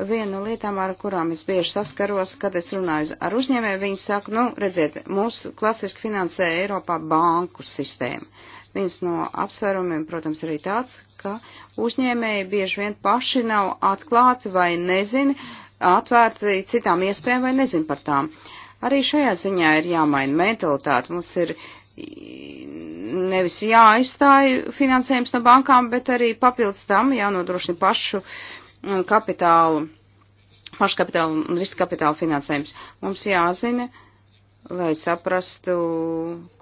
viena no lietām, ar kurām es bieži saskaros, kad es runāju ar uzņēmēju, viņi saka, nu, redziet, mūsu klasiski finansē Eiropā banku sistēma. Viens no apsvērumiem, protams, arī tāds, ka uzņēmēji bieži vien paši nav atklāti vai nezina, atvērti citām iespējām vai nezina par tām. Arī šajā ziņā ir jāmaina mentalitāte. Mums ir nevis jāaizstāj finansējums no bankām, bet arī papildus tam jānodrošina pašu uh, kapitālu, paškapitālu un riska kapitālu finansējums. Mums jāzina, lai saprastu,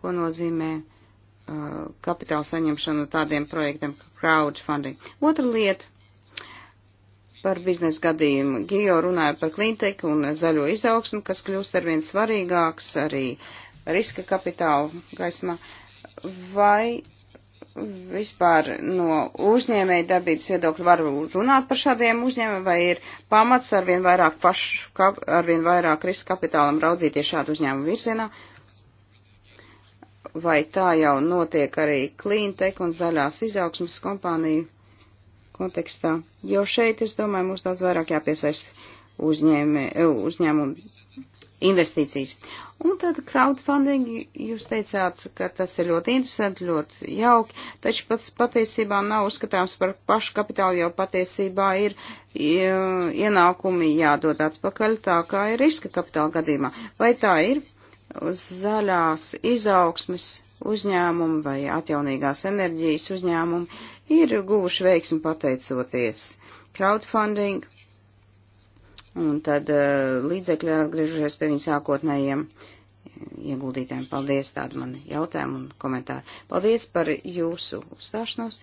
ko nozīmē uh, kapitāla saņemšana tādiem projektiem, kā crowdfunding. Otra lieta par biznesa gadījumu. Gio runāja par klīnteku un zaļo izaugsmu, kas kļūst arvien svarīgāks arī riska kapitāla gaismā. Vai vispār no uzņēmēja darbības viedokļa var runāt par šādiem uzņēmumiem, vai ir pamats ar vien vairāk pašu, ar vien vairāk riska kapitālam raudzīties šādu uzņēmumu virzienā? Vai tā jau notiek arī cleantech un zaļās izaugsmas kompāniju kontekstā? Jo šeit, es domāju, mums daudz vairāk jāpiesaist uzņēmē, uzņēmumu investīcijas. Un tad crowdfunding, jūs teicāt, ka tas ir ļoti interesanti, ļoti jauki, taču pats patiesībā nav uzskatāms par pašu kapitālu, jo patiesībā ir ienākumi jādod atpakaļ tā, kā ir riska kapitāla gadījumā. Vai tā ir zaļās izaugsmes uzņēmumi vai atjaunīgās enerģijas uzņēmumi ir guvuši veiksmi pateicoties crowdfunding un tad eh, līdzekļi atgriežoties pie viņa sākotnējiem ieguldītājiem. Paldies, tādi mani jautājumi un komentāri. Paldies par jūsu uzstāšanos.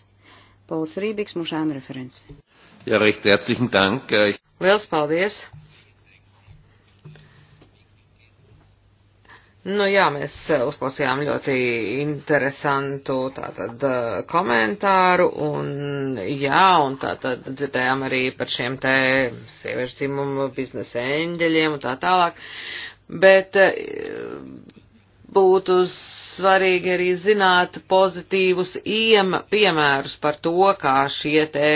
Pauls Rībīgs, mūsu ēna referents. Jā, ja, recht herzlichen dank. Liels paldies! Nu jā, mēs eh, uzklausījām ļoti interesantu tātad eh, komentāru un jā, un tātad dzirdējām arī par šiem te sieviešu dzimumu biznesa eņģeļiem un tā tālāk. Bet eh, būtu svarīgi arī zināt pozitīvus iem, piemērus par to, kā šie te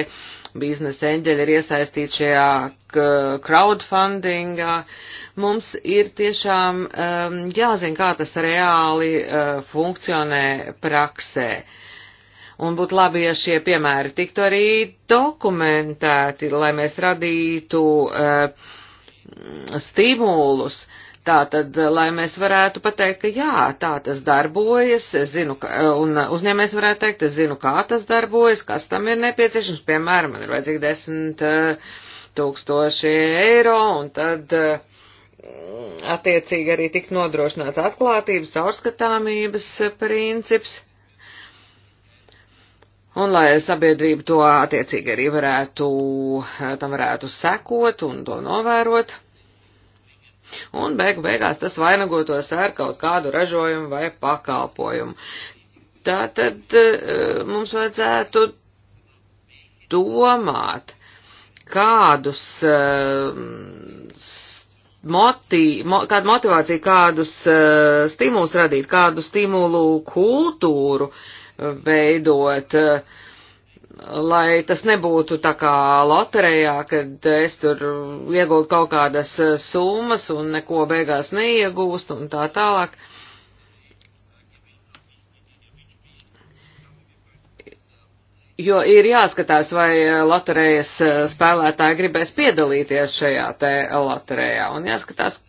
biznesa eņģeļi ir iesaistīti šajā crowdfundingā. Mums ir tiešām um, jāzina, kā tas reāli uh, funkcionē praksē. Un būtu labi, ja šie piemēri tiktu arī dokumentēti, lai mēs radītu uh, stimulus uh, Tā tad, eh, lai mēs varētu pateikt, ka jā, tā tas darbojas, es zinu, ka, eh, un eh, uzņēmējs varētu teikt, es zinu, kā tas darbojas, kas tam ir nepieciešams, piemēram, man ir vajadzīgi desmit tūkstoši eiro, un tad attiecīgi arī tik nodrošināts atklātības, caurskatāmības princips. Un lai sabiedrība to attiecīgi arī varētu, tam varētu sekot un to novērot un beigu beigās tas vainagotos ar kaut kādu ražojumu vai pakalpojumu. Tātad eh, mums vajadzētu domāt, kādus eh, moti, mo, kādu motivāciju, kādus uh, stimulus radīt, kādu stimulu kultūru veidot. Uh, lai tas nebūtu tā kā loterijā, kad es tur iegūtu kaut kādas eh, summas un neko beigās neiegūstu un tā tālāk. Jo ir jāskatās, vai eh, loterijas eh, spēlētāji gribēs piedalīties šajā te loterijā un jāskatās,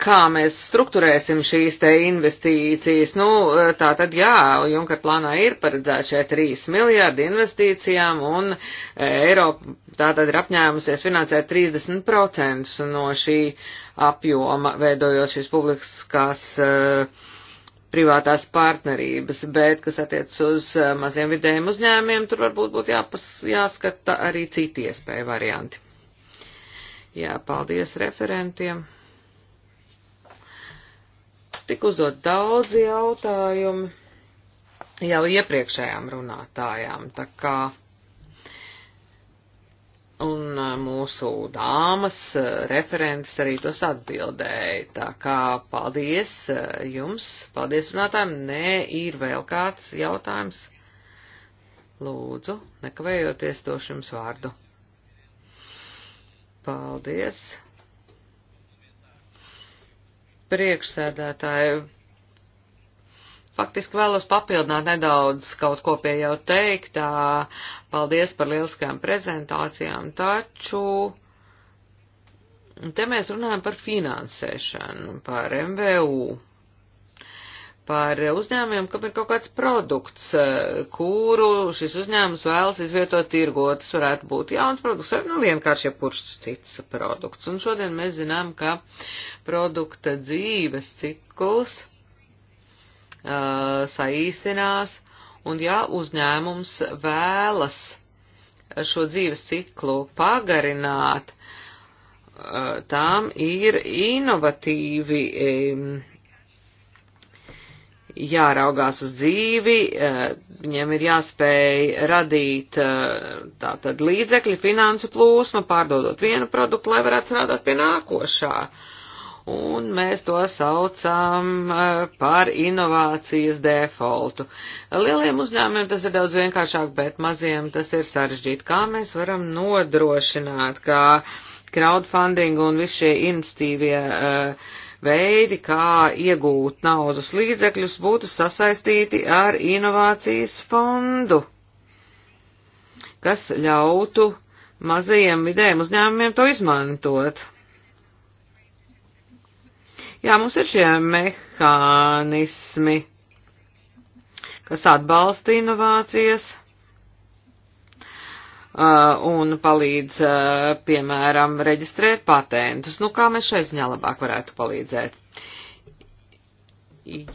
kā mēs strukturēsim šīs te investīcijas. Nu, tā tad jā, Junker plānā ir paredzēts šie 3 miljārdi investīcijām un e, Eiropa tā tad ir apņēmusies finansēt 30% no šī apjoma, veidojot šīs publiskās uh, privātās partnerības, bet, kas attiec uz e, maziem vidējiem uzņēmiem, tur varbūt būtu jāpas, jāskata arī citi iespēja varianti. Jā, paldies referentiem. Tik uzdot daudz jautājumu jau iepriekšējām runātājām, tā kā un e, mūsu dāmas e, referents arī tos atbildēja. Tā kā paldies e, jums, paldies runātājiem. Nē, ir vēl kāds jautājums. Lūdzu, nekavējoties došu jums vārdu. Paldies priekšsēdētāji. Faktiski vēlos papildināt nedaudz kaut ko pie jau teiktā. Paldies par lieliskajām prezentācijām, taču te mēs runājam par finansēšanu, par MVU par uzņēmumiem, kam ir kaut kāds produkts, eh, kuru šis uzņēmums vēlas izvietot tirgo. Tas varētu būt jauns produkts, vai nu vienkārši jebkurš cits produkts. Un šodien mēs zinām, ka produkta dzīves cikls uh, saīsinās, un ja uzņēmums vēlas šo dzīves ciklu pagarināt, eh, tām ir inovatīvi jāraugās uz dzīvi, eh, viņiem ir jāspēj radīt eh, tātad līdzekļu finansu plūsmu, pārdodot vienu produktu, lai varētu strādāt pie nākošā. Un mēs to saucam eh, par inovācijas defaultu. Lieliem uzņēmumiem tas ir daudz vienkāršāk, bet maziem tas ir sarežģīti. Kā mēs varam nodrošināt, ka crowdfunding un visi šie institīvie uh, veidi, kā iegūt naudas līdzekļus, būtu sasaistīti ar inovācijas fondu, kas ļautu mazajiem vidējiem uzņēmumiem to izmantot. Jā, mums ir šie mehānismi, kas atbalsta inovācijas Uh, un palīdz, uh, piemēram, reģistrēt patentus. Nu, kā mēs šai ziņā labāk varētu palīdzēt?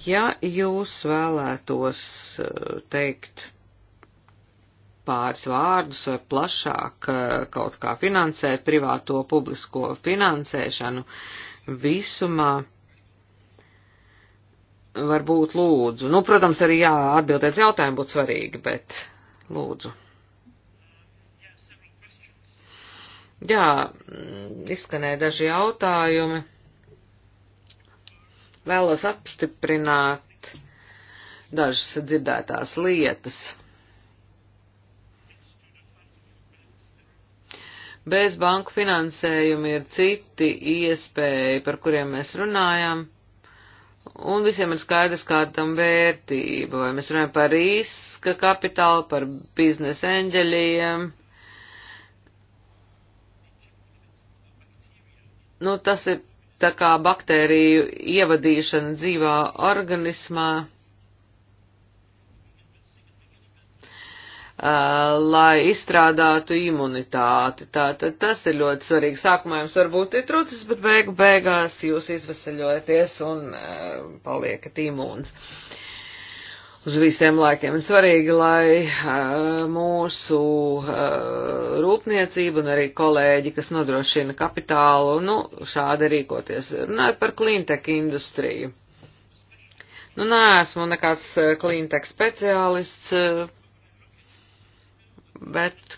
Ja jūs vēlētos uh, teikt pāris vārdus vai plašāk kaut kā finansēt privāto publisko finansēšanu visumā, varbūt lūdzu. Nu, protams, arī jā, atbildēt jautājumu būtu svarīgi, bet lūdzu. Jā, mm, izskanēja daži jautājumi. Vēlos apstiprināt dažas dzirdētās lietas. Bez banku finansējuma ir citi iespēja, par kuriem mēs runājam, un visiem ir skaidrs, kāda tam vērtība, vai mēs runājam par riska kapitālu, par biznesa eņģeļiem nu, tas ir tā kā baktēriju ievadīšana dzīvā organismā, uh, lai izstrādātu imunitāti. Tātad tas ir ļoti svarīgi. Sākumā jums varbūt ir trūcis, bet beigu beigās jūs izveseļojaties un uh, paliekat imūns. Uh, uz visiem laikiem. Ir svarīgi, lai uh, mūsu uh, rūpniecība un arī kolēģi, kas nodrošina kapitālu, nu, šādi rīkoties. Runājot par cleantech industriju. Nu, nē, esmu nekāds cleantech speciālists, bet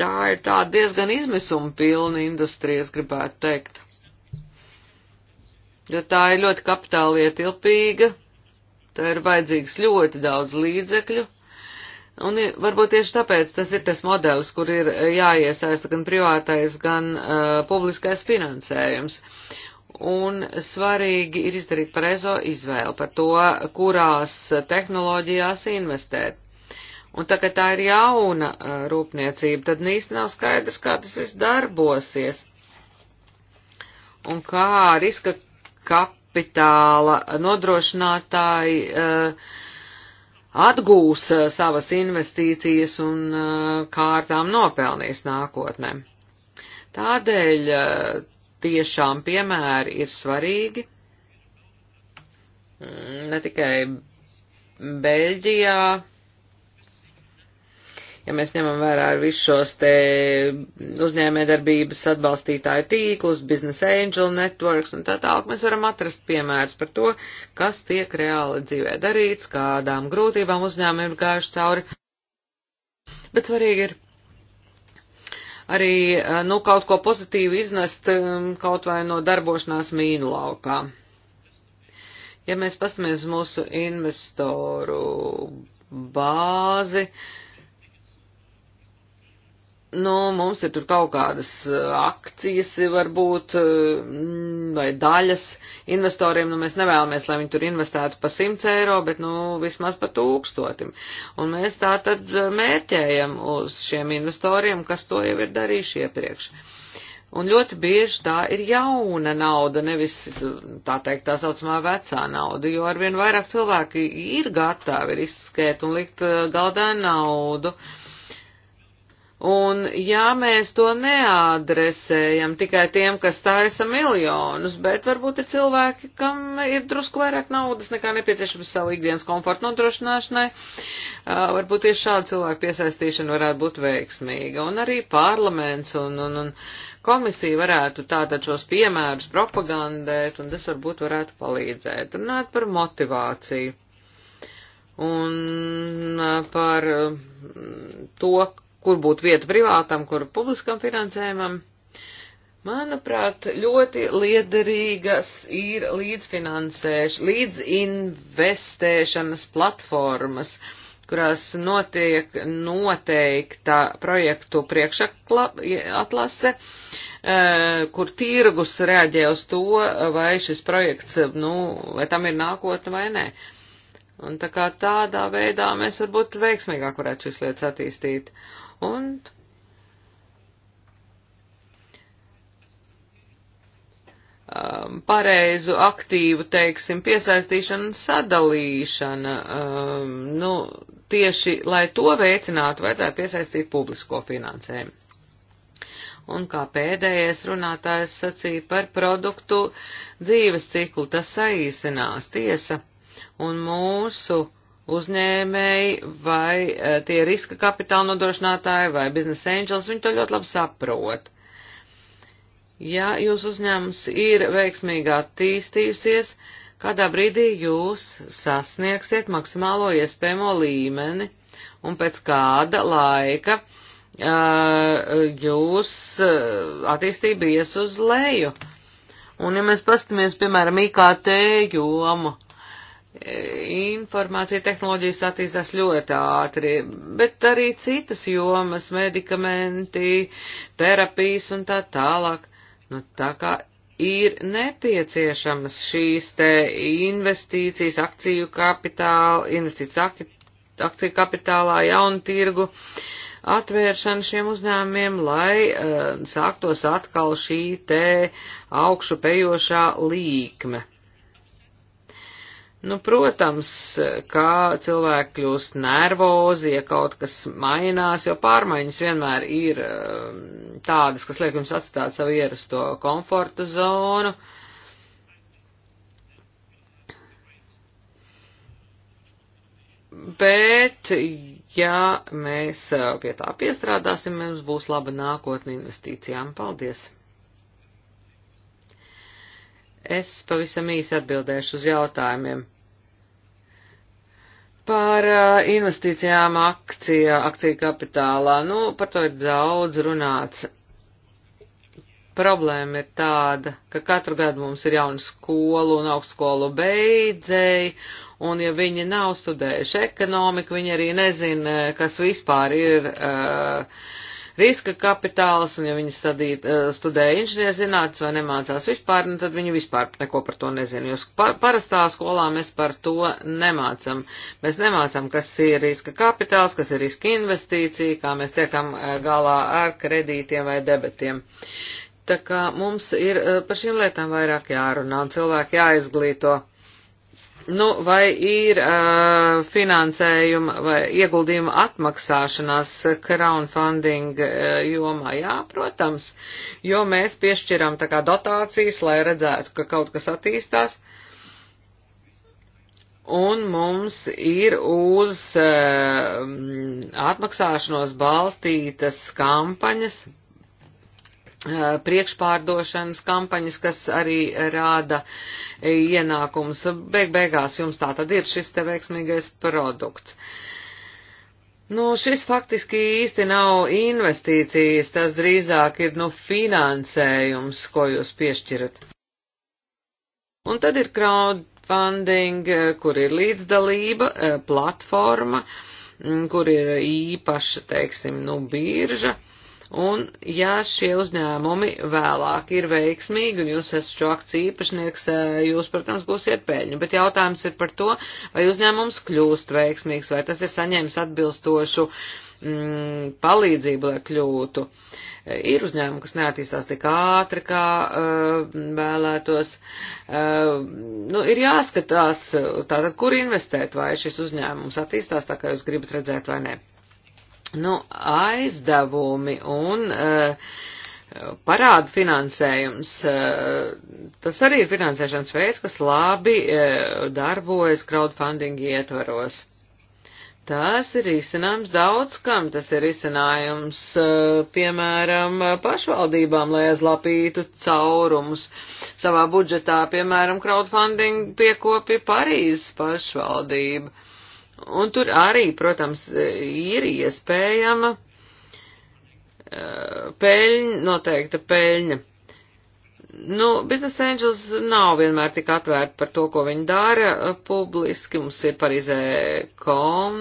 tā ir tā diezgan izmisuma pilna industrija, es gribētu teikt. Jo tā ir ļoti kapitāli ietilpīga tā ir vajadzīgs ļoti daudz līdzekļu. Un varbūt tieši tāpēc tas ir tas modelis, kur ir e, jāiesaista gan privātais, gan uh, publiskais finansējums. Un svarīgi ir izdarīt pareizo izvēli par to, kurās tehnoloģijās investēt. Un tā kā tā ir jauna uh, rūpniecība, tad īsti nav skaidrs, kā tas viss darbosies. Un kā riska kap kapitāla nodrošinātāji uh, atgūs uh, savas investīcijas un uh, eh, kā ar tām nopelnīs nākotnē. Tādēļ tiešām piemēri ir svarīgi. Mm, ne tikai Beļģijā, ja mēs ņemam vērā visus šos te uzņēmējdarbības atbalstītāju tīklus, biznesa angel networks un tā tālāk, mēs varam atrast piemērus par to, kas tiek reāli dzīvē darīts, kādām grūtībām uzņēmumi ir gājuši cauri. Bet svarīgi ir arī, eh, nu, kaut ko pozitīvu iznest um, kaut vai no darbošanās mīnu laukā. Ja mēs pasmies mūsu investoru bāzi, uh, nu, mums ir tur kaut kādas eh, akcijas, varbūt, eh, mm, vai daļas investoriem, nu, mēs nevēlamies, lai viņi tur investētu pa 100 eiro, bet, nu, vismaz pa tūkstotim. Un mēs tā tad eh, mērķējam uz šiem investoriem, kas to jau ir darījuši iepriekš. Un ļoti bieži tā ir jauna nauda, nevis tā teikt tā saucamā vecā nauda, jo arvien vairāk cilvēki ir gatavi riskēt un likt galdā naudu. Uh, Un ja mēs to neadresējam tikai tiem, kas taisa miljonus, bet varbūt ir cilvēki, kam ir drusku vairāk naudas nekā nepieciešams savu ikdienas komfortu nodrošināšanai, uh, varbūt tieši šāda cilvēka piesaistīšana varētu būt veiksmīga. Un arī parlaments un, un, un komisija varētu tātad šos piemērus propagandēt, un tas varbūt varētu palīdzēt. Runāt par motivāciju un par to, kur būtu vieta privātam, kur publiskam finansējumam. Manuprāt, ļoti liederīgas ir līdzfinansēš, līdzinvestēšanas platformas, kurās notiek noteikta projektu priekšatlase, e, kur tirgus reaģē uz to, vai šis projekts, nu, vai tam ir nākotne vai nē. Un tā kā tādā veidā mēs varbūt veiksmīgāk varētu šīs lietas attīstīt. Uh, Un um, pareizu aktīvu, teiksim, piesaistīšana un sadalīšana, um, nu, tieši, lai to veicinātu, vajadzētu piesaistīt publisko finansējumu un kā pēdējais runātājs sacīja par produktu dzīves ciklu, tas saīsinās tiesa, un mūsu uzņēmēji vai e, tie riska kapitāla nodrošinātāji vai biznesa angels, viņi to ļoti labi saprot. Ja jūsu uzņēmums ir veiksmīgi attīstījusies, kādā brīdī jūs sasniegsiet maksimālo iespējamo līmeni un pēc kāda laika uh, jūs uh, attīstība ies uz leju. Un ja mēs paskatāmies, piemēram, IKT jomu, informācija tehnoloģijas attīstās ļoti ātri, bet arī citas jomas, medikamenti, terapijas un tā tālāk. Nu, tā kā ir nepieciešamas šīs te investīcijas, akciju kapitāla, investīcijas akciju kapitālā, jaunu tirgu atvēršana šiem uzņēmumiem, lai uh, sāktos atkal šī te augšu pejošā līkme. Nu, protams, kā cilvēki kļūst nervozi, ja kaut kas mainās, jo pārmaiņas vienmēr ir um, tādas, kas liek jums atstāt savu ierasto komforta zonu. Bet, ja mēs uh, pie tā piestrādāsim, mums būs laba nākotne investīcijām. Paldies! Es pavisam īsi atbildēšu uz jautājumiem. Par eh, investīcijām akcija, akciju kapitālā, nu, par to ir daudz runāts. Problēma ir tāda, ka katru gadu mums ir jauna skolu un augstskolu beidzēji, un ja viņi nav studējuši ekonomiku, viņi arī nezina, eh, kas vispār ir uh, riska kapitāls, un ja viņi stadīt, eh, studēja inženierzinātnes vai nemācās vispār, nu, tad viņi vispār neko par to nezina. Jūs par, parastā skolā mēs par to nemācam. Mēs nemācam, kas ir riska kapitāls, kas ir riska investīcija, kā mēs tiekam eh, galā ar kredītiem vai debetiem. Tā kā mums ir eh, par šīm lietām vairāk jārunā un cilvēki jāizglīto. Nu, vai ir uh, finansējuma vai ieguldījuma atmaksāšanās crowdfunding uh, jomā? Jā, protams, jo mēs piešķiram tā kā dotācijas, lai redzētu, ka kaut kas attīstās. Un mums ir uz uh, atmaksāšanos balstītas kampaņas, Eh, priekšpārdošanas kampaņas, kas arī rāda eh, ienākums. Beig beigās jums tā tad ir šis te veiksmīgais produkts. Nu, šis faktiski īsti nav investīcijas, tas drīzāk ir, nu, finansējums, ko jūs piešķirat. Un tad ir crowdfunding, eh, kur ir līdzdalība, platforma, mm, kur ir īpaša, teiksim, nu, birža Un, ja šie uzņēmumi vēlāk ir veiksmīgi un jūs esat šo akciju īpašnieks, eh, jūs, protams, gūsiet peļņu. Bet jautājums ir par to, vai uzņēmums kļūst veiksmīgs, vai tas ir saņēmis atbilstošu mm, palīdzību, lai kļūtu. Ir uzņēmumi, kas neattīstās tik ātri, kā uh, vēlētos. Uh, nu, ir jāskatās, tātad, kur investēt, vai šis uzņēmums attīstās tā, kā jūs gribat redzēt, vai ne nu, aizdevumi un uh, parādu finansējums, eh, tas arī ir finansēšanas veids, kas labi eh, darbojas crowdfunding ietvaros. Tas ir izcinājums daudz kam, tas ir izcinājums, piemēram, pašvaldībām, lai aizlapītu caurumus savā budžetā, piemēram, crowdfunding piekopja Parīzes pašvaldība Un tur arī, protams, ir iespējama eh, peļņa, noteikta peļņa. Nu, Business Angels nav vienmēr tik atvērti par to, ko viņi dara eh, publiski. Mums ir Parīzē kom,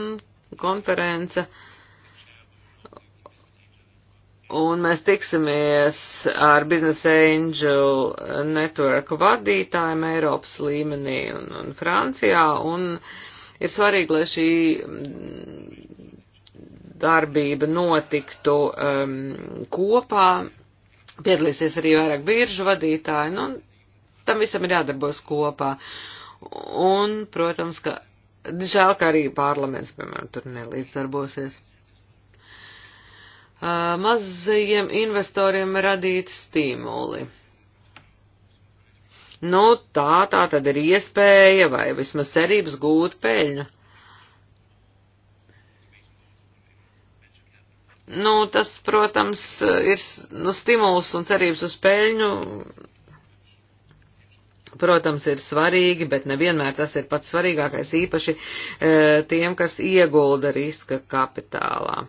konference. Un mēs tiksimies ar Business Angel network vadītājiem Eiropas līmenī un, un Francijā. Un, uh, Ir svarīgi, lai šī mm, darbība notiktu um, kopā, piedalīsies arī vairāk biržu vadītāji, nu, tam visam ir jādarbos kopā. Un, protams, ka žēl, ka arī parlaments, piemēram, tur nelīdzdarbosies. Uh, mazajiem investoriem radīt stimuli nu tā, tā tad ir iespēja vai vismaz cerības gūt peļņu. Nu, tas, protams, ir nu, stimuls un cerības uz peļņu. Protams, ir svarīgi, bet nevienmēr tas ir pats svarīgākais, īpaši e, tiem, kas iegulda riska kapitālā.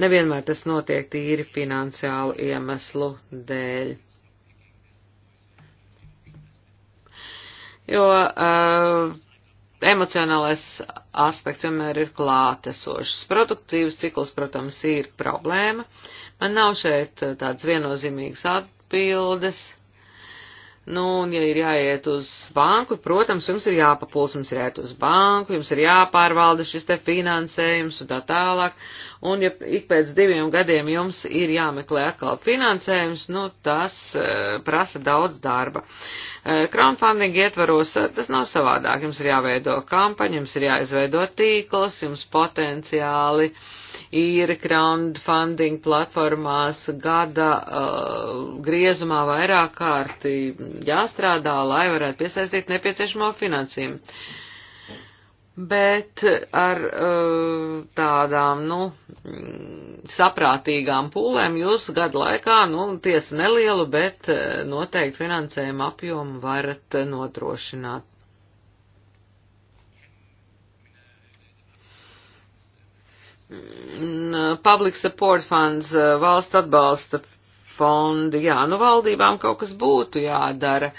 Nevienmēr tas notiek tīri finansiālu iemeslu dēļ. jo uh, emocionālais aspekts vienmēr ir klātesošs. Produktīvs cikls, protams, ir problēma. Man nav šeit eh, tādas viennozīmīgas atbildes. Nu, un ja ir jāiet uz banku, protams, jums ir jāpapuls, jums ir jāiet uz banku, jums ir jāpārvalda šis te finansējums un tā tālāk. Un ja ik pēc diviem gadiem jums ir jāmeklē atkal finansējums, nu, tas uh, prasa daudz darba. Uh, crowdfunding ietvaros uh, tas nav savādāk. Jums ir jāveido kampaņa, jums ir jāizveido tīkls, jums potenciāli. Uh, ir crowdfunding platformās gada uh, griezumā vairāk kārti jāstrādā, lai varētu piesaistīt nepieciešamo finansējumu. Bet ar uh, tādām, nu, mm, saprātīgām pūlēm jūs gadu laikā, nu, tiesa nelielu, bet uh, noteikti finansējumu apjomu varat nodrošināt. Mm, public Support Funds, uh, valsts atbalsta fondi, jā, nu valdībām kaut kas būtu jādara.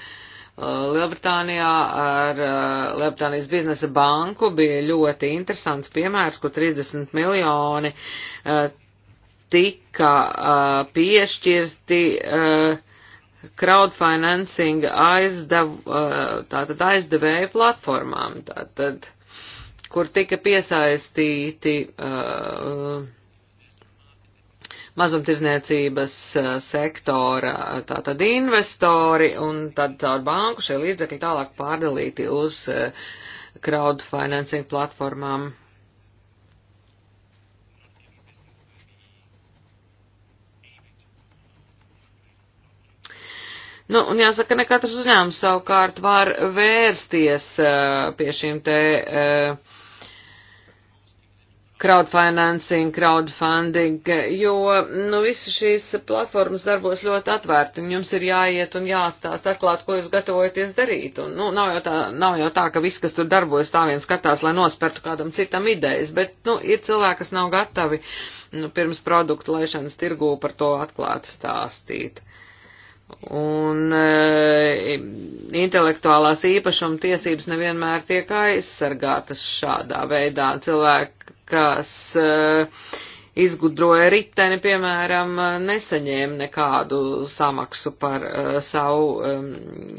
Uh, Lielbritānijā ar uh, Lielbritānijas biznesa banku bija ļoti interesants piemērs, kur 30 miljoni tika piešķirti crowdfinancing aizdev, tātad aizdevēju platformām. Tātad, kur tika piesaistīti uh, mazumtirzniecības uh, sektora uh, tātad investori un tad caur banku šie līdzekļi tālāk pārdalīti uz uh, crowdfinancing platformām. Nu, un jāsaka, ne katrs uzņēmums savukārt var vērsties uh, pie šīm te uh, crowdfinancing, crowdfunding, jo nu, visas šīs platformas darbos ļoti atvērti, un jums ir jāiet un jāstāst atklāt, ko jūs gatavojaties darīt. Un, nu, nav, jau tā, nav jau tā, ka viss, kas tur darbojas, tā viens skatās, lai nospertu kādam citam idejas, bet nu, ir cilvēki, kas nav gatavi nu, pirms produktu laišanas tirgū par to atklāt stāstīt. Un e, intelektuālās īpašuma tiesības nevienmēr tiek aizsargātas šādā veidā. Cilvēki kas eh, izgudroja riteni, piemēram, nesaņēma nekādu samaksu par uh, savu um,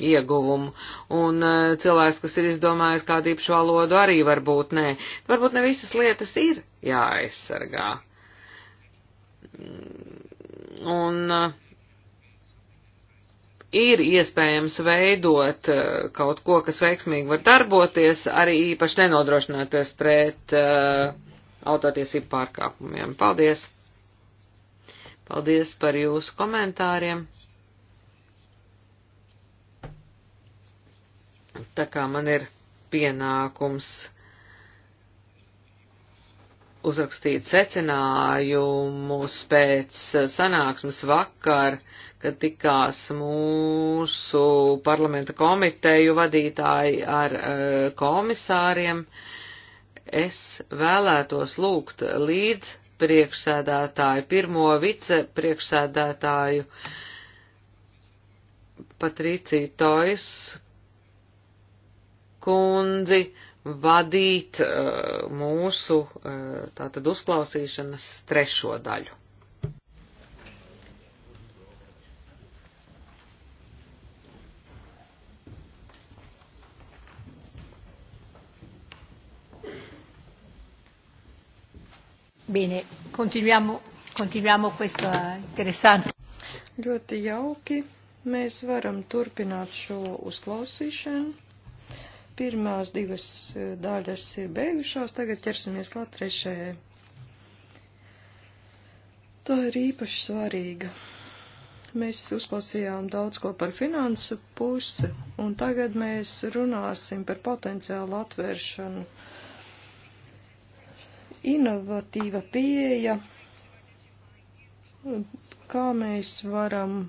ieguvumu. Un uh, cilvēks, kas ir izdomājis kādu īpašu valodu, arī varbūt nē. Varbūt ne visas lietas ir jāaizsargā. Un uh, ir iespējams veidot kaut ko, kas veiksmīgi var darboties, arī īpaši nenodrošināties pret uh, autotiesību pārkāpumiem. Paldies! Paldies par jūsu komentāriem! Tā kā man ir pienākums uzrakstīt secinājumus pēc sanāksmes vakar, kad tikās mūsu parlamenta komiteju vadītāji ar eh, komisāriem. Uh, es vēlētos lūgt līdz priekšsēdētāju, pirmo vicepriekšsēdētāju Patriciju Tojas kundzi vadīt uh, mūsu uh, tātad uzklausīšanas trešo daļu. Bene, continuiamo, continuiamo questo eh, interesante. Ļoti jauki. Mēs varam turpināt šo uzklausīšanu. Pirmās divas eh, daļas ir beigušās, tagad ķersimies klāt trešajai. Tā ir īpaši svarīga mēs uzklausījām daudz ko par finansu pusi, un tagad mēs runāsim par potenciālu atvēršanu inovatīva pieeja, kā mēs varam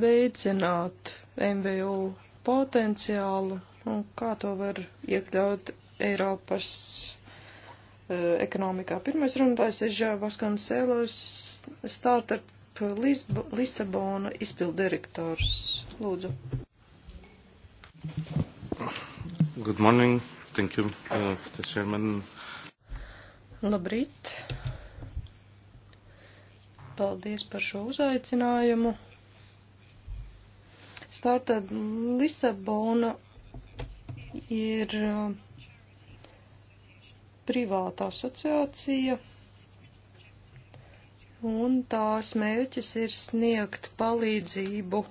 veicināt MVU potenciālu un kā to var iekļaut Eiropas uh, ekonomikā. Pirmais runātājs ir Žēvas Kanselos, startup Lisb Lisabona izpildirektors. Lūdzu. Good morning. Thank you, uh, Mr. Chairman. Labrīt! Paldies par šo uzaicinājumu. Startad Lisabona ir uh, privāta asociācija, un tās mērķis ir sniegt palīdzību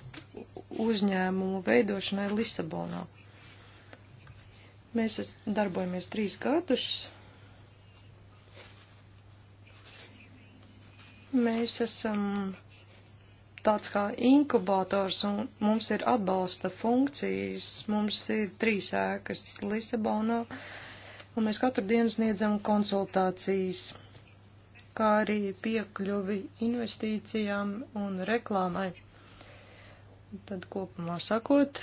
uzņēmumu veidošanai Lisabonā. Mēs darbojamies trīs gadus Mēs esam tāds kā inkubators un mums ir atbalsta funkcijas. Mums ir trīs ēkas Lisabonā un mēs katru dienu sniedzam konsultācijas, kā arī piekļuvi investīcijām un reklāmai. Tad kopumā sakot,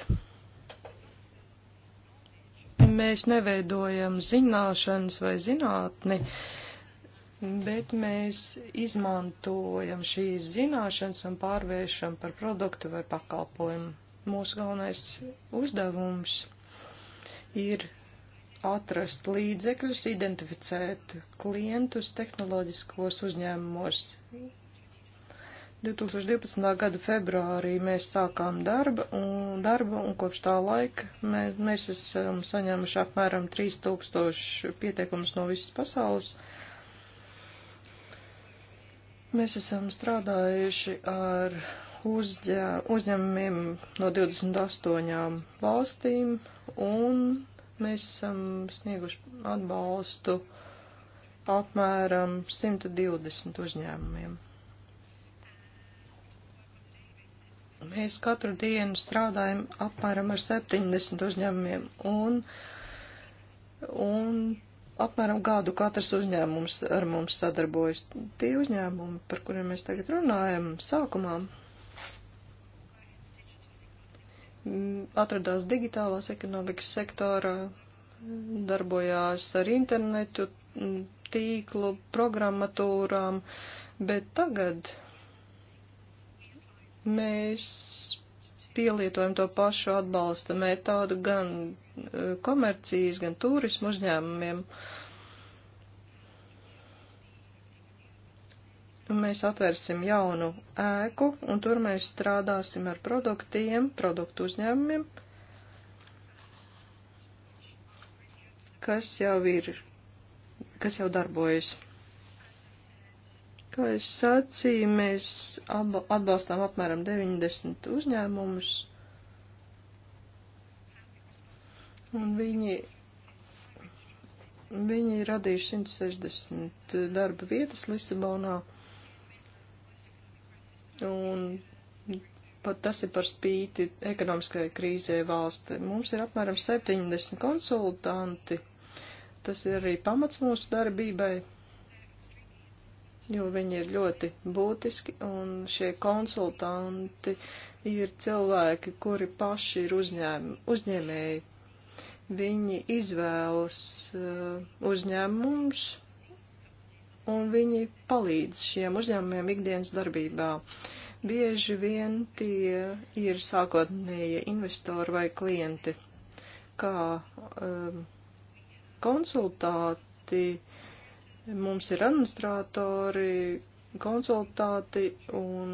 mēs neveidojam zināšanas vai zinātni. Uh, bet mēs izmantojam šīs zināšanas un pārvēršam par produktu vai pakalpojumu. Mūsu galvenais uzdevums ir atrast līdzekļus, identificēt klientus tehnoloģiskos uzņēmumos. 2012. gada februārī mēs sākām darba un, darbu, un kopš tā laika mēs, mēs esam saņēmuši apmēram 3000 pieteikumus no visas pasaules. Uh, Mēs esam strādājuši ar uzņē, uzņēmumiem no 28 valstīm, un mēs esam snieguši atbalstu apmēram 120 uzņēmumiem. Mēs katru dienu strādājam apmēram ar 70 uzņēmumiem, un, un apmēram gadu katrs uzņēmums ar mums sadarbojas. Tie uzņēmumi, par kuriem mēs tagad runājam, sākumā mm, atradās digitālās ekonomikas sektorā, darbojās ar internetu, mm, tīklu, programmatūrām, bet tagad mēs pielietojam to pašu atbalsta metodu gan e, komercijas, gan turismu uzņēmumiem. Mēs atvērsim jaunu ēku, un tur mēs strādāsim ar produktiem, produktu uzņēmumiem, kas jau ir, kas jau darbojas. Kā es sacīju, mēs atbalstām apmēram 90 uzņēmumus, un viņi, viņi ir radījuši 160 darba vietas Lisabonā, un pat tas ir par spīti ekonomiskajai krīzē valsti. Mums ir apmēram 70 konsultanti, tas ir arī pamats mūsu darbībai jo viņi ir ļoti būtiski, un šie konsultanti ir cilvēki, kuri paši ir uzņēm, uzņēmēji. Viņi izvēlas uh, uzņēmums, un viņi palīdz šiem uzņēmumiem ikdienas darbībā. Bieži vien tie ir sākotnēji investori vai klienti. Kā um, konsultāti uh, Mums ir administratori, konsultāti un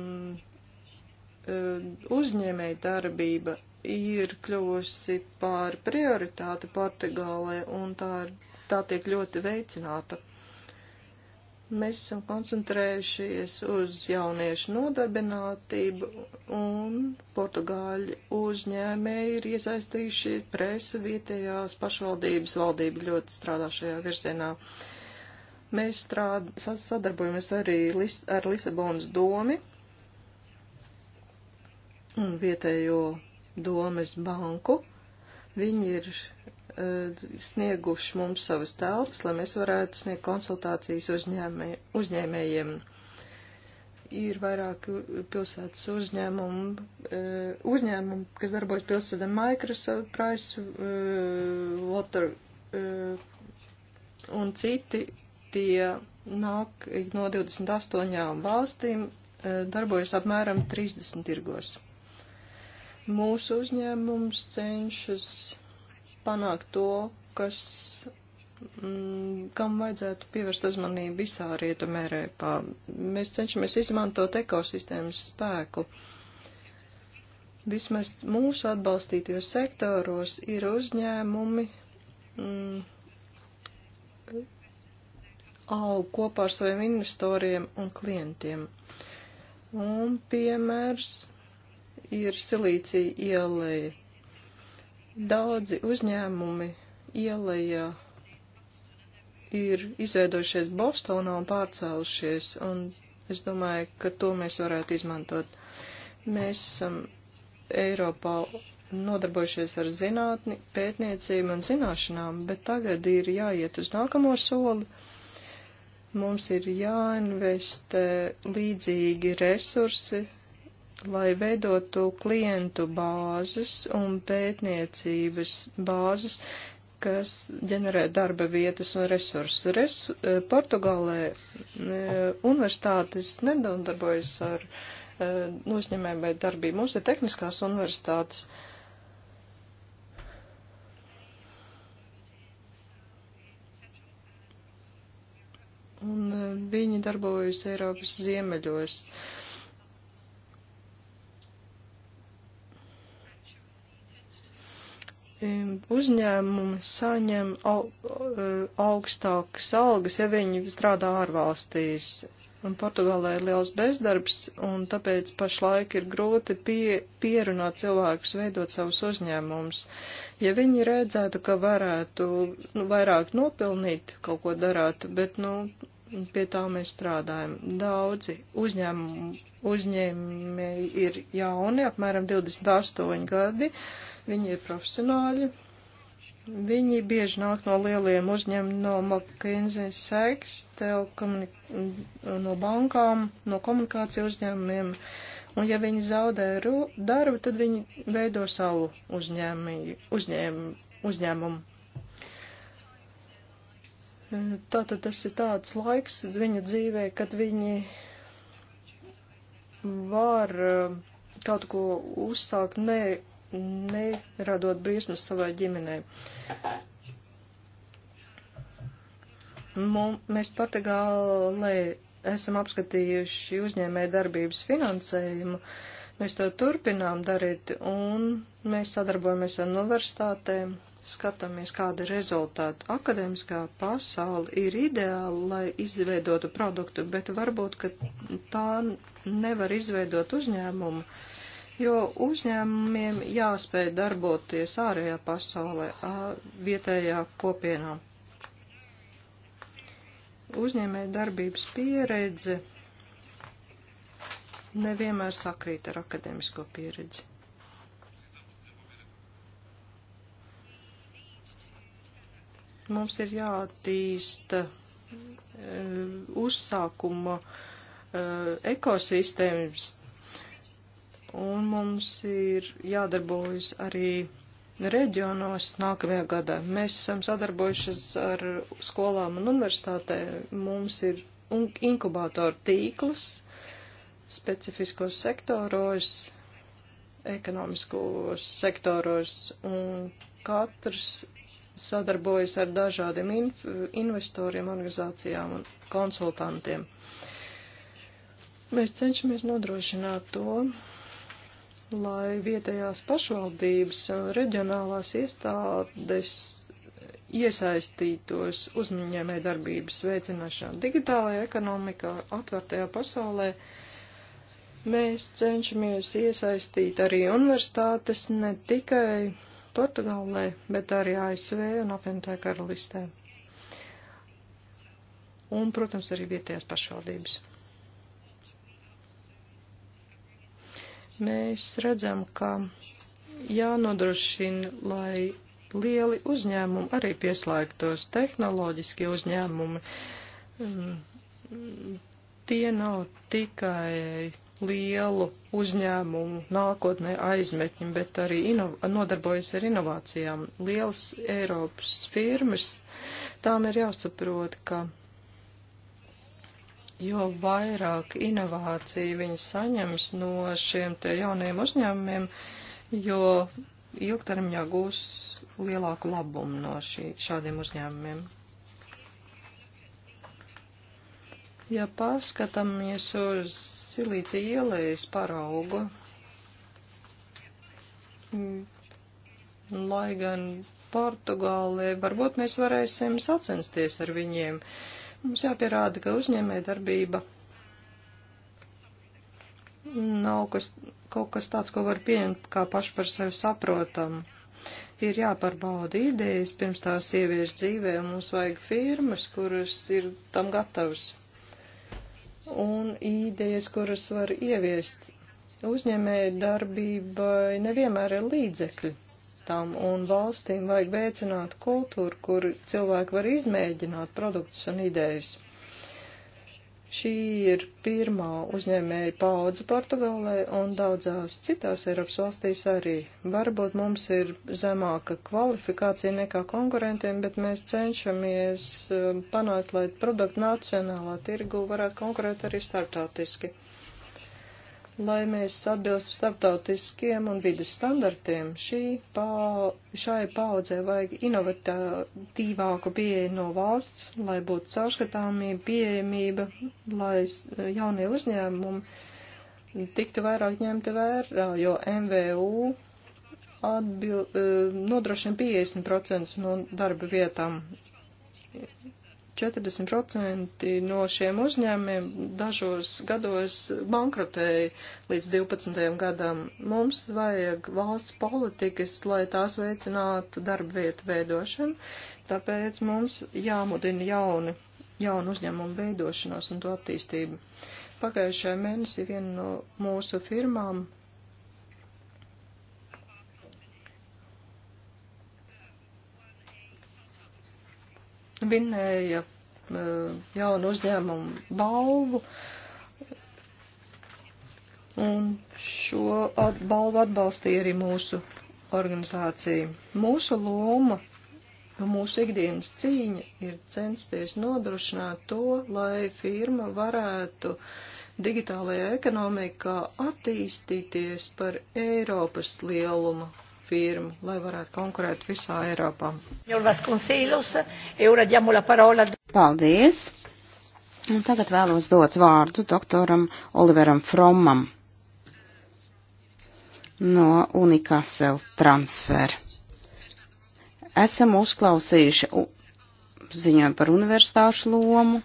e, uzņēmēja darbība ir kļuvusi par prioritāti Portugālē un tā, ir, tā tiek ļoti veicināta. Mēs esam koncentrējušies uz jauniešu nodarbinātību un portugāļu uzņēmēji ir iesaistījuši presa vietējās pašvaldības valdība ļoti strādā šajā virzienā. Uh, Mēs strād, sadarbojamies arī lis, ar Lisabonas domi un vietējo domes banku. Viņi ir eh, snieguši mums savas telpas, lai mēs varētu sniegt konsultācijas uzņēmē, uzņēmējiem. Ir vairāk pilsētas uzņēmumu, eh, uzņēmumu kas darbojas pilsētā Microsoft, Price, eh, Water un citi pie nāk no 28 valstīm, e, darbojas apmēram 30 tirgos. Mūsu uzņēmums cenšas panākt to, kas, m, mm, kam vajadzētu pievērst uzmanību visā rietumērēpā. Mēs cenšamies izmantot ekosistēmas spēku. Vismaz mūsu atbalstītajos sektoros ir uzņēmumi, m, mm, aug kopā ar saviem investoriem un klientiem. Un piemērs ir silīcija ielēja. Daudzi uzņēmumi ielējā ir izveidojušies Bostonā un pārcēlušies, un es domāju, ka to mēs varētu izmantot. Mēs esam Eiropā nodarbojušies ar zinātni, pētniecību un zināšanām, bet tagad ir jāiet uz nākamo soli Mums ir jāinvestē eh, līdzīgi resursi, lai veidotu klientu bāzes un pētniecības bāzes, kas ģenerē darba vietas un resursus. Resu, eh, Portugālē eh, universitātes nedarbojas ar uzņēmēju vai darbību. Mums ir tehniskās universitātes. Uh, un e, viņi darbojas Eiropas ziemeļos. Uzņēmumi saņem e, augstākas algas, ja viņi strādā ārvalstīs. Un Portugālē ir liels bezdarbs, un tāpēc pašlaik ir grūti pie, pierunāt cilvēkus veidot savus uzņēmumus. Ja viņi redzētu, ka varētu nu, vairāk nopelnīt, kaut ko darāt, bet, nu, pie tā mēs strādājam. Daudzi uzņēmēji ir jauni, apmēram 28 gadi, viņi ir profesionāļi. Viņi bieži nāk no lieliem uzņēmumiem, no McKinsey, Seks, no bankām, no komunikāciju uzņēmumiem. Un ja viņi zaudē darbu, tad viņi veido savu uzņēmi, uzņēm, uzņēmumu. Tātad tas ir tāds laiks viņa dzīvē, kad viņi var eh, kaut ko uzsākt, ne, neradot briesmas savai ģimenei. Mum, mēs Portugālē esam apskatījuši uzņēmē darbības finansējumu. Mēs to turpinām darīt un mēs sadarbojamies ar universitātēm, skatāmies, kāda ir rezultāta. Akadēmiskā pasaule ir ideāla, lai izveidotu produktu, bet varbūt, ka tā nevar izveidot uzņēmumu, jo uzņēmumiem jāspēj darboties ārējā pasaulē, vietējā kopienā. Uzņēmēja darbības pieredze nevienmēr sakrīt ar akadēmisko pieredzi. Mums ir jātīsta eh, uzsākuma eh, ekosistēmas, un mums ir jādarbojas arī reģionos nākamajā gadā. Mēs esam sadarbojušies ar skolām un universitātē. Mums ir inkubātoru tīkls specifiskos sektoros, ekonomiskos sektoros, un katrs sadarbojas ar dažādiem investoriem, organizācijām un konsultantiem. Mēs cenšamies nodrošināt to, lai vietējās pašvaldības un reģionālās iestādes iesaistītos uzņēmē darbības veicināšanā digitālajā ekonomikā, atvērtajā pasaulē. Mēs cenšamies iesaistīt arī universitātes ne tikai Portugālē, bet arī ASV un apvienotāju karalistē. Un, protams, arī vietējās pašvaldības. Mēs redzam, ka jānodrošina, lai lieli uzņēmumi arī pieslēgtos, tehnoloģiski uzņēmumi. Mm, tie nav tikai lielu uzņēmumu nākotnē aizmetņi, bet arī nodarbojas ar inovācijām. Lielas Eiropas firmas, tām ir jāsaprot, ka jo vairāk inovāciju viņi saņems no šiem te jauniem uzņēmumiem, jo ilgtermiņā gūs lielāku labumu no šī, šādiem uzņēmumiem. Ja paskatāmies uz silīcija ielējas paraugu, mm, lai gan Portugālē, varbūt mēs varēsim sacensties ar viņiem. Mums jāpierāda, ka uzņēmē darbība nav kas, kaut kas tāds, ko var pieņemt kā paši par sevi saprotam. Ir jāparbauda idejas, pirms tās ievieš dzīvē, un mums vajag firmas, kuras ir tam gatavas un idejas, kuras var ieviest. Uzņēmēja darbībai nevienmēr ir līdzekļi tam, un valstīm vajag veicināt kultūru, kur cilvēki var izmēģināt produktus un idejas. Šī ir pirmā uzņēmēja paudze Portugālē un daudzās citās Eiropas valstīs arī. Varbūt mums ir zemāka kvalifikācija nekā konkurentiem, bet mēs cenšamies um, panākt, lai produktu nacionālā tirgu varētu konkurēt arī starptautiski lai mēs atbilstu starptautiskiem un vidas standartiem. Šī pau, šai paudzē vajag inovatīvāku pieeju no valsts, lai būtu caurskatāmība, pieejamība, lai jaunie uzņēmumi tiktu vairāk ņemti vērā, jo MVU atbil, eh, nodrošina 50% no darba vietām 40% no šiem uzņēmumiem dažos gados bankrotēja līdz 12. gadam. Mums vajag valsts politikas, lai tās veicinātu darba vietu veidošanu, tāpēc mums jāmudina jauni, jaunu uzņēmumu veidošanos un to attīstību. Pagājušajā mēnesī viena no mūsu firmām vinēja eh, jaunu uzņēmumu balvu. Un šo balvu atbalstīja arī mūsu organizācija. Mūsu loma, mūsu ikdienas cīņa ir censties nodrošināt to, lai firma varētu digitālajā ekonomikā attīstīties par Eiropas lielumu firmu, lai varētu konkurēt visā Eiropā. E Paldies! Un tagad vēlos dot vārdu doktoram Oliveram Fromam no Unikasel transfer. Esam uzklausījuši ziņojumu par universitāšu lomu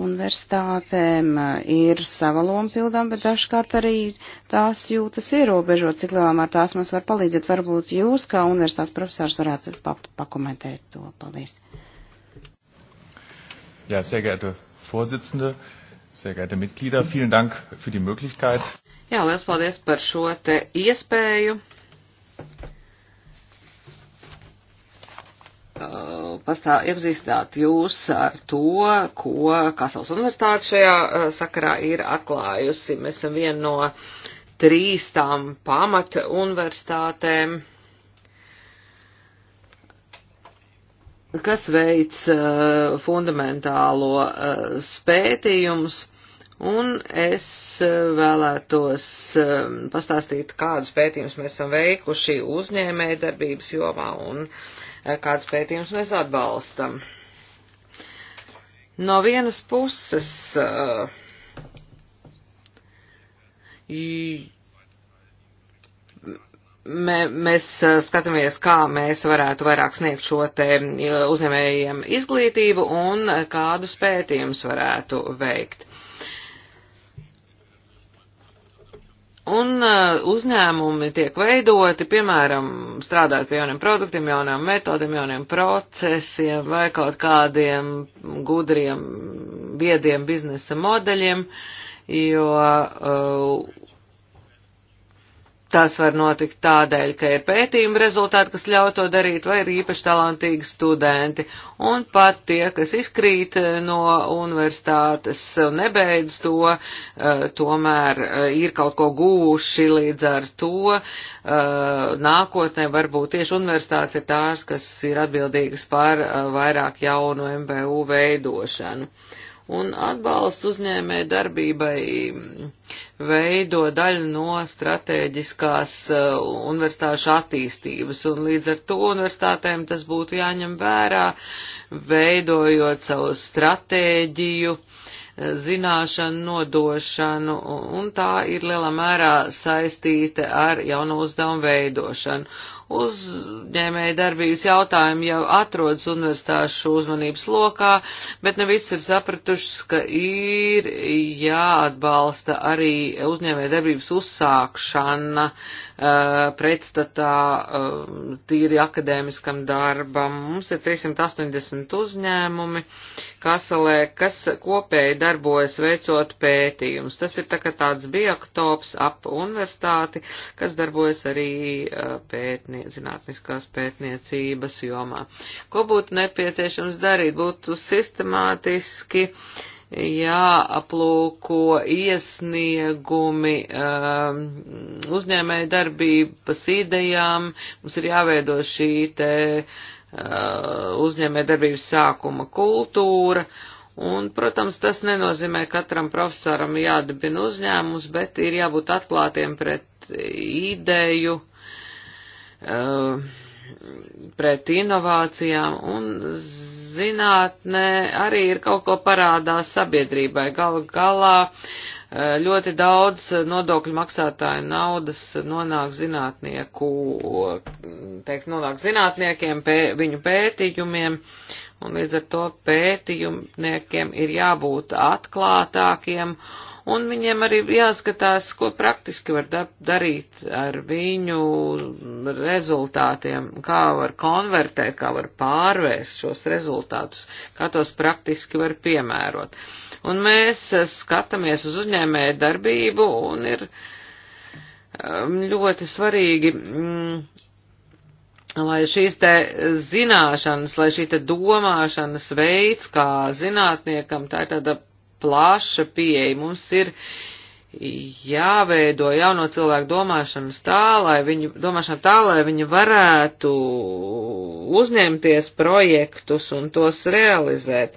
universitātēm eh, ir sava loma pildām, bet dažkārt arī tās jūtas ierobežot, cik lielā mērā tās mums var palīdzēt. Varbūt jūs, kā universitātes profesors, varētu pa pakomentēt to. Paldies. Jā, ja, sehr geehrte Vorsitzende, sehr geehrte Mitglieder, vielen Dank für die Möglichkeit. Jā, liels paldies par šo te iespēju pastāv iepazīstināt jūs ar to, ko Kasels universitāte šajā eh, sakarā ir atklājusi. Mēs esam viena no trīs tām pamata universitātēm, kas veic uh, fundamentālo uh, eh, spētījumus. Un es vēlētos pastāstīt, kādus pētījumus mēs esam veikuši uzņēmē darbības jomā un uh, Eh, kādus pētījumus mēs atbalstam. No vienas puses, eh, mē, mēs eh, skatāmies, kā mēs varētu vairāk sniegt šo te uzņēmējiem izglītību un kādus pētījumus varētu veikt. Un uh, uzņēmumi tiek veidoti, piemēram, strādājot pie jauniem produktiem, jaunām metodēm, jauniem procesiem vai kaut kādiem gudriem, viediem biznesa modeļiem, jo uh, Tas var notikt tādēļ, ka ir pētījuma rezultāti, kas ļauj to darīt, vai ir īpaši talantīgi studenti. Un pat tie, kas izkrīt no universitātes un nebeidz to, eh, tomēr eh, ir kaut ko gūši līdz ar to. Eh, nākotnē varbūt tieši universitātes ir tās, kas ir atbildīgas par vairāk jaunu MBU veidošanu un atbalsts uzņēmē darbībai veido daļu no strateģiskās uh, universitāšu attīstības, un līdz ar to universitātēm tas būtu jāņem vērā, veidojot savu stratēģiju, uh, zināšanu nodošanu, un tā ir lielā mērā saistīta ar jaunu uzdevumu veidošanu uzņēmēja darbības jautājumi jau atrodas universitāšu uzmanības lokā, bet ne viss ir sapratušas, ka ir jāatbalsta arī uzņēmēja darbības uzsākšana Eh, pretstatā eh, tīri akadēmiskam darbam. Mums ir 380 uzņēmumi Kaselē, kas kopēji darbojas veicot pētījumus. Tas ir tā kā tāds bioktops ap universitāti, kas darbojas arī eh, pētnie, zinātniskās pētniecības jomā. Ko būtu nepieciešams darīt? Būtu sistemātiski uh, jāaplūko iesniegumi um, uzņēmēja darbības idejām, mums ir jāveido šī te uh, uzņēmēja darbības sākuma kultūra, un, protams, tas nenozīmē katram profesoram jādibina uzņēmums, bet ir jābūt atklātiem pret ideju. Uh, pret inovācijām, un zinātnē arī ir kaut ko parādās sabiedrībai. Gal galā eh, ļoti daudz nodokļu maksātāju naudas nonāk zinātnieku, teiks, nonāk zinātniekiem, pē, viņu pētījumiem, un līdz ar to pētījumniekiem ir jābūt atklātākiem un viņiem arī jāskatās, ko praktiski var da darīt ar viņu rezultātiem, kā var konvertēt, kā var pārvērst šos rezultātus, kā tos praktiski var piemērot. Un mēs eh, skatāmies uz uzņēmēju darbību un ir ehm, ļoti svarīgi mm, lai šīs te zināšanas, lai šī te domāšanas veids, kā zinātniekam, tā ir tāda plaša pieeja. Mums ir jāveido jauno cilvēku domāšana tā, lai viņi, domāšana tā, lai viņi varētu uzņemties projektus un tos realizēt.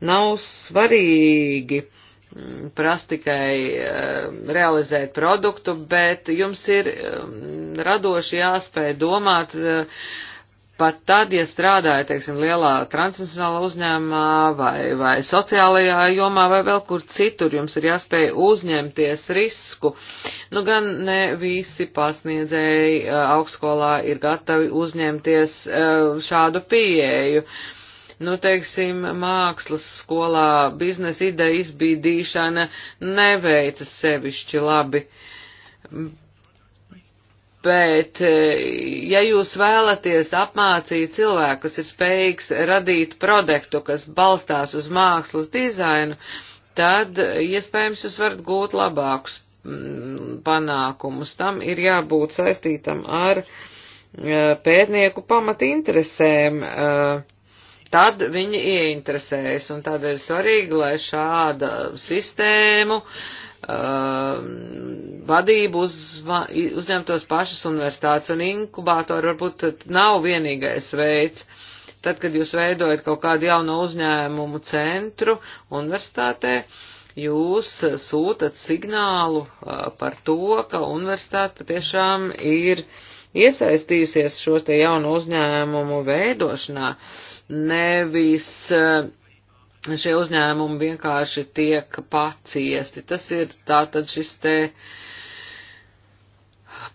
Nav svarīgi mm, prast tikai uh, realizēt produktu, bet jums ir um, radoši jāspēj domāt, uh, pat tad, ja strādāja, teiksim, lielā transnacionālā uzņēmumā vai, vai sociālajā jomā vai vēl kur citur, jums ir jāspēj uzņemties risku. Nu, gan ne visi pasniedzēji eh, augstskolā ir gatavi uzņemties eh, šādu pieeju. Nu, teiksim, mākslas skolā biznesa ideja izbīdīšana neveicas sevišķi labi Bet, eh, ja jūs vēlaties apmācīt cilvēku, kas ir spējīgs radīt produktu, kas balstās uz mākslas dizainu, tad, eh, iespējams, jūs varat gūt labākus mm, panākumus. Tam ir jābūt saistītam ar eh, pētnieku pamat interesēm. Tad viņi ieinteresējas, un tādēļ svarīgi, lai šāda sistēmu uh, Um, vadību uzma, uzņemtos pašas universitātes un inkubātori varbūt nav vienīgais veids. Tad, kad jūs veidojat kaut kādu jaunu uzņēmumu centru universitātē, jūs sūtat signālu uh, par to, ka universitāte patiešām ir iesaistījusies šo te jaunu uzņēmumu veidošanā, nevis uh, šie uzņēmumi vienkārši tiek paciesti. Tas ir tātad šis te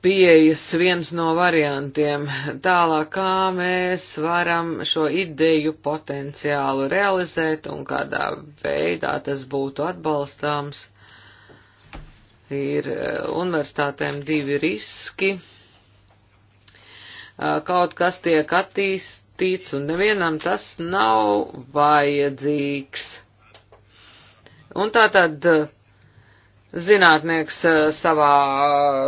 pieejas viens no variantiem. Tālāk, kā mēs varam šo ideju potenciālu realizēt un kādā veidā tas būtu atbalstāms. Ir eh, universitātēm divi riski. Eh, kaut kas tiek attīstīts tic, un nevienam tas nav vajadzīgs. Un tā tad eh, zinātnieks eh, savā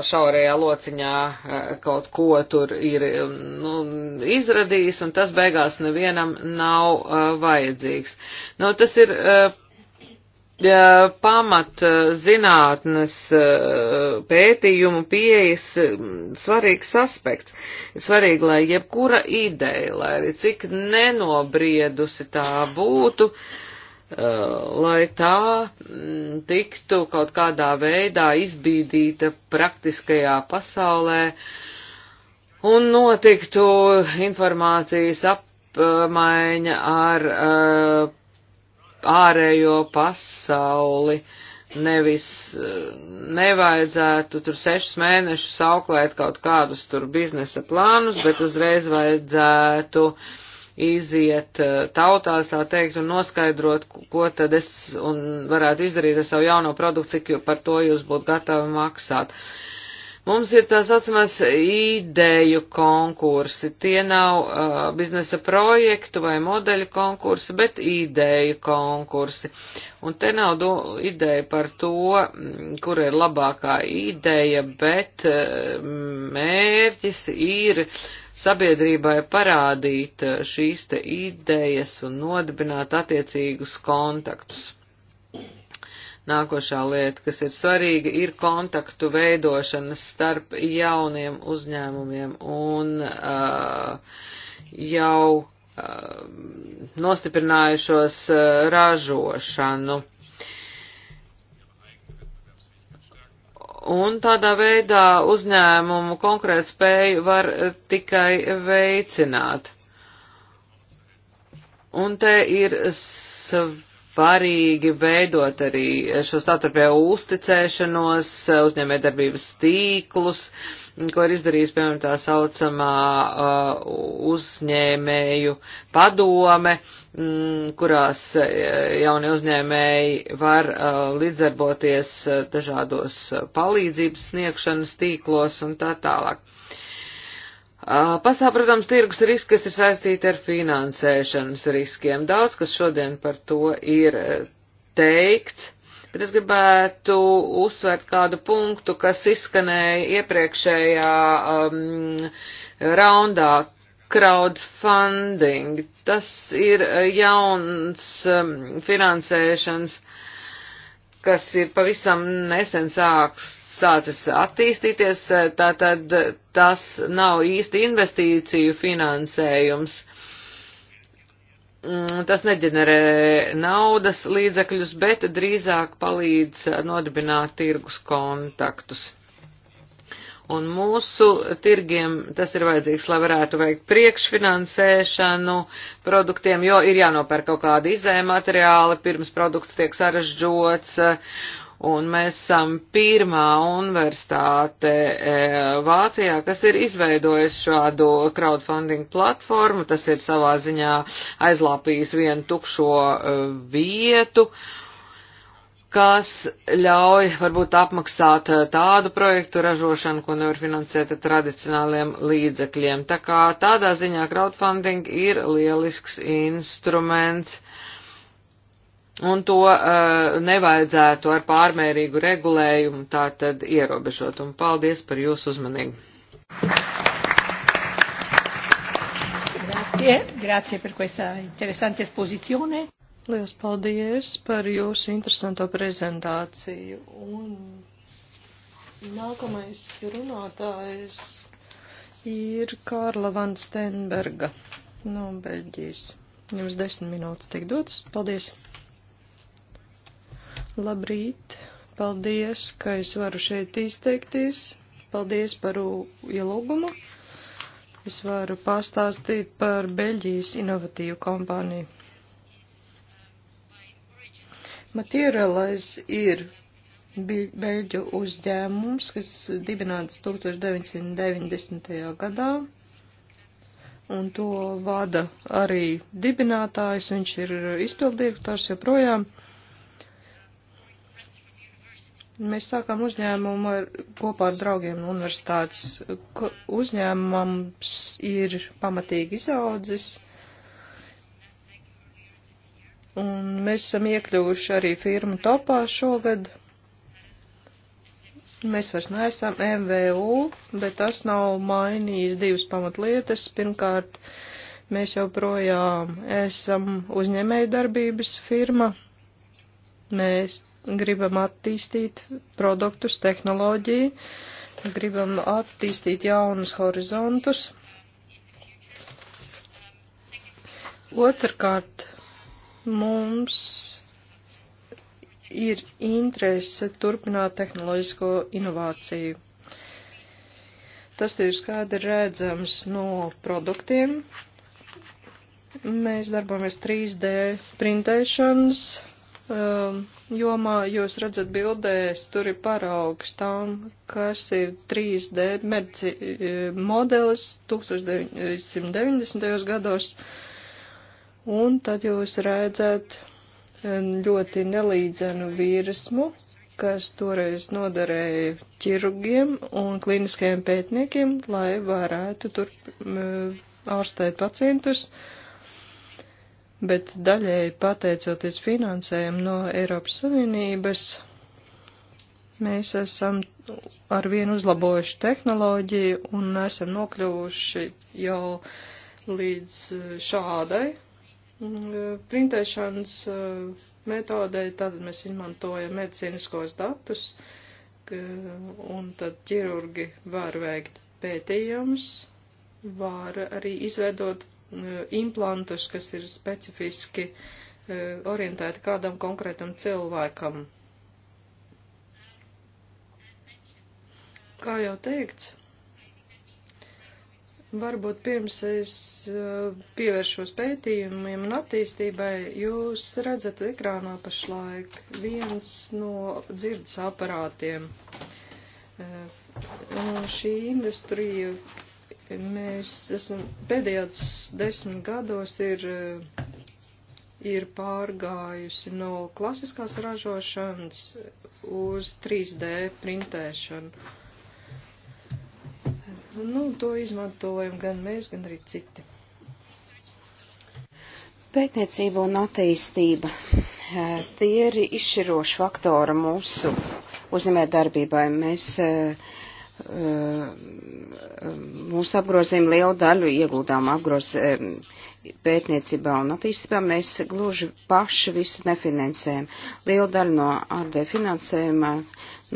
šaurajā lociņā eh, kaut ko tur ir mm, nu, izradījis, un tas beigās nevienam nav uh, vajadzīgs. Nu, tas ir uh, pamat eh, zinātnes eh, pētījumu pieejas eh, svarīgs aspekts. Svarīgi, lai jebkura ideja, lai arī cik nenobriedusi tā būtu, lai tā mm, tiktu kaut kādā veidā izbīdīta praktiskajā pasaulē un notiktu informācijas apmaiņa ar ārējo pasauli. Nevis eh, nevajadzētu tur sešus mēnešus auklēt kaut kādus tur biznesa plānus, bet uzreiz vajadzētu iziet eh, tautās, tā teikt, un noskaidrot, ko tad es un varētu izdarīt ar savu jauno produktu, cik par to jūs būtu gatavi maksāt. Uh, Mums ir tā saucamās ideju konkursi. Tie nav uh, biznesa projektu vai modeļu konkursi, bet ideju konkursi. Un te nav do, ideja par to, mm, kur ir labākā ideja, bet uh, mērķis ir sabiedrībai parādīt uh, šīs te idejas un nodibināt attiecīgus kontaktus. Nākošā lieta, kas ir svarīga, ir kontaktu veidošana starp jauniem uzņēmumiem un uh, jau uh, nostiprinājušos uh, ražošanu. Un tādā veidā uzņēmumu konkurētspēju var tikai veicināt. Un te ir sv svarīgi veidot arī šo starptautējo uzticēšanos, uzņēmējdarbības tīklus, ko ir izdarījis, piemēram, tā saucamā uh, uzņēmēju padome, mm, kurās eh, jaunie uzņēmēji var uh, līdzdarboties eh, dažādos eh, palīdzības sniegšanas tīklos un tā tālāk. Pastāv, protams, tirgus riski, kas ir saistīti ar finansēšanas riskiem. Daudz, kas šodien par to ir teikts, bet es gribētu uzsvērt kādu punktu, kas izskanēja iepriekšējā um, raundā crowdfunding. Tas ir jauns um, finansēšanas, kas ir pavisam nesen sāks sācis attīstīties, eh, tātad tas nav īsti investīciju finansējums. Mm, tas neģenerē naudas līdzekļus, bet drīzāk palīdz nodibināt tirgus kontaktus. Un mūsu tirgiem tas ir vajadzīgs, lai varētu veikt priekšfinansēšanu produktiem, jo ir jānopērk kaut kāda izēja materiāla, pirms produkts tiek sarežģots, un mēs esam pirmā universitāte e, Vācijā, kas ir izveidojis šādu crowdfunding platformu, tas ir savā ziņā aizlāpījis vienu tukšo e, vietu kas ļauj varbūt apmaksāt e, tādu projektu ražošanu, ko nevar finansēt ar tradicionāliem līdzekļiem. Tā kā tādā ziņā crowdfunding ir lielisks instruments un to uh, nevajadzētu ar pārmērīgu regulējumu tā tad ierobežot. Un paldies par jūsu uzmanību. Grazie, grazie per questa interesante esposizione. Lielas paldies par jūsu interesanto prezentāciju. Un nākamais runātājs ir Kārla Van Stenberga no Beļģijas. Jums desmit minūtes tiek dotas. Paldies! Labrīt! Paldies, ka es varu šeit izteikties. Paldies par ielūgumu. Es varu pastāstīt par Beļģijas inovatīvu kompāniju. Materiālais ir Beļģu uzņēmums, kas dibināts 1990. gadā, un to vada arī dibinātājs, viņš ir izpildirektors joprojām. Ja Mēs sākām uzņēmumu ar, kopā ar draugiem no universitātes. Uzņēmums ir pamatīgi izaudzis. Un mēs esam iekļuvuši arī firmu topā šogad. Mēs vairs neesam MVU, bet tas nav mainījis divas pamatlietas. Pirmkārt, mēs joprojām esam uzņēmējdarbības firma. Mēs gribam attīstīt produktus, tehnoloģiju, gribam attīstīt jaunus horizontus. Otrkārt, mums ir interese turpināt tehnoloģisko inovāciju. Tas ir skaidri redzams no produktiem. Mēs darbojamies 3D printēšanas Um, jomā jūs redzat bildēs, tur ir paraugs tam, kas ir 3D medici, e, modelis 1990. gados, un tad jūs redzat e, ļoti nelīdzenu virsmu, kas toreiz noderēja ķirurgiem un kliniskajiem pētniekiem, lai varētu tur ārstēt pacientus. Uh, bet daļēji pateicoties finansējumu no Eiropas Savienības, mēs esam ar vienu uzlabojuši tehnoloģiju un esam nokļuvuši jau līdz eh, šādai mm, eh, printēšanas eh, metodei. Tad mēs izmantojam medicīniskos datus un tad ķirurgi var veikt pētījumus, var arī izveidot Eh, implantus, kas ir specifiski eh, orientēti kādam konkrētam cilvēkam. Kā jau teikts, varbūt pirms es eh, pievēršos pētījumiem un attīstībai, jūs redzat ekrānā pašlaik viens no dzirdes aparātiem. Un šī industrija Mēs esam pēdējos desmit gados ir, eh, ir pārgājusi no klasiskās ražošanas uz 3D printēšanu. Nu, to izmantojam gan mēs, gan arī citi. Pētniecība un attīstība. Eh, tie ir izšķiroši faktori mūsu uzņēmē darbībai. Mēs uh, mūsu apgrozījuma lielu daļu ieguldām apgroz pētniecībā un attīstībā, mēs gluži paši visu nefinansējam. Liela daļa no ARD finansējuma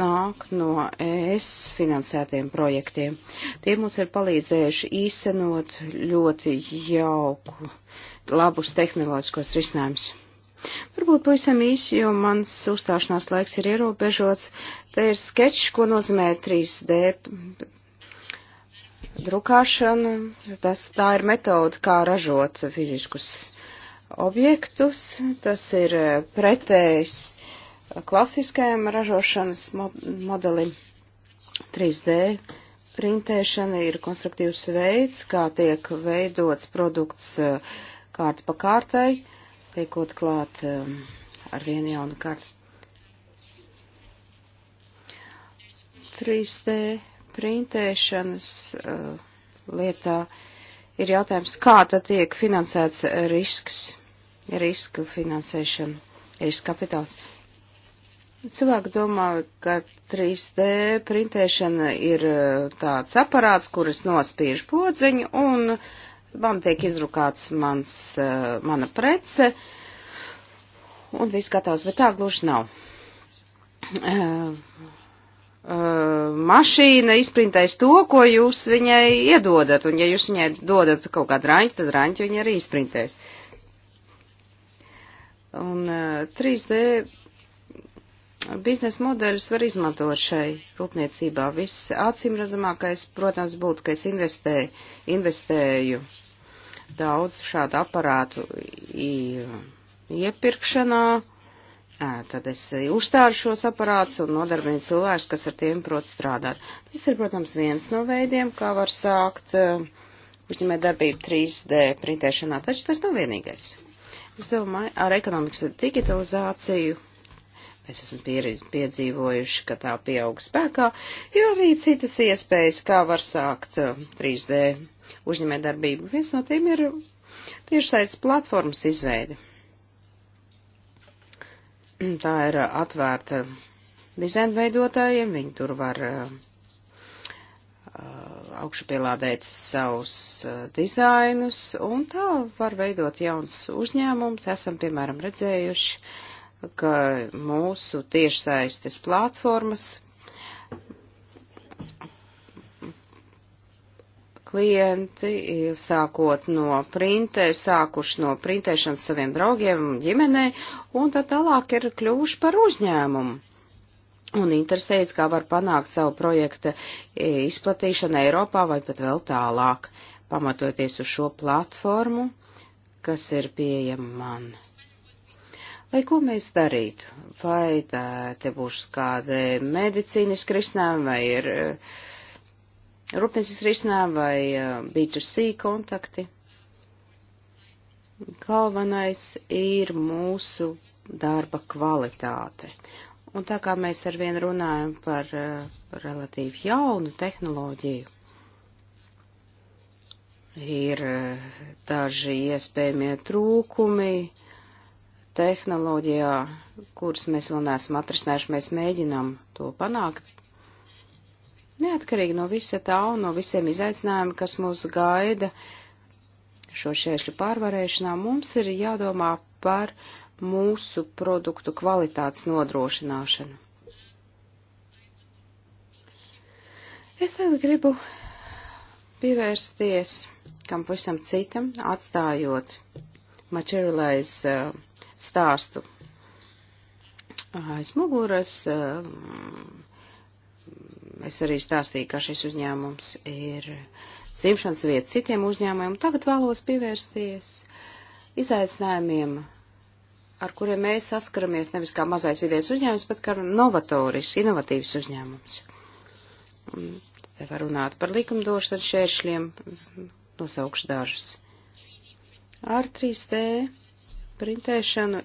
nāk no ES finansētiem projektiem. Tie mums ir palīdzējuši īstenot ļoti jauku, labus tehnoloģiskos risinājumus. Varbūt pavisam īsi, jo mans uzstāšanās laiks ir ierobežots. Te ir sketčs, ko nozīmē 3D drukāšana. Tas, tā ir metode, kā ražot fiziskus objektus. Tas ir pretējs klasiskajam ražošanas modelim 3D. Printēšana ir konstruktīvs veids, kā tiek veidots produkts kārta pa kārtai tiekot klāt um, ar vienu jaunu kartu. 3D printēšanas uh, lietā ir jautājums, kā tad tiek finansēts risks, riska finansēšana, riska kapitāls. Cilvēki domā, ka 3D printēšana ir uh, tāds aparāts, kuras nospiež podziņu un uh, man tiek izrukāts mans, eh, mana prece, un viss gatavs, bet tā gluži nav. Uh, uh, mašīna izprintēs to, ko jūs viņai iedodat, un ja jūs viņai dodat kaut kādu raņķi, tad raņķi viņa arī izprintēs. Un uh, 3D biznesa modeļus var izmantot šai rūpniecībā. Viss acīm redzamākais, protams, būtu, ka es investēju, investēju daudz šādu aparātu iepirkšanā. Tad es uzstāru šos aparātus un nodarbinu cilvēkus, kas ar tiem prot strādāt. Tas ir, protams, viens no veidiem, kā var sākt uzņēmēt darbību 3D printēšanā, taču tas nav vienīgais. Es domāju, ar ekonomikas digitalizāciju Mēs esam piedzīvojuši, ka tā pieaug spēkā, jo arī citas iespējas, kā var sākt 3D um, uzņēmē darbību. Viens no tiem ir tiešsaistes platformas izveide. Tā ir uh, atvērta dizainveidotājiem, viņi tur var uh, uh, augšupielādēt savus dizainus, un tā var veidot jauns uzņēmums. Esam, piemēram, redzējuši, uh, ka mūsu tiešsaistes platformas klienti, sākot no printē, sākuši no printēšanas saviem draugiem, ģimenē, un tad tālāk ir kļuvuši par uzņēmumu. Un interesējas, kā var panākt savu projektu izplatīšanu Eiropā vai pat vēl tālāk, pamatoties uz šo platformu, kas ir pieejama man. Lai ko mēs darītu? Vai tā, te būs kāda medicīnas risinājuma, vai ir eh, rūpniecības risinājuma, vai eh, B2C kontakti? Galvenais ir mūsu darba kvalitāte. Un tā kā mēs arvien runājam par eh, relatīvi jaunu tehnoloģiju, ir daži iespējamie trūkumi, tehnoloģijā, kuras mēs vēl neesam atrisinājuši, mēs mēģinām to panākt. Neatkarīgi no visa tā un no visiem izaicinājumiem, kas mūs gaida šo šķēršļu pārvarēšanā, mums ir jādomā par mūsu produktu kvalitātes nodrošināšanu. Es tagad gribu pievērsties kam pavisam citam, atstājot materialize uh, stāstu. Aiz muguras eh, es arī stāstīju, ka šis uzņēmums ir dzimšanas vieta citiem uzņēmumiem. Tagad vēlos pievērsties izaicinājumiem, ar kuriem mēs saskaramies nevis kā mazais vidējais uzņēmums, bet kā novatoris, inovatīvs uzņēmums. Te var runāt par likumdošanu šēršļiem, nosaukšu dažus. Ar 3D printēšanu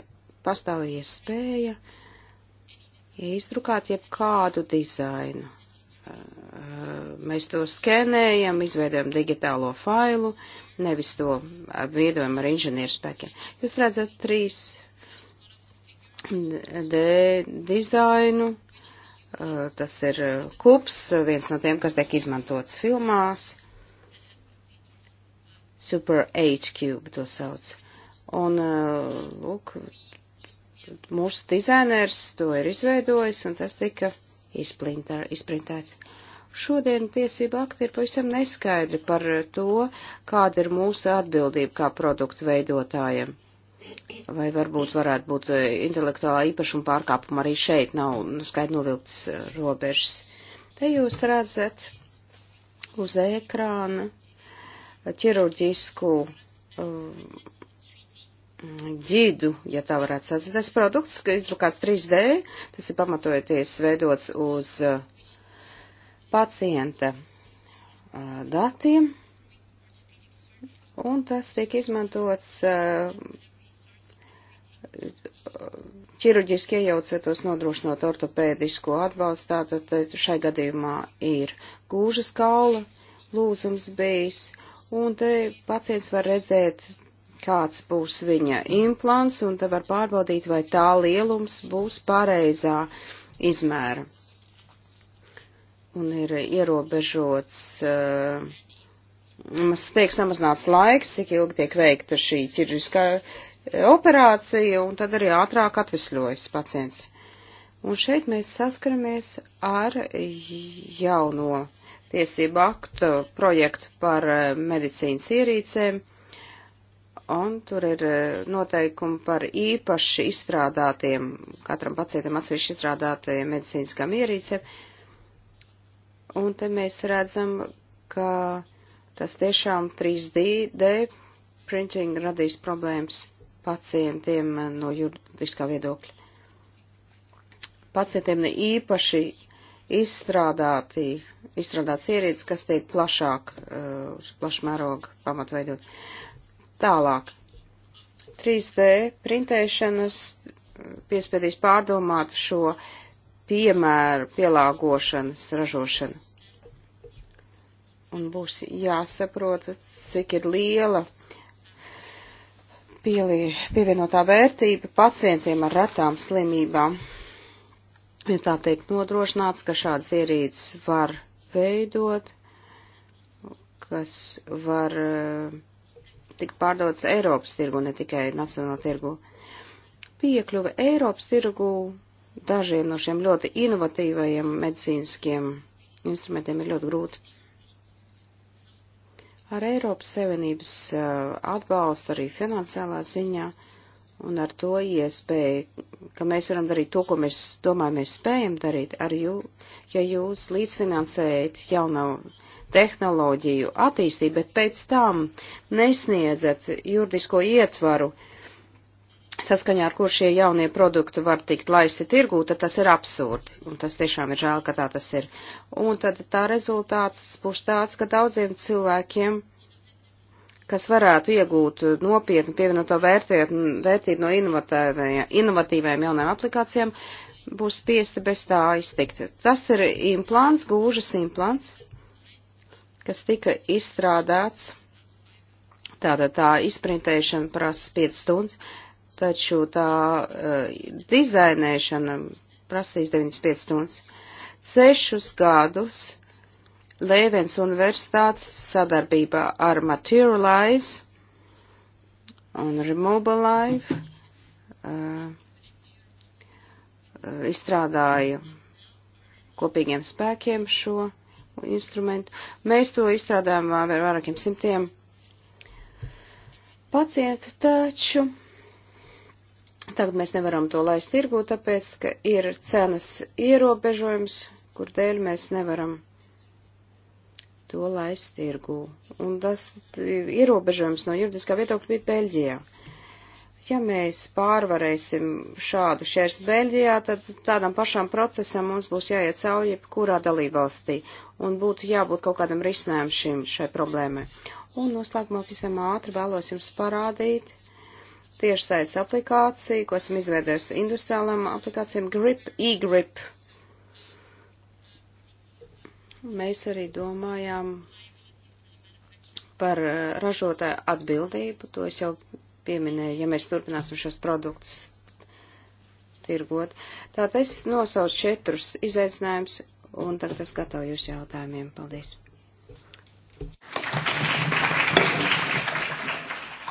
pastāv iespēja izdrukāt jebkādu dizainu. Eh, mēs to skenējam, izveidojam digitālo failu, nevis to viedojam ar inženieru spēkiem. Jūs redzat trīs D dizainu, eh, tas ir kups, viens no tiem, kas tiek izmantots filmās. Super H cube to sauc. Un, uh, lūk, mūsu dizainers to ir izveidojis, un tas tika izprintēts. Šodien tiesība akti ir pavisam neskaidri par to, kāda ir mūsu atbildība kā produktu veidotājiem. Vai varbūt varētu būt uh, intelektuālā īpašuma pārkāpuma arī šeit nav nu, skaidri novilktas uh, robežas. Te jūs redzat uz ekrāna ķirurģisku um, ģidu, ja tā varētu sacīt. Tas produkts, kas izdrukās 3D, tas ir pamatojoties veidots uz uh, pacienta uh, datiem, un tas tiek izmantots uh, ķirurģiski iejaucētos nodrošinot ortopēdisko atbalstu, tātad šai gadījumā ir gūžas kaula lūzums bijis, un te pacients var redzēt kāds būs viņa implants, un tad var pārbaudīt, vai tā lielums būs pareizā izmēra. Un ir ierobežots, uh, tiek samazināts laiks, cik ilgi tiek veikta šī ķirurģiskā eh, operācija, un tad arī ātrāk atvesļojas pacients. Un šeit mēs saskaramies ar jauno tiesību aktu projektu par eh, medicīnas ierīcēm un tur ir e, noteikumi par īpaši izstrādātiem, katram pacientam atsevišķi izstrādātajiem medicīniskām ierīcēm. Un te mēs redzam, ka tas tiešām 3D printing radīs problēmas pacientiem e, no juridiskā viedokļa. Pacientiem ne īpaši izstrādāti, izstrādāts ierīces, kas tiek plašāk, e, plašmēroga pamatveidot. Tālāk. 3D printēšanas piespēdīs pārdomāt šo piemēru pielāgošanas ražošanu. Un būs jāsaprot, cik ir liela pielie, pievienotā vērtība pacientiem ar retām slimībām. Ir tā teikt nodrošināts, ka šāds ierīts var veidot, kas var uh, tik pārdodas Eiropas tirgu, ne tikai nacionāla tirgu. Piekļuve Eiropas tirgu dažiem no šiem ļoti inovatīvajiem medicīniskiem instrumentiem ir ļoti grūti. Ar Eiropas Savienības eh, atbalstu arī finansiālā ziņā un ar to iespēju, ka mēs varam darīt to, ko mēs domājam, mēs spējam darīt, ar jū, ja jūs līdzfinansējat jaunu tehnoloģiju attīstību, bet pēc tam nesniedzat juridisko ietvaru, saskaņā ar kur šie jaunie produkti var tikt laisti tirgū, tad tas ir absurdi. Un tas tiešām ir žēl, ka tā tas ir. Un tad tā rezultāts būs tāds, ka daudziem cilvēkiem kas varētu iegūt nopietnu pievienoto vērtību no inovatīvajām jaunajām aplikācijām, būs spiesti bez tā iztikt. Tas ir implants, gūžas implants, kas tika izstrādāts. Tātad tā izprintēšana prasa 5 stundas, taču tā uh, dizainēšana prasīs 95 stundas. Sešus gadus Lēvens universitāte sadarbībā ar Materialize un Remobilive uh, eh, eh, izstrādāja kopīgiem spēkiem šo instrumentu. Mēs to izstrādājam vēl vairākiem simtiem pacientu, taču tagad mēs nevaram to laist tirgu, tāpēc, ka ir cenas ierobežojums, kur dēļ mēs nevaram to laist tirgu. Un tas ierobežojums no juridiskā viedokļa bija Beļģijā. Ja mēs pārvarēsim šādu šķērstu Beļģijā, tad tādam pašam procesam mums būs jāiet cauri jebkurā dalībvalstī un būtu jābūt kaut kādam risinājumam šim, šai problēmai. Un noslēgumā visam ātri vēlos jums parādīt tiešsaistes aplikāciju, ko esam izveidojusi industriālām aplikācijām Grip, e-Grip. Mēs arī domājām par eh, ražotāju atbildību, to es jau pieminēja, ja mēs turpināsim šos produktus tirgot. Tātad es nosaucu četrus izaicinājumus, un tagad es gatavu jūs jautājumiem. Paldies!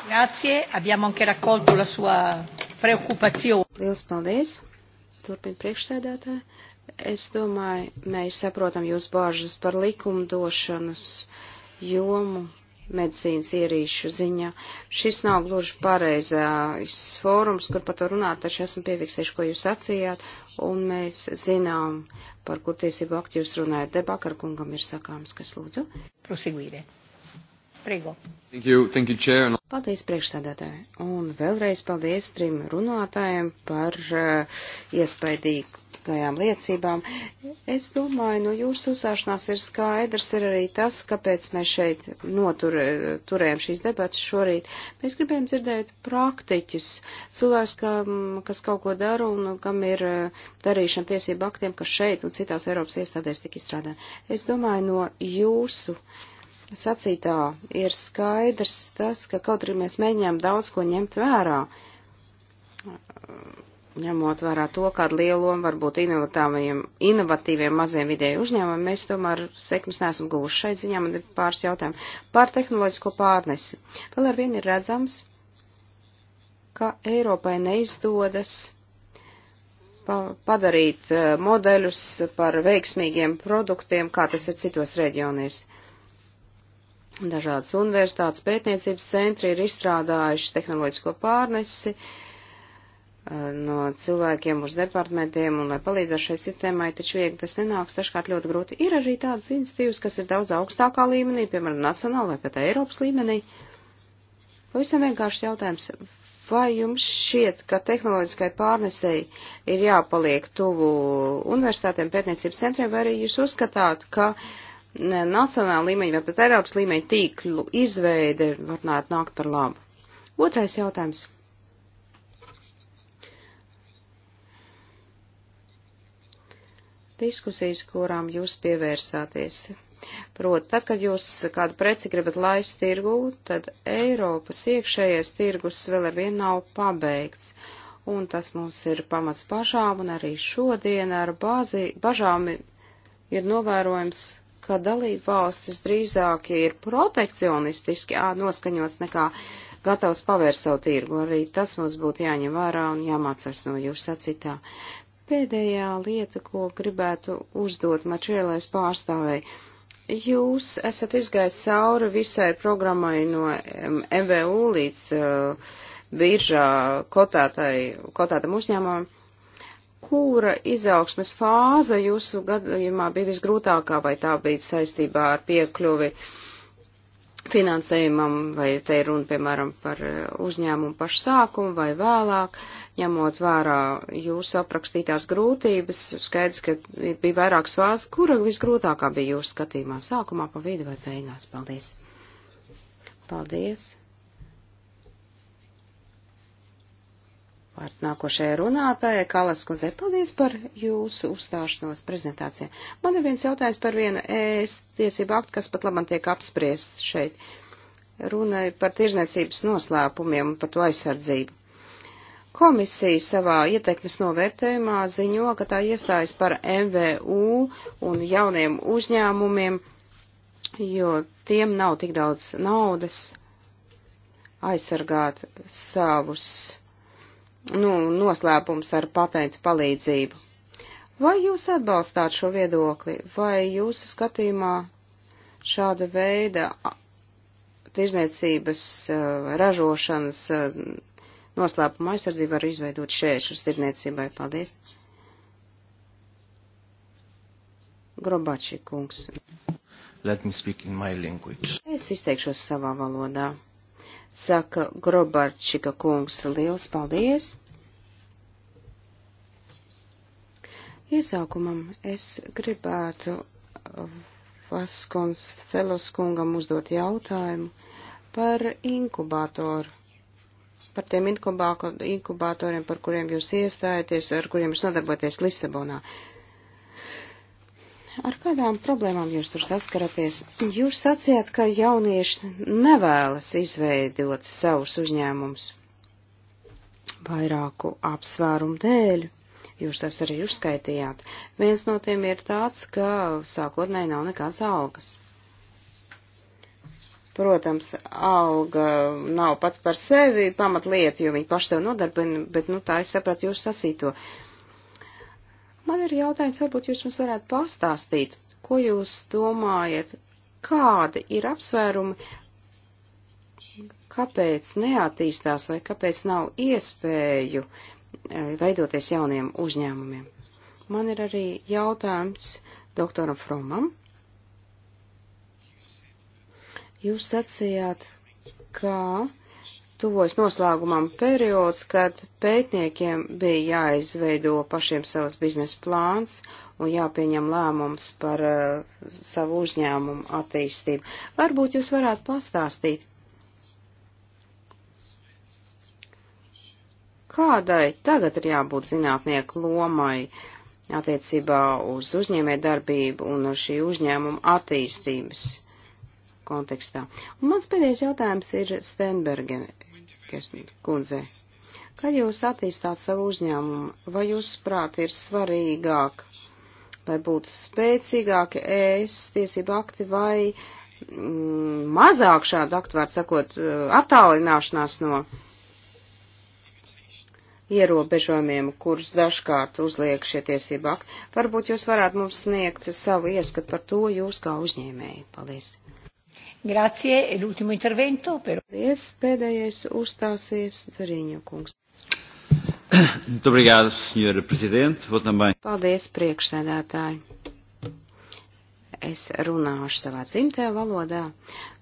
Grazie, abbiamo anche raccolto la sua preoccupazione. Lielas paldies! Turpin priekšsēdētāji. Es domāju, mēs saprotam jūs bāžas par likumdošanas jomu medicīnas ierīšu ziņā. Šis nav gluži pareizais fórums, kur par to runāt, taču esmu pieviksējuši, ko jūs sacījāt, un mēs zinām, par kur tiesību aktu jūs runājat. Debakar kungam ir sakāms, kas lūdzu. Prosigvīrē. Priego. Thank you, thank you, chair. Paldies priekšsādātāji. Un vēlreiz paldies trim runātājiem par uh, iespaidīgu rakstiskajām liecībām. Es domāju, no nu, jūsu uzstāšanās ir skaidrs, ir arī tas, kāpēc mēs šeit noturējam šīs debatas šorīt. Mēs gribējām dzirdēt praktiķus, cilvēks, kā, kas kaut ko dara un kam ir eh, darīšana tiesību aktiem, kas šeit un citās Eiropas iestādēs tik izstrādā. Es domāju, no jūsu sacītā ir skaidrs tas, ka kaut arī mēs mēģinām daudz ko ņemt vērā ņemot vērā to, kādu lielu lomu var būt inovatīviem maziem vidēju uzņēmumiem, mēs tomēr sekmes neesam guvuši. Šai ziņā man ir pāris jautājumi par tehnoloģisko pārnesi. Vēl ar vienu ir redzams, ka Eiropai neizdodas pa padarīt eh, modeļus par veiksmīgiem produktiem, kā tas ir citos reģionēs. Dažādas universitātes pētniecības centri ir izstrādājuši tehnoloģisko pārnesi, uh, no cilvēkiem uz departamentiem un lai palīdzētu šai sistēmai, taču viegli tas nenāks, dažkārt ļoti grūti. Ir arī tādas iniciatīvas, kas ir daudz augstākā līmenī, piemēram, nacionāla vai pat Eiropas līmenī. Pavisam vienkāršs jautājums. Vai jums šķiet, ka tehnoloģiskai pārnesēji ir jāpaliek tuvu universitātiem, pētniecības centriem, vai arī jūs uzskatāt, ka nacionāla līmeņa vai pat Eiropas līmeņa tīklu izveide varētu nākt par labu? Otrais jautājums diskusijas, kurām jūs pievērsāties. Proti, tad, kad jūs kādu preci gribat laist tirgū, tad Eiropas iekšējais tirgus vēl ar vienu nav pabeigts. Un tas mums ir pamats pašām, un arī šodien ar bāzi, bažām ir novērojams, ka dalība valstis drīzāk ir protekcionistiski noskaņots nekā gatavs pavērst savu tirgu. Arī tas mums būtu jāņem vērā un jāmācās no jūsu sacītā. Pēdējā lieta, ko gribētu uzdot mačēlēs pārstāvēji. Jūs esat izgājis cauri visai programmai no MVU līdz uh, biržā kotētai, kotētam uzņēmumam kura izaugsmes fāze jūsu gadījumā bija visgrūtākā, vai tā bija saistībā ar piekļuvi finansējumam, vai te ir runa, piemēram, par eh, uzņēmumu pašu sākumu vai vēlāk, ņemot vērā jūsu aprakstītās grūtības, skaidrs, ka bija vairākas fāzes, kura visgrūtākā bija jūsu skatījumā, sākumā, pa vidu vai beigās. Paldies! Paldies! Vārds nākošajai runātājai, Kalas kundzei, paldies par jūsu uzstāšanos prezentācijā. Man ir viens jautājums par vienu ES tiesību aktu, kas pat labam tiek apspriests šeit. Runa ir par tirzniecības noslēpumiem un par to aizsardzību. Komisija savā ietekmes novērtējumā ziņo, ka tā iestājas par MVU un jauniem uzņēmumiem, jo tiem nav tik daudz naudas aizsargāt savus nu, noslēpums ar patentu palīdzību. Vai jūs atbalstāt šo viedokli, vai jūsu skatījumā šāda veida tirzniecības ražošanas noslēpuma aizsardzība var izveidot šēršus tirzniecībai? Paldies! Grobači kungs. Let me speak in my language. Es izteikšos savā valodā saka Grobarčika kungs. Liels paldies! Iesākumam es gribētu Vaskons Celos kungam uzdot jautājumu par inkubatoru. Par tiem inkubatoriem, par kuriem jūs iestājaties, ar kuriem jūs nodarboties Lisabonā. Ar kādām problēmām jūs tur saskaraties? Jūs sacījāt, ka jaunieši nevēlas izveidot savus uzņēmumus vairāku apsvērumu dēļ. Jūs tas arī uzskaitījāt. Viens no tiem ir tāds, ka sākotnēji nav nekāds algas. Protams, alga nav pats par sevi pamatlieta, jo viņi paši sev nodarbina, bet, nu, tā es sapratu jūs sacīto. Uh, Man ir jautājums, varbūt jūs mums varētu pastāstīt, ko jūs domājat, kādi ir apsvērumi, kāpēc neattīstās vai kāpēc nav iespēju e, veidoties jauniem uzņēmumiem. Man ir arī jautājums doktoram Fromam. Jūs sacījāt, ka tuvojas noslēgumam periods, kad pētniekiem bija jāizveido pašiem savs biznesa plāns un jāpieņem lēmums par uh, savu uzņēmumu attīstību. Varbūt jūs varētu pastāstīt, kādai tagad ir jābūt zinātnieku lomai attiecībā uz uzņēmē darbību un uz šī uzņēmuma attīstības kontekstā. Un mans pēdējais jautājums ir Stenbergen kundze. Kad jūs attīstāt savu uzņēmumu, vai jūs prāt ir svarīgāk, lai būtu spēcīgāki ES tiesība akti vai mm, mazāk šādu aktu, var sakot, eh, attālināšanās no ierobežojumiem, kurus dažkārt uzliek šie tiesību akti. Varbūt jūs varētu mums sniegt savu ieskatu par to jūs kā uzņēmēji. Paldies! Grazie, e l'ultimo intervento. Per... Es pēdējais uzstāsies Zariņa kungs. Muito obrigado, senhora presidente. Vou também. Paldies, priekšsēdētāji. Es runāšu savā dzimtajā valodā.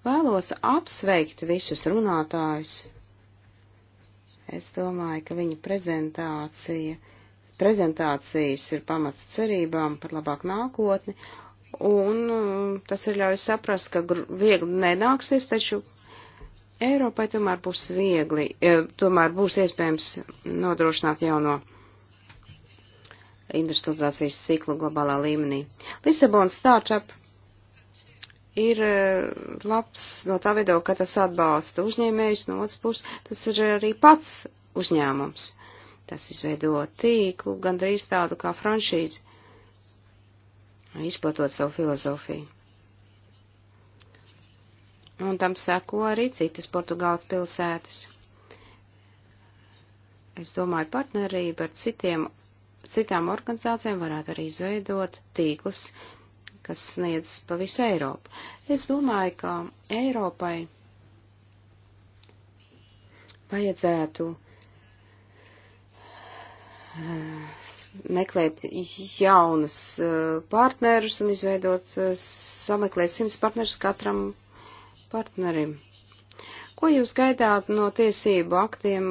Vēlos apsveikt visus runātājus. Es domāju, ka viņa prezentācija, prezentācijas ir pamats cerībām par labāku nākotni un um, tas ir ļauj saprast, ka viegli nenāksies, taču Eiropai tomēr būs viegli, e, tomēr būs iespējams nodrošināt jauno industrializācijas ciklu globālā līmenī. Lisabonas startup ir e, labs no tā vidē, ka tas atbalsta uzņēmējus, no otras puses tas ir arī pats uzņēmums. Tas izveido tīklu, gandrīz tādu kā franšīzi izplatot savu filozofiju. Un tam seko arī citas Portugāles pilsētas. Es domāju, partnerība ar citiem, citām organizācijām varētu arī izveidot tīklus, kas sniedz pa visu Eiropu. Es domāju, ka Eiropai vajadzētu uh, meklēt jaunus eh, partnerus un izveidot, eh, sameklēt simts partnerus katram partnerim. Ko jūs gaidāt no tiesību aktiem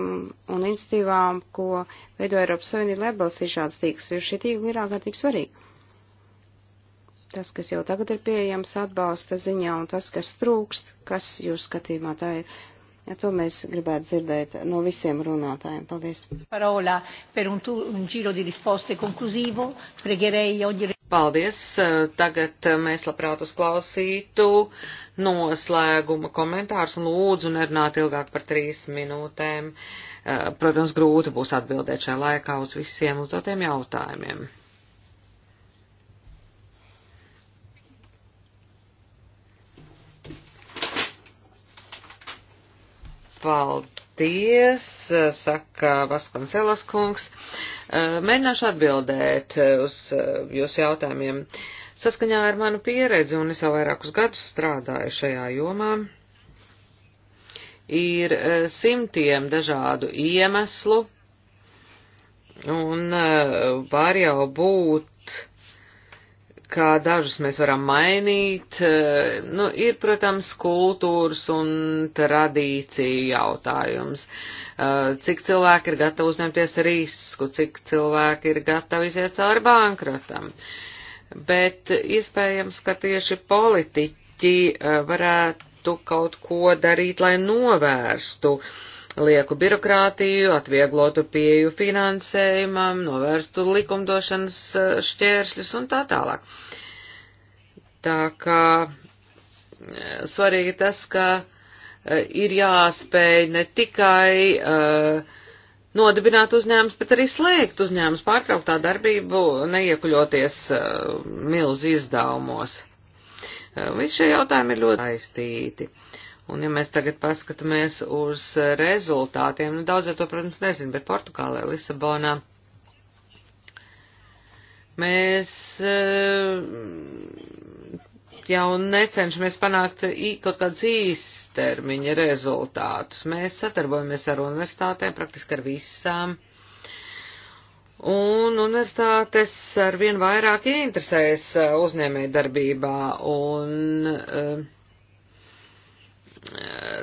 un institīvām, ko veido Eiropas Savienība, lai atbalstītu šādas tīklus, jo šie tīkli ir ārkārtīgi svarīgi? Tas, kas jau tagad ir pieejams atbalsta ziņā, un tas, kas trūkst, kas jūs skatījumā tā ir Ja to mēs gribētu dzirdēt no visiem runātājiem. Paldies. Parola per un, tu, un giro di risposte conclusivo. Pregherei oggi. Paldies. Tagad mēs labprāt uzklausītu noslēguma komentārus un lūdzu nerunāt ilgāk par trīs minūtēm. Eh, Protams, grūti būs atbildēt šajā laikā uz visiem uzdotiem jautājumiem. Paldies, saka Vaskoncelas kungs. Eh, mēģināšu atbildēt eh, uz eh, jūsu jautājumiem. Saskaņā ar manu pieredzi, un es jau vairākus gadus strādāju šajā jomā, ir simtiem dažādu iemeslu, un var jau būt ka dažus mēs varam mainīt, eh, nu, ir, protams, kultūras un tradīciju jautājums. Eh, cik cilvēki ir gatavi uzņemties risku, cik cilvēki ir gatavi iziet cauri bankrotam. Bet iespējams, ka tieši politiķi eh, varētu kaut ko darīt, lai novērstu uh, lieku birokrātiju, atvieglotu pieju finansējumam, novērstu likumdošanas eh, šķēršļus un tā tālāk. Tā kā eh, svarīgi tas, ka eh, ir jāspēj ne tikai uh, nodibināt uzņēmumus, bet arī slēgt uzņēmumus, pārtraukt tā darbību, neiekuļoties uh, milzu izdevumos. Uh, Visi šie jautājumi ir ļoti saistīti. Un ja mēs tagad paskatāmies uz rezultātiem, nu daudz jau to, protams, nezinu, bet Portugālē, Lisabonā mēs eh, jau necenšamies panākt kaut kādus īstermiņa rezultātus. Mēs sadarbojamies ar universitātēm, praktiski ar visām. Un universitātes ar vien vairāk interesēs eh, uzņēmē darbībā. Un, uh,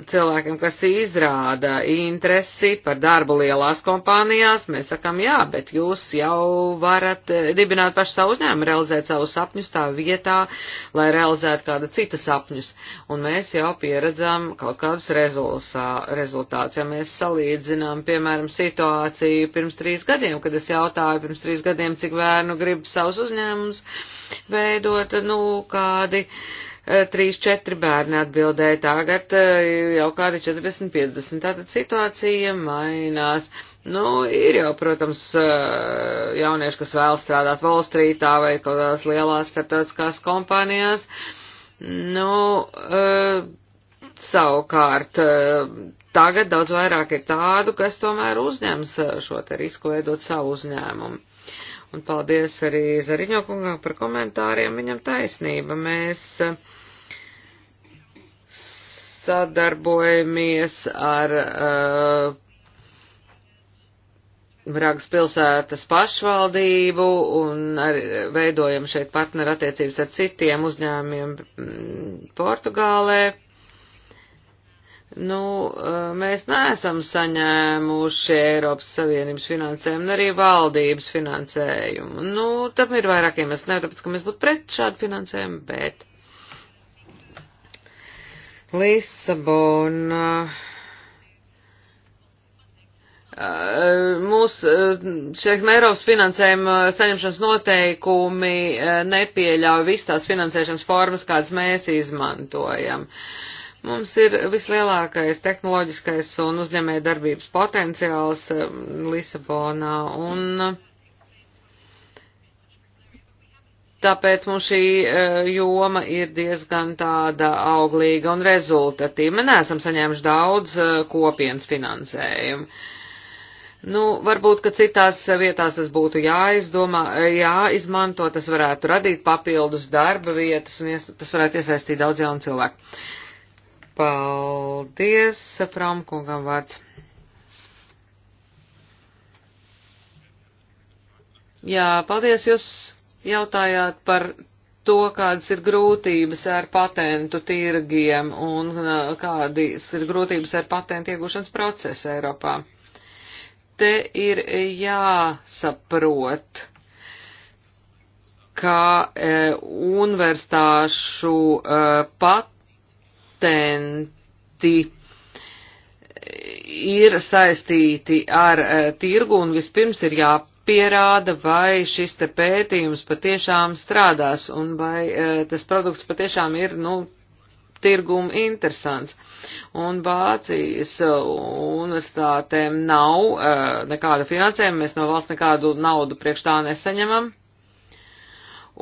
cilvēkiem, kas izrāda interesi par darbu lielās kompānijās, mēs sakam, jā, bet jūs jau varat eh, dibināt pašu savu uzņēmumu, realizēt savus sapņus tā vietā, lai realizētu kāda cita sapņus. Un mēs jau pieredzam kaut kādus rezultātus. Ja mēs salīdzinām, piemēram, situāciju pirms trīs gadiem, kad es jautāju pirms trīs gadiem, cik bērnu grib savus uzņēmumus veidot, nu, kādi. Uh, 3-4 eh, bērni atbildēja, tagad eh, jau kādi 40-50. Tātad situācija mainās. Nu, ir jau, protams, eh, jaunieši, kas vēl strādāt Wall Streetā vai kaut kādās lielās starptautiskās kompānijās. Nu, savukārt, tagad daudz vairāk ir tādu, kas tomēr uzņems šo te risku veidot savu uzņēmumu. Un paldies arī Zariņokungam par komentāriem, viņam taisnība. Mēs uh, sadarbojamies ar uh, Bragas pilsētas pašvaldību un ar, veidojam šeit partnerattiecības ar citiem uzņēmiem mm, Portugālē. Nu, uh, mēs neesam saņēmuši Eiropas Savienības finansējumu un arī valdības finansējumu. Nu, tam ir vairāk iemesli, ja nevis tāpēc, ka mēs būtu pret šādu finansējumu, bet Lisabona mūsu šeit Eiropas finansējuma saņemšanas noteikumi nepieļauj visu tās finansēšanas formas, kādas mēs izmantojam. Mums ir vislielākais tehnoloģiskais un uzņēmē darbības potenciāls Lisabonā, un Tāpēc mums šī e, joma ir diezgan tāda auglīga un rezultatīva. Mēs neesam saņēmuši daudz e, kopienas finansējumu. Nu, varbūt, ka citās vietās tas būtu jāizdomā, e, jāizmanto, tas varētu radīt papildus darba vietas un tas varētu iesaistīt daudz jaunu cilvēku. Paldies, Framkungam vārds. Jā, paldies, jūs jautājāt par to, kādas ir grūtības ar patentu tirgiem un uh, kādas ir grūtības ar patentu iegūšanas procesu Eiropā. Te ir jāsaprot, ka e, universitāšu e, patenti ir saistīti ar e, tirgu un vispirms ir jā jāpierāda, vai šis te pētījums patiešām strādās un vai e, tas produkts patiešām ir, nu, tirgumu interesants. Un Vācijas e, universitātēm nav e, nekāda finansējuma, mēs no valsts nekādu naudu priekš tā nesaņemam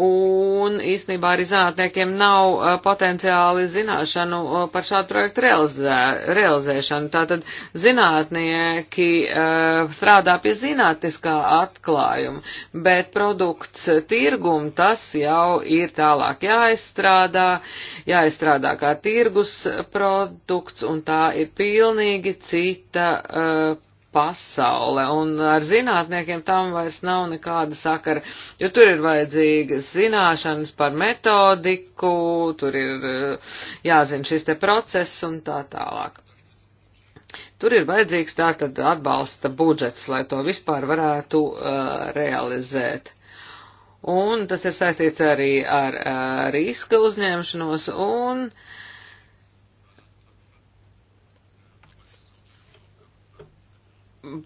un īstenībā arī zinātniekiem nav uh, potenciāli zināšanu uh, par šādu projektu realizē, realizēšanu. Tātad zinātnieki uh, strādā pie zinātniskā atklājuma, bet produkts tirgum tas jau ir tālāk jāizstrādā, jāizstrādā kā tirgus produkts, un tā ir pilnīgi cita uh, pasaule, un ar zinātniekiem tam vairs nav nekāda sakara, jo tur ir vajadzīgas zināšanas par metodiku, tur ir eh, jāzina šis te process un tā tālāk. Tur ir vajadzīgs tātad atbalsta budžets, lai to vispār varētu uh, realizēt. Un tas ir saistīts arī ar uh, riska uzņemšanos un uh,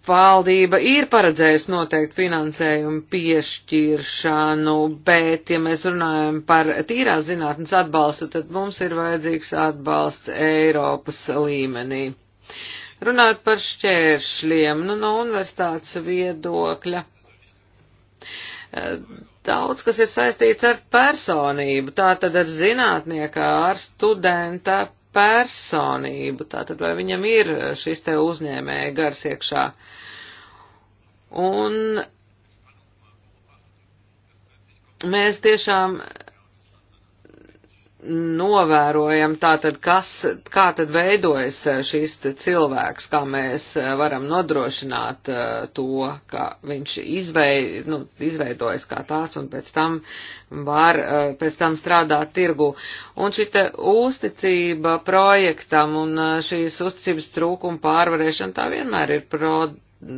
Valdība ir paredzējusi noteikti finansējumu piešķiršanu, bet, ja mēs runājam par tīrās zinātnes atbalstu, tad mums ir vajadzīgs atbalsts Eiropas līmenī. Runāt par šķēršļiem, nu, no universitātes viedokļa. Daudz, kas ir saistīts ar personību, tā tad ar zinātnieka, ar studenta personību, tātad vai viņam ir šis te uzņēmēja gars iekšā. Un mēs tiešām novērojam tātad, kas, kā tad veidojas eh, šīs cilvēks, kā mēs eh, varam nodrošināt eh, to, ka viņš izveid, nu, izveidojas kā tāds un pēc tam var, pēc tam strādāt tirgu. Un šī uzticība projektam un šīs uzticības trūkuma pārvarēšana tā vienmēr ir problēma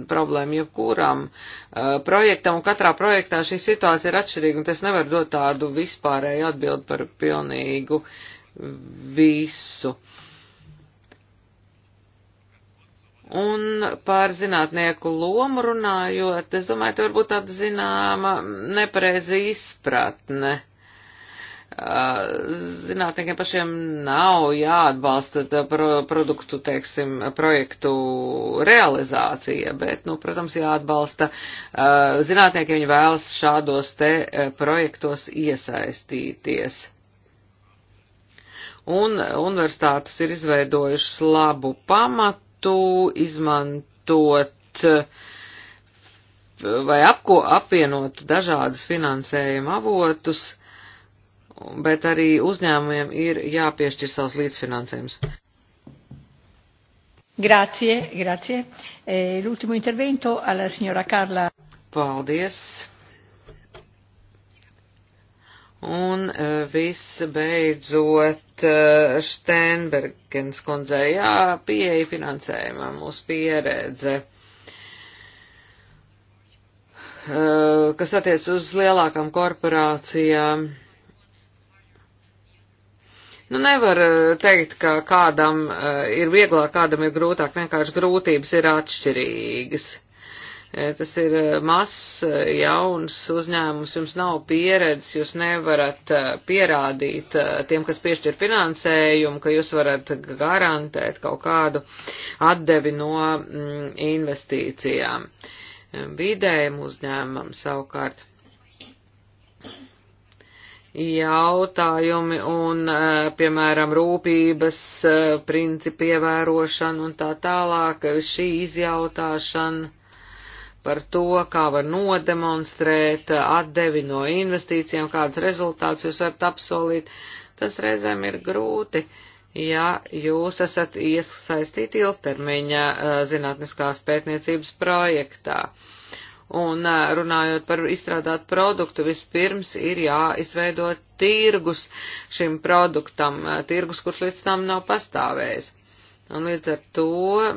problēma jebkuram uh, projektam, un katrā projektā šī situācija ir atšķirīga, un tas nevar dot tādu vispārēju atbildi par pilnīgu visu. Un par zinātnieku lomu runājot, es domāju, te varbūt tāda zināma nepareiza izpratne. Uh, zinātniekiem pašiem nav jāatbalsta pro, produktu, teiksim, projektu realizācija, bet, nu, protams, jāatbalsta zinātniekiem, viņi vēlas šādos te projektos iesaistīties. Un universitātes ir izveidojušas labu pamatu izmantot vai apko, apvienot dažādus finansējuma avotus, bet arī uzņēmumiem ir jāpiešķir savs līdzfinansējums. Grazie, grazie. E, L'ultimo intervento alla signora Carla. Paldies. Un e, visbeidzot e, Steinbergens kundzei, jā, pieeja finansējumam, mūsu pieredze e, kas attiec uz lielākām korporācijām, Nu, nevar eh, teikt, ka kādam eh, ir vieglāk, kādam ir grūtāk, vienkārši grūtības ir atšķirīgas. Eh, tas ir mazs, jauns uzņēmums, jums nav pieredzes, jūs nevarat pierādīt tiem, kas piešķir finansējumu, ka jūs varat garantēt kaut kādu atdevi no mm, investīcijām. Vidējiem uzņēmumam savukārt jautājumi un, eh, piemēram, rūpības eh, principi ievērošana un tā tālāk, šī izjautāšana par to, kā var nodemonstrēt atdevi no investīcijām, kādas rezultātus jūs varat apsolīt, tas reizēm ir grūti, ja jūs esat iesaistīti ilgtermiņa eh, zinātniskās pētniecības projektā. Uh, Un runājot par izstrādāt produktu, vispirms ir jāizveido tirgus šim produktam, tirgus, kurš līdz tam nav pastāvējis. Un līdz ar to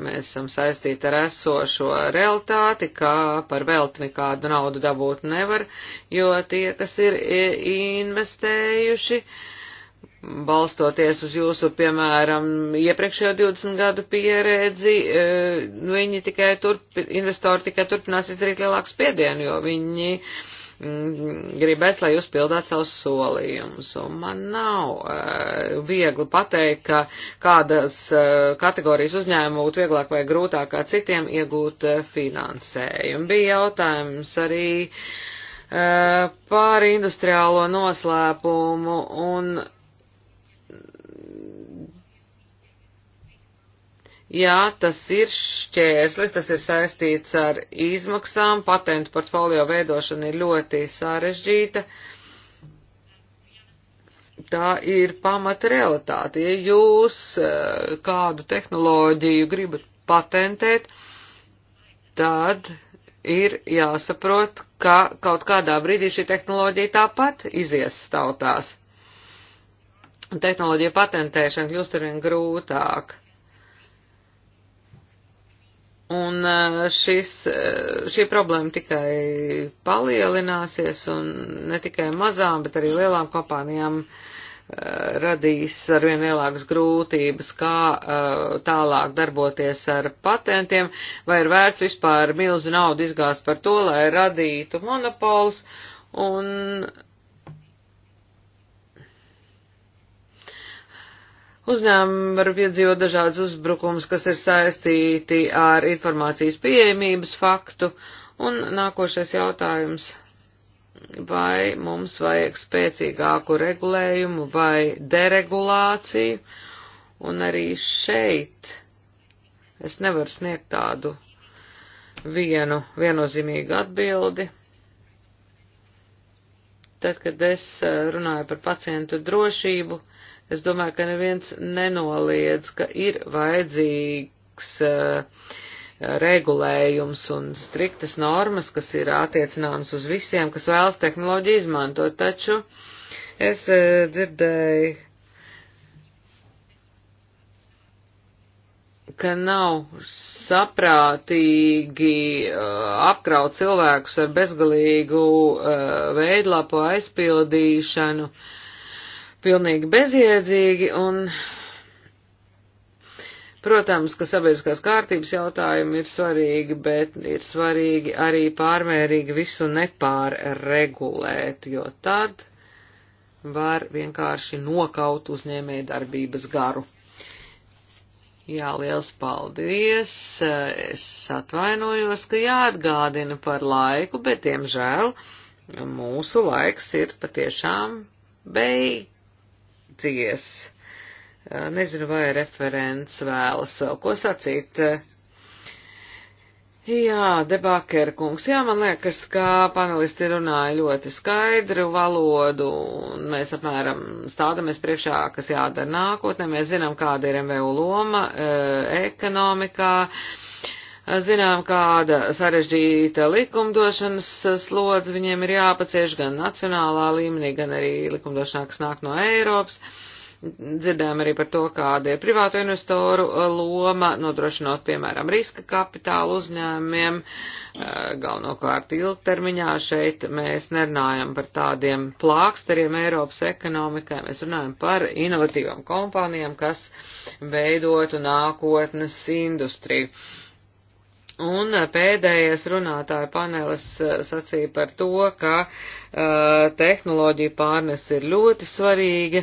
mēs esam saistīti ar esošo realitāti, ka par velti nekādu naudu dabūt nevar, jo tie, kas ir investējuši, uh, balstoties uz jūsu, piemēram, iepriekšējo 20 gadu pieredzi, e, viņi tikai turp, investori tikai turpinās izdarīt lielāku spiedienu, jo viņi mm, gribēs, lai jūs pildāt savus solījumus. Un man nav uh, viegli pateikt, ka kādas uh, kategorijas uzņēmumu būtu vieglāk vai grūtāk kā citiem iegūt uh, finansējumu. Bija jautājums arī uh, par industriālo noslēpumu un Jā, tas ir šķērslis, tas ir saistīts ar izmaksām, patentu portfolio veidošana ir ļoti sarežģīta. Tā ir pamata realitāte. Ja jūs eh, kādu tehnoloģiju gribat patentēt, tad ir jāsaprot, ka kaut kādā brīdī šī tehnoloģija tāpat izies stautās tehnoloģija patentēšana kļūst arvien grūtāk. Un eh, šis, eh, šī problēma tikai palielināsies un ne tikai mazām, bet arī lielām kompānijām eh, radīs arvien lielākas grūtības, kā tālāk darboties ar patentiem, vai ir vērts vispār milzu naudu izgāzt par to, lai radītu monopols, un Uzņēmumi var piedzīvot dažādas uzbrukums, kas ir saistīti ar informācijas pieejamības faktu. Un nākošais jautājums. Vai mums vajag spēcīgāku regulējumu vai deregulāciju? Un arī šeit es nevaru sniegt tādu vienu viennozīmīgu atbildi. Tad, kad es eh, runāju par pacientu drošību, Es domāju, ka neviens nenoliedz, ka ir vajadzīgs uh, regulējums un striktas normas, kas ir attiecināmas uz visiem, kas vēlas tehnoloģiju izmantot. Taču es uh, dzirdēju, ka nav saprātīgi uh, apkraut cilvēkus ar bezgalīgu veidlapu aizpildīšanu. Uh, pilnīgi bezjēdzīgi un, protams, ka sabiedriskās kārtības jautājumi ir svarīgi, bet ir svarīgi arī pārmērīgi visu nepārregulēt, jo tad var vienkārši nokaut uzņēmēju darbības garu. Jā, liels paldies. Es atvainojos, ka jāatgādina par laiku, bet, diemžēl, mūsu laiks ir patiešām beigts dzies. Nezinu, vai referents vēlas vēl ko sacīt. Jā, debakera kungs, jā, man liekas, ka panelisti runāja ļoti skaidru valodu, un mēs apmēram stādamies priekšā, kas jādara nākotnē. Mēs zinām, kāda ir MVU loma e, ekonomikā. E, zinām, kāda sarežģīta likumdošanas slodze viņiem ir jāpacieš gan nacionālā līmenī, gan arī likumdošanā, kas nāk no Eiropas. Dzirdējām arī par to, kāda ir privāto investoru uh, loma, nodrošinot, piemēram, riska kapitālu uzņēmumiem, uh, galvenokārt ilgtermiņā. Šeit mēs nerunājam par tādiem plāksteriem Eiropas ekonomikai, mēs runājam par inovatīvām kompānijām, kas veidotu nākotnes industriju. Uh, Un pēdējais runātāja panelis eh, sacīja par to, ka uh, tehnoloģija pārnes ir ļoti svarīga.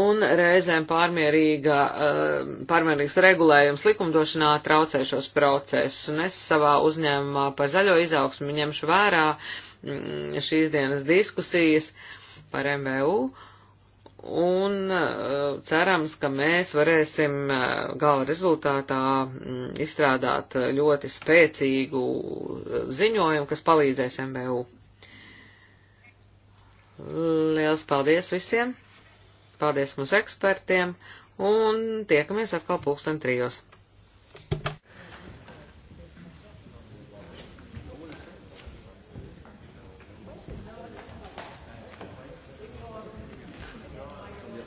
Un reizēm pārmierīga, uh, pārmierīgs regulējums likumdošanā traucē šos procesus. Un es savā uzņēmumā par zaļo izaugsmu ņemšu vērā mm, šīs dienas diskusijas par MVU. Uh, un uh, cerams, ka mēs varēsim uh, gala rezultātā mm, izstrādāt uh, ļoti spēcīgu ziņojumu, kas palīdzēs MBU. Liels paldies visiem! Paldies mūsu ekspertiem! Un tiekamies atkal pulksten trijos!